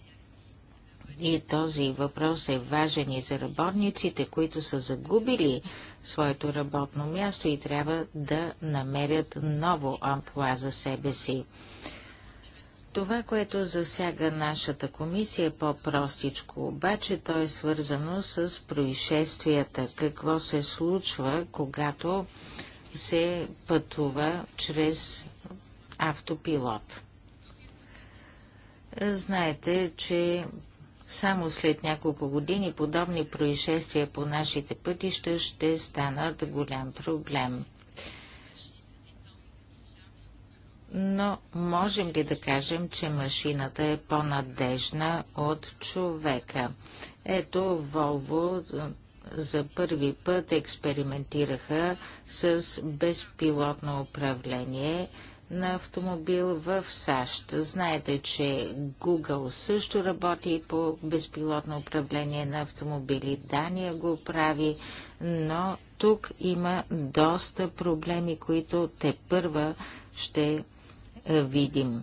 И този въпрос е важен и за работниците, които са загубили своето работно място и трябва да намерят ново амплуа за себе си. Това, което засяга нашата комисия е по-простичко, обаче то е свързано с происшествията, какво се случва, когато се пътува чрез автопилот. Знаете, че само след няколко години подобни происшествия по нашите пътища ще станат голям проблем. но можем ли да кажем, че машината е по-надежна от човека? Ето, Волво за първи път експериментираха с безпилотно управление на автомобил в САЩ. Знаете, че Google също работи по безпилотно управление на автомобили. Дания го прави, но тук има доста проблеми, които те първа ще е, видим.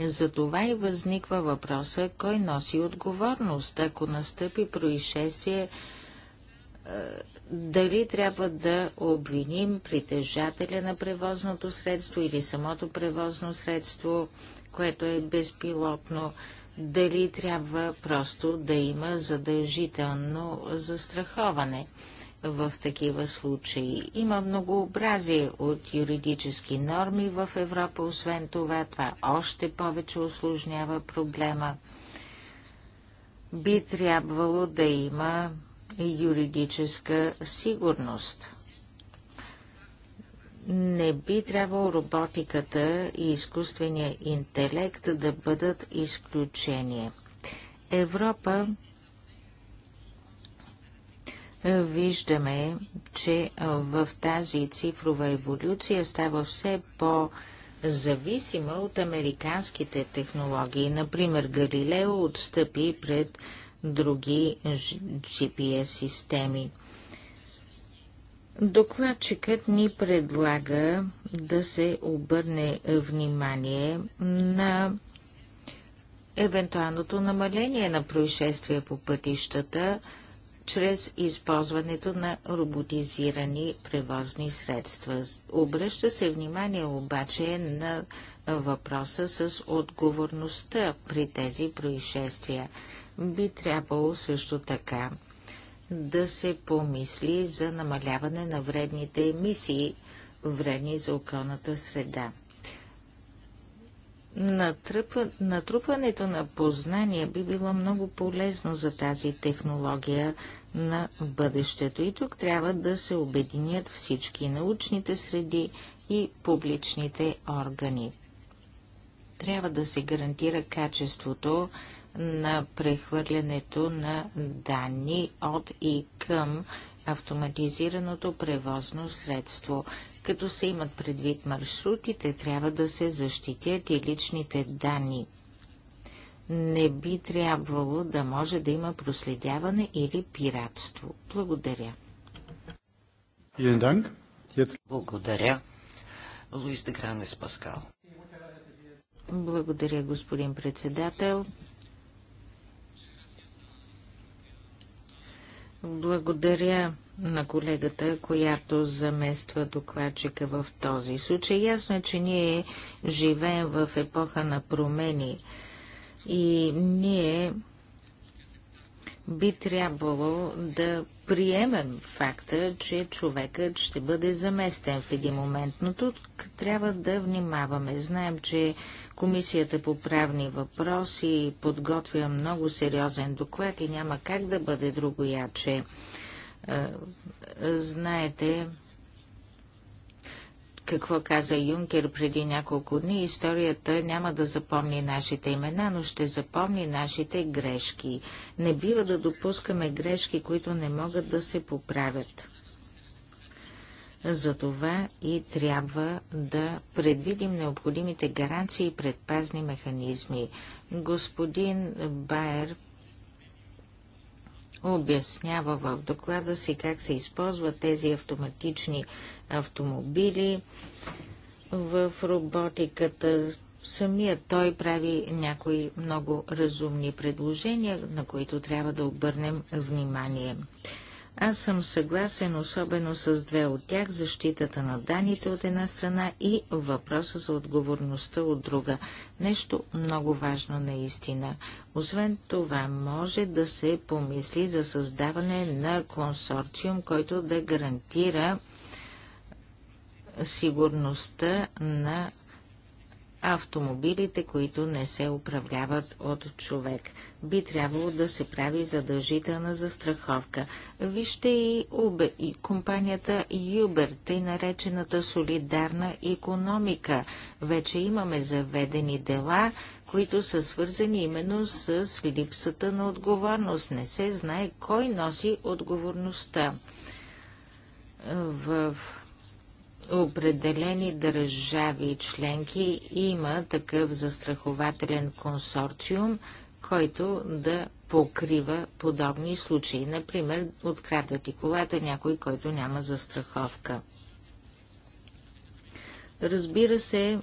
Затова и възниква въпроса, кой носи отговорност, ако настъпи происшествие, е, дали трябва да обвиним притежателя на превозното средство или самото превозно средство, което е безпилотно, дали трябва просто да има задължително застраховане в такива случаи. Има многообразие от юридически норми в Европа, освен това, това още повече осложнява проблема. Би трябвало да има юридическа сигурност. Не би трябвало роботиката и изкуствения интелект да бъдат изключение. Европа виждаме, че в тази цифрова еволюция става все по- зависима от американските технологии. Например, Галилео отстъпи пред други GPS системи. Докладчикът ни предлага да се обърне внимание на евентуалното намаление на происшествия по пътищата, чрез използването на роботизирани превозни средства. Обръща се внимание обаче на въпроса с отговорността при тези происшествия. Би трябвало също така да се помисли за намаляване на вредните емисии, вредни за околната среда натрупването на познания би било много полезно за тази технология на бъдещето. И тук трябва да се обединят всички научните среди и публичните органи. Трябва да се гарантира качеството на прехвърлянето на данни от и към автоматизираното превозно средство. Като се имат предвид маршрутите, трябва да се защитят и личните данни. Не би трябвало да може да има проследяване или пиратство. Благодаря. Благодаря. Луис де Гранес Паскал. Благодаря, господин председател. Благодаря на колегата, която замества докладчика в този случай. Ясно е, че ние живеем в епоха на промени и ние би трябвало да приемем факта, че човекът ще бъде заместен в един момент, но тук трябва да внимаваме. Знаем, че Комисията по правни въпроси подготвя много сериозен доклад и няма как да бъде другояче. Знаете какво каза Юнкер преди няколко дни. Историята няма да запомни нашите имена, но ще запомни нашите грешки. Не бива да допускаме грешки, които не могат да се поправят. Затова и трябва да предвидим необходимите гаранции и предпазни механизми. Господин Байер обяснява в доклада си как се използват тези автоматични автомобили в роботиката. Самият той прави някои много разумни предложения, на които трябва да обърнем внимание. Аз съм съгласен особено с две от тях – защитата на данните от една страна и въпроса за отговорността от друга. Нещо много важно наистина. Освен това, може да се помисли за създаване на консорциум, който да гарантира сигурността на автомобилите, които не се управляват от човек. Би трябвало да се прави задължителна застраховка. Вижте и, Uber, и компанията Uber, тъй наречената солидарна економика. Вече имаме заведени дела, които са свързани именно с липсата на отговорност. Не се знае кой носи отговорността. В Определени държави и членки има такъв застрахователен консорциум, който да покрива подобни случаи. Например, открадват и колата някой, който няма застраховка. Разбира се,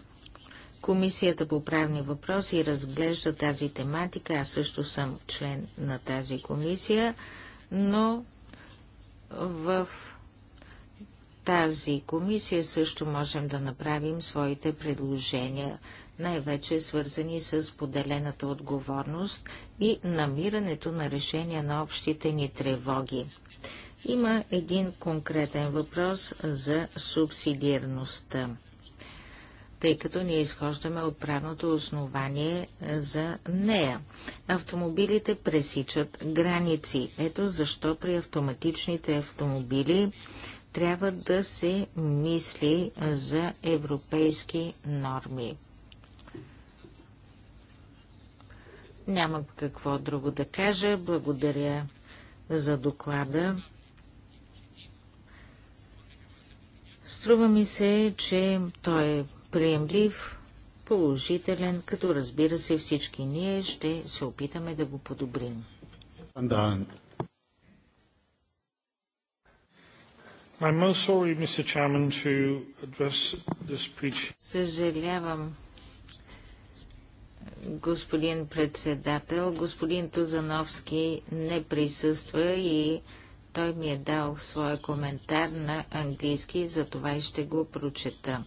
Комисията по правни въпроси разглежда тази тематика. Аз също съм член на тази комисия, но в тази комисия също можем да направим своите предложения, най-вече свързани с поделената отговорност и намирането на решения на общите ни тревоги. Има един конкретен въпрос за субсидиарността, тъй като ние изхождаме от правното основание за нея. Автомобилите пресичат граници. Ето защо при автоматичните автомобили трябва да се мисли за европейски норми. Няма какво друго да кажа. Благодаря за доклада. Струва ми се, че той е приемлив, положителен, като разбира се всички ние ще се опитаме да го подобрим. Съжалявам, господин председател. Господин Тузановски не присъства и той ми е дал своя коментар на английски, затова и ще го прочета.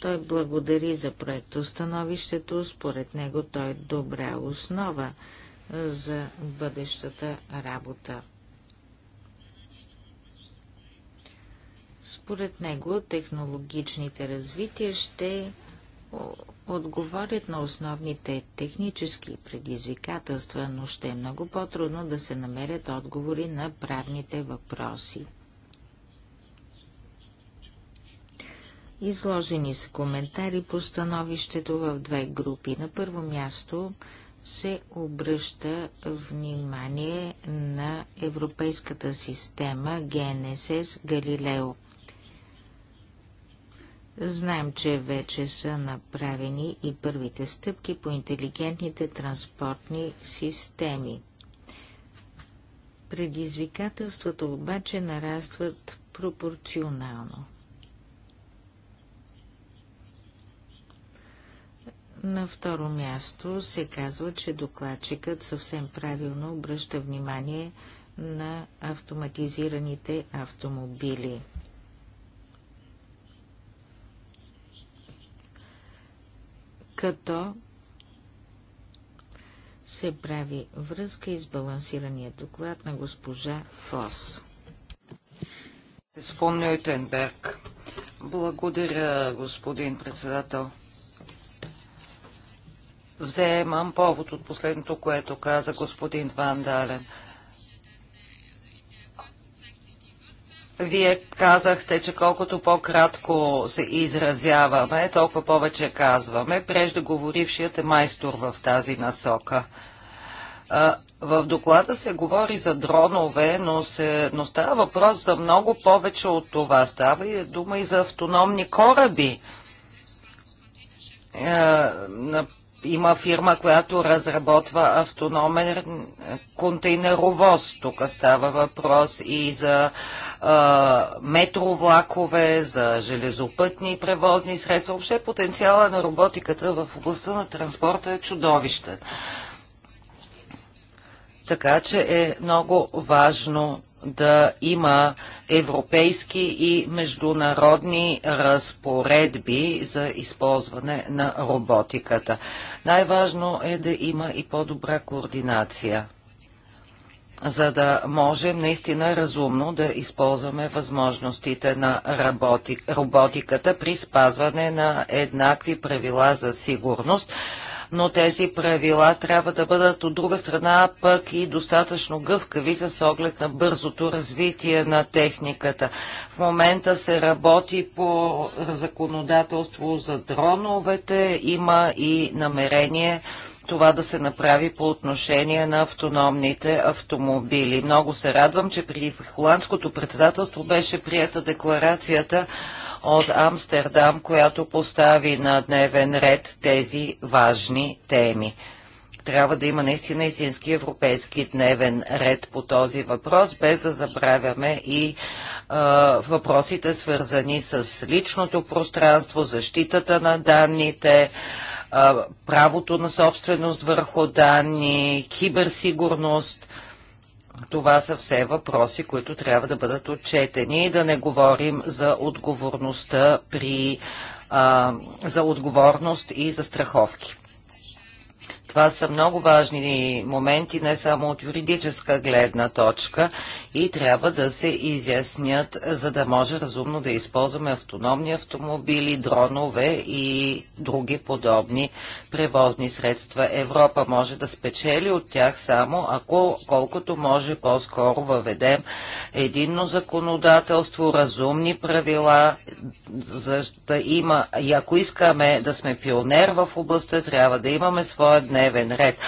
Той благодари за проектостановището, според него той е добра основа за бъдещата работа. Според него технологичните развития ще отговорят на основните технически предизвикателства, но ще е много по-трудно да се намерят отговори на правните въпроси. Изложени са коментари по становището в две групи. На първо място се обръща внимание на Европейската система ГНСС Галилео – Знаем, че вече са направени и първите стъпки по интелигентните транспортни системи. Предизвикателствата обаче нарастват пропорционално. На второ място се казва, че докладчикът съвсем правилно обръща внимание на автоматизираните автомобили – като се прави връзка и сбалансирания доклад на госпожа Фос. Фон Благодаря, господин председател. Вземам повод от последното, което каза господин Ван Дален. Вие казахте, че колкото по-кратко се изразяваме, толкова повече казваме. Преждеговорившият е майстор в тази насока. В доклада се говори за дронове, но, се, но става въпрос за много повече от това. Става и дума и за автономни кораби. Е, на има фирма, която разработва автономен контейнеровоз. Тук става въпрос и за а, метровлакове, за железопътни превозни средства. Въобще потенциала на роботиката в областта на транспорта е чудовище. Така че е много важно да има европейски и международни разпоредби за използване на роботиката. Най-важно е да има и по-добра координация, за да можем наистина разумно да използваме възможностите на роботиката при спазване на еднакви правила за сигурност, но тези правила трябва да бъдат от друга страна пък и достатъчно гъвкави с оглед на бързото развитие на техниката. В момента се работи по законодателство за дроновете, има и намерение това да се направи по отношение на автономните автомобили. Много се радвам, че при холандското председателство беше прията декларацията от Амстердам, която постави на дневен ред тези важни теми. Трябва да има наистина истински европейски дневен ред по този въпрос, без да забравяме и въпросите, свързани с личното пространство, защитата на данните, правото на собственост върху данни, киберсигурност – това са все въпроси, които трябва да бъдат отчетени и да не говорим за отговорността при, а, за отговорност и за страховки. Това са много важни моменти, не само от юридическа гледна точка и трябва да се изяснят, за да може разумно да използваме автономни автомобили, дронове и други подобни превозни средства. Европа може да спечели от тях само, ако колкото може по-скоро въведем единно законодателство, разумни правила, за да има, и ако искаме да сме пионер в областта, трябва да имаме своя днес дневен ред.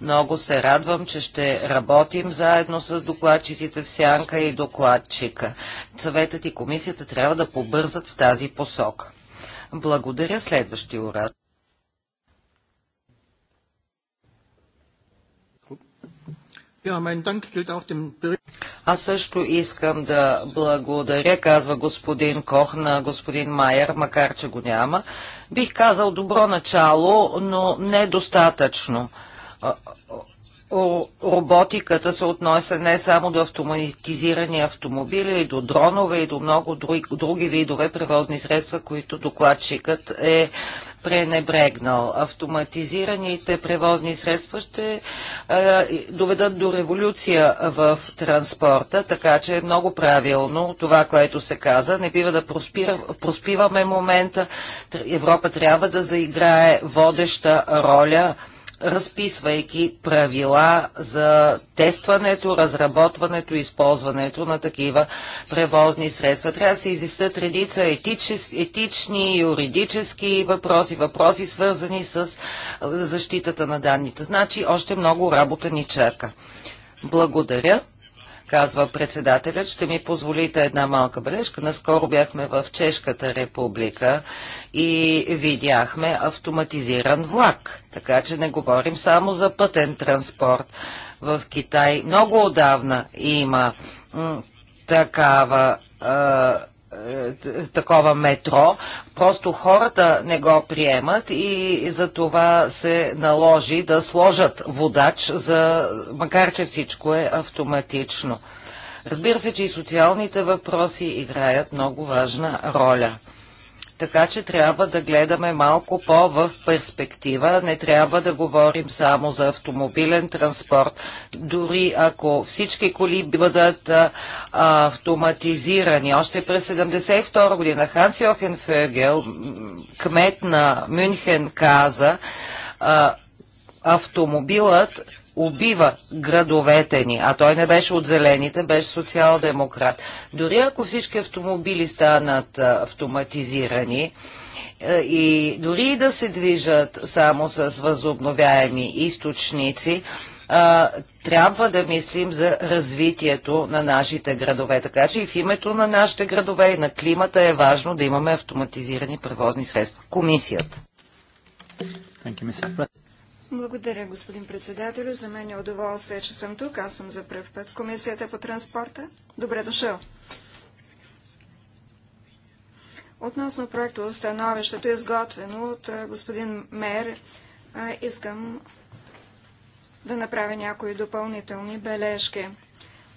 Много се радвам, че ще работим заедно с докладчиците в сянка и докладчика. Съветът и комисията трябва да побързат в тази посока. Благодаря следващия урад. Аз също искам да благодаря, казва господин Кох на господин Майер, макар че го няма. Бих казал добро начало, но недостатъчно. Роботиката се относи не само до автоматизирани автомобили, и до дронове, и до много други видове превозни средства, които докладчикът е пренебрегнал. Автоматизираните превозни средства ще доведат до революция в транспорта, така че е много правилно това, което се каза. Не бива да проспира, проспиваме момента. Европа трябва да заиграе водеща роля разписвайки правила за тестването, разработването и използването на такива превозни средства. Трябва да се изяснят редица етични, юридически въпроси, въпроси свързани с защитата на данните. Значи още много работа ни чака. Благодаря казва председателят. Ще ми позволите една малка бележка. Наскоро бяхме в Чешката република и видяхме автоматизиран влак. Така че не говорим само за пътен транспорт. В Китай много отдавна има такава а, е, такова метро. Просто хората не го приемат и за това се наложи да сложат водач, за, макар че всичко е автоматично. Разбира се, че и социалните въпроси играят много важна роля. Така че трябва да гледаме малко по в перспектива. Не трябва да говорим само за автомобилен транспорт. Дори ако всички коли бъдат а, автоматизирани. Още през 1972 година Ханс Йохен Фегел, кмет на Мюнхен, каза, а, автомобилът убива градовете ни, а той не беше от зелените, беше социал-демократ. Дори ако всички автомобили станат автоматизирани, е, и дори да се движат само с възобновяеми източници, е, трябва да мислим за развитието на нашите градове. Така че и в името на нашите градове и на климата е важно да имаме автоматизирани превозни средства. Комисията. Благодаря, господин председател. За мен е удоволствие, че съм тук. Аз съм за пръв път. Комисията по транспорта. Добре дошъл. Относно проекто становището, изготвено от господин Мер, искам да направя някои допълнителни бележки.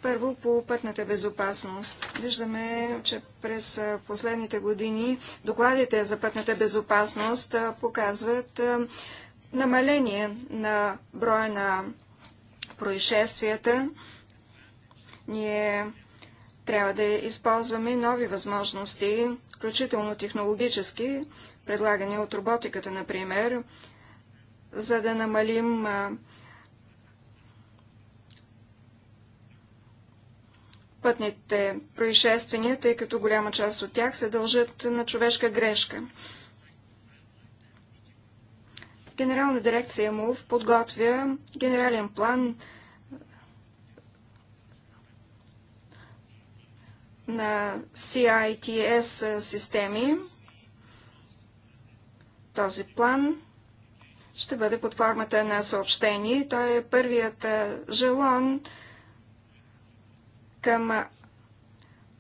Първо по пътната безопасност. Виждаме, че през последните години докладите за пътната безопасност показват намаление на броя на происшествията. Ние трябва да използваме нови възможности, включително технологически, предлагани от роботиката, например, за да намалим пътните происшествения, тъй като голяма част от тях се дължат на човешка грешка. Генерална дирекция му подготвя генерален план на CITS системи. Този план ще бъде под формата на съобщение. Той е първият желон към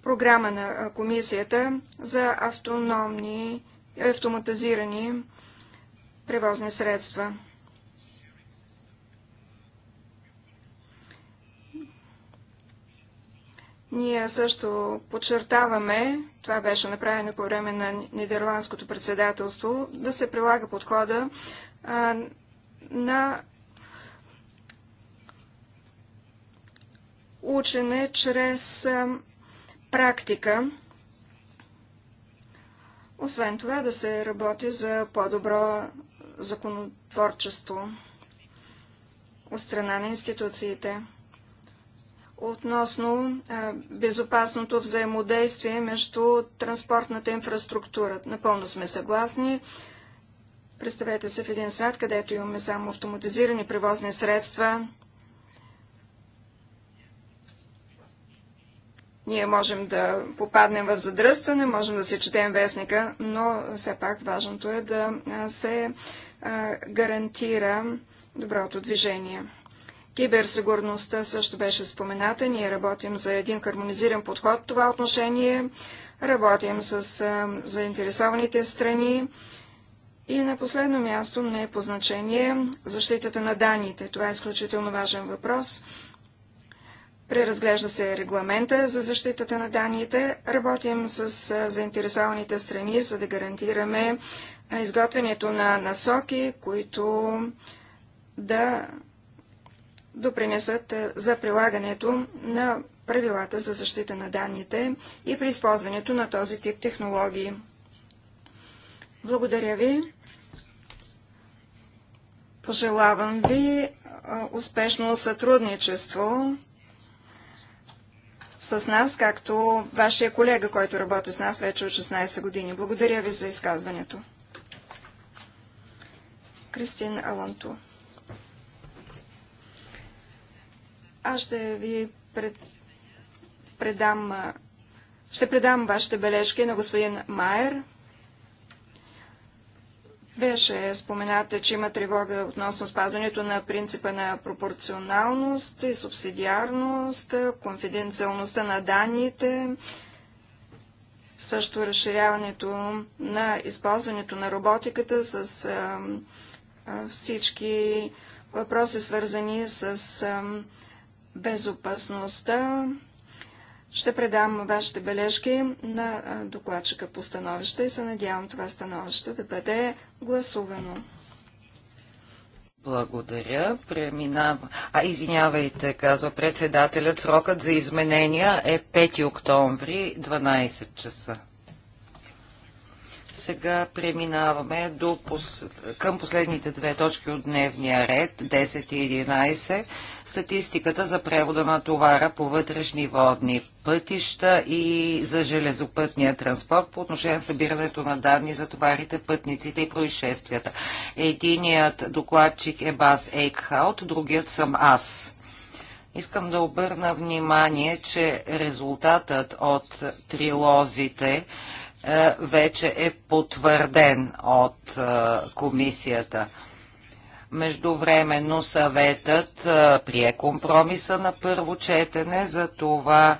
програма на комисията за автономни автоматизирани превозни средства. Ние също подчертаваме, това беше направено по време на Нидерландското председателство, да се прилага подхода а, на учене чрез а, практика. Освен това да се работи за по-добро законотворчество от страна на институциите относно безопасното взаимодействие между транспортната инфраструктура. Напълно сме съгласни. Представете се в един свят, където имаме само автоматизирани превозни средства, Ние можем да попаднем в задръстване, можем да се четем вестника, но все пак важното е да се гарантира доброто движение. Киберсигурността също беше спомената. Ние работим за един хармонизиран подход в това отношение. Работим с заинтересованите страни. И на последно място, не е по значение, защитата на данните. Това е изключително важен въпрос. Преразглежда се регламента за защитата на данните. Работим с заинтересованите страни, за да гарантираме изготвянето на насоки, които да допринесат за прилагането на правилата за защита на данните и при използването на този тип технологии. Благодаря ви. Пожелавам ви успешно сътрудничество с нас, както вашия колега, който работи с нас вече от 16 години. Благодаря ви за изказването. Кристин Аланту. Аз ще ви пред... предам... Ще предам вашите бележки на господин Майер. Беше спомената, че има тревога относно спазването на принципа на пропорционалност и субсидиарност, конфиденциалността на данните, също разширяването на използването на роботиката с а, а, всички въпроси, свързани с а, безопасността, ще предам вашите бележки на докладчика по становище и се надявам това становище да бъде гласувано. Благодаря. Преминава. А, извинявайте, казва председателят, срокът за изменения е 5 октомври, 12 часа. Сега преминаваме до, към последните две точки от дневния ред, 10 и 11, статистиката за превода на товара по вътрешни водни пътища и за железопътния транспорт по отношение на събирането на данни за товарите, пътниците и происшествията. Единият докладчик е Бас Ейкхаут, другият съм аз. Искам да обърна внимание, че резултатът от трилозите е, вече е потвърден от е, комисията. Междувременно съветът е, прие компромиса на първо четене, за това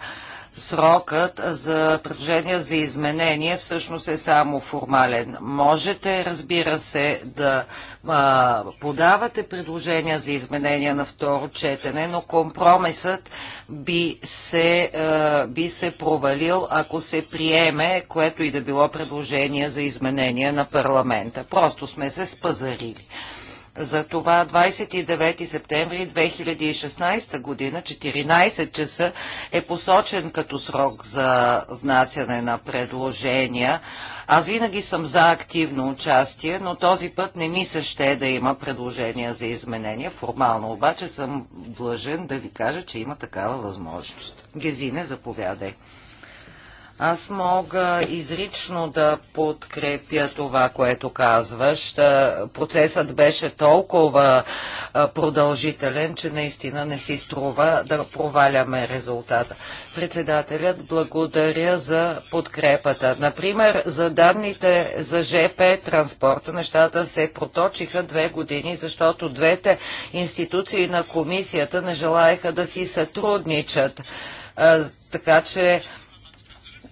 срокът за предложения за изменение всъщност е само формален. Можете, разбира се, да а, подавате предложения за изменения на второ четене, но компромисът би се, а, би се провалил, ако се приеме, което и да било предложение за изменения на парламента. Просто сме се спазарили. За това 29 септември 2016 година, 14 часа, е посочен като срок за внасяне на предложения. Аз винаги съм за активно участие, но този път не ми се ще да има предложения за изменения. Формално обаче съм длъжен да ви кажа, че има такава възможност. Гезине, заповядай. Аз мога изрично да подкрепя това, което казваш. Процесът беше толкова продължителен, че наистина не си струва да проваляме резултата. Председателят благодаря за подкрепата. Например, за данните за ЖП транспорта нещата се проточиха две години, защото двете институции на комисията не желаяха да си сътрудничат. Така че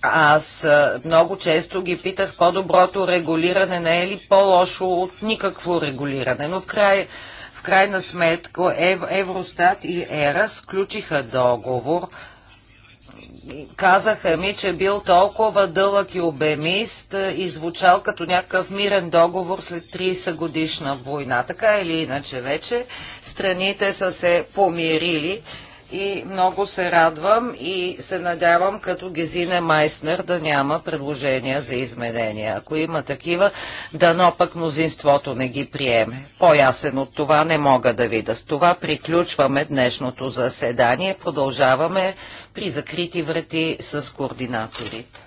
аз много често ги питах, по-доброто регулиране не е ли по-лошо от никакво регулиране, но в край крайна сметка Евростат и ЕРА сключиха договор. Казаха ми, че бил толкова дълъг и обемист и звучал като някакъв мирен договор след 30 годишна война. Така или иначе вече страните са се помирили и много се радвам и се надявам като Гезине Майснер да няма предложения за изменения. Ако има такива, дано пък мнозинството не ги приеме. По-ясен от това не мога да видя. С това приключваме днешното заседание. Продължаваме при закрити врати с координаторите.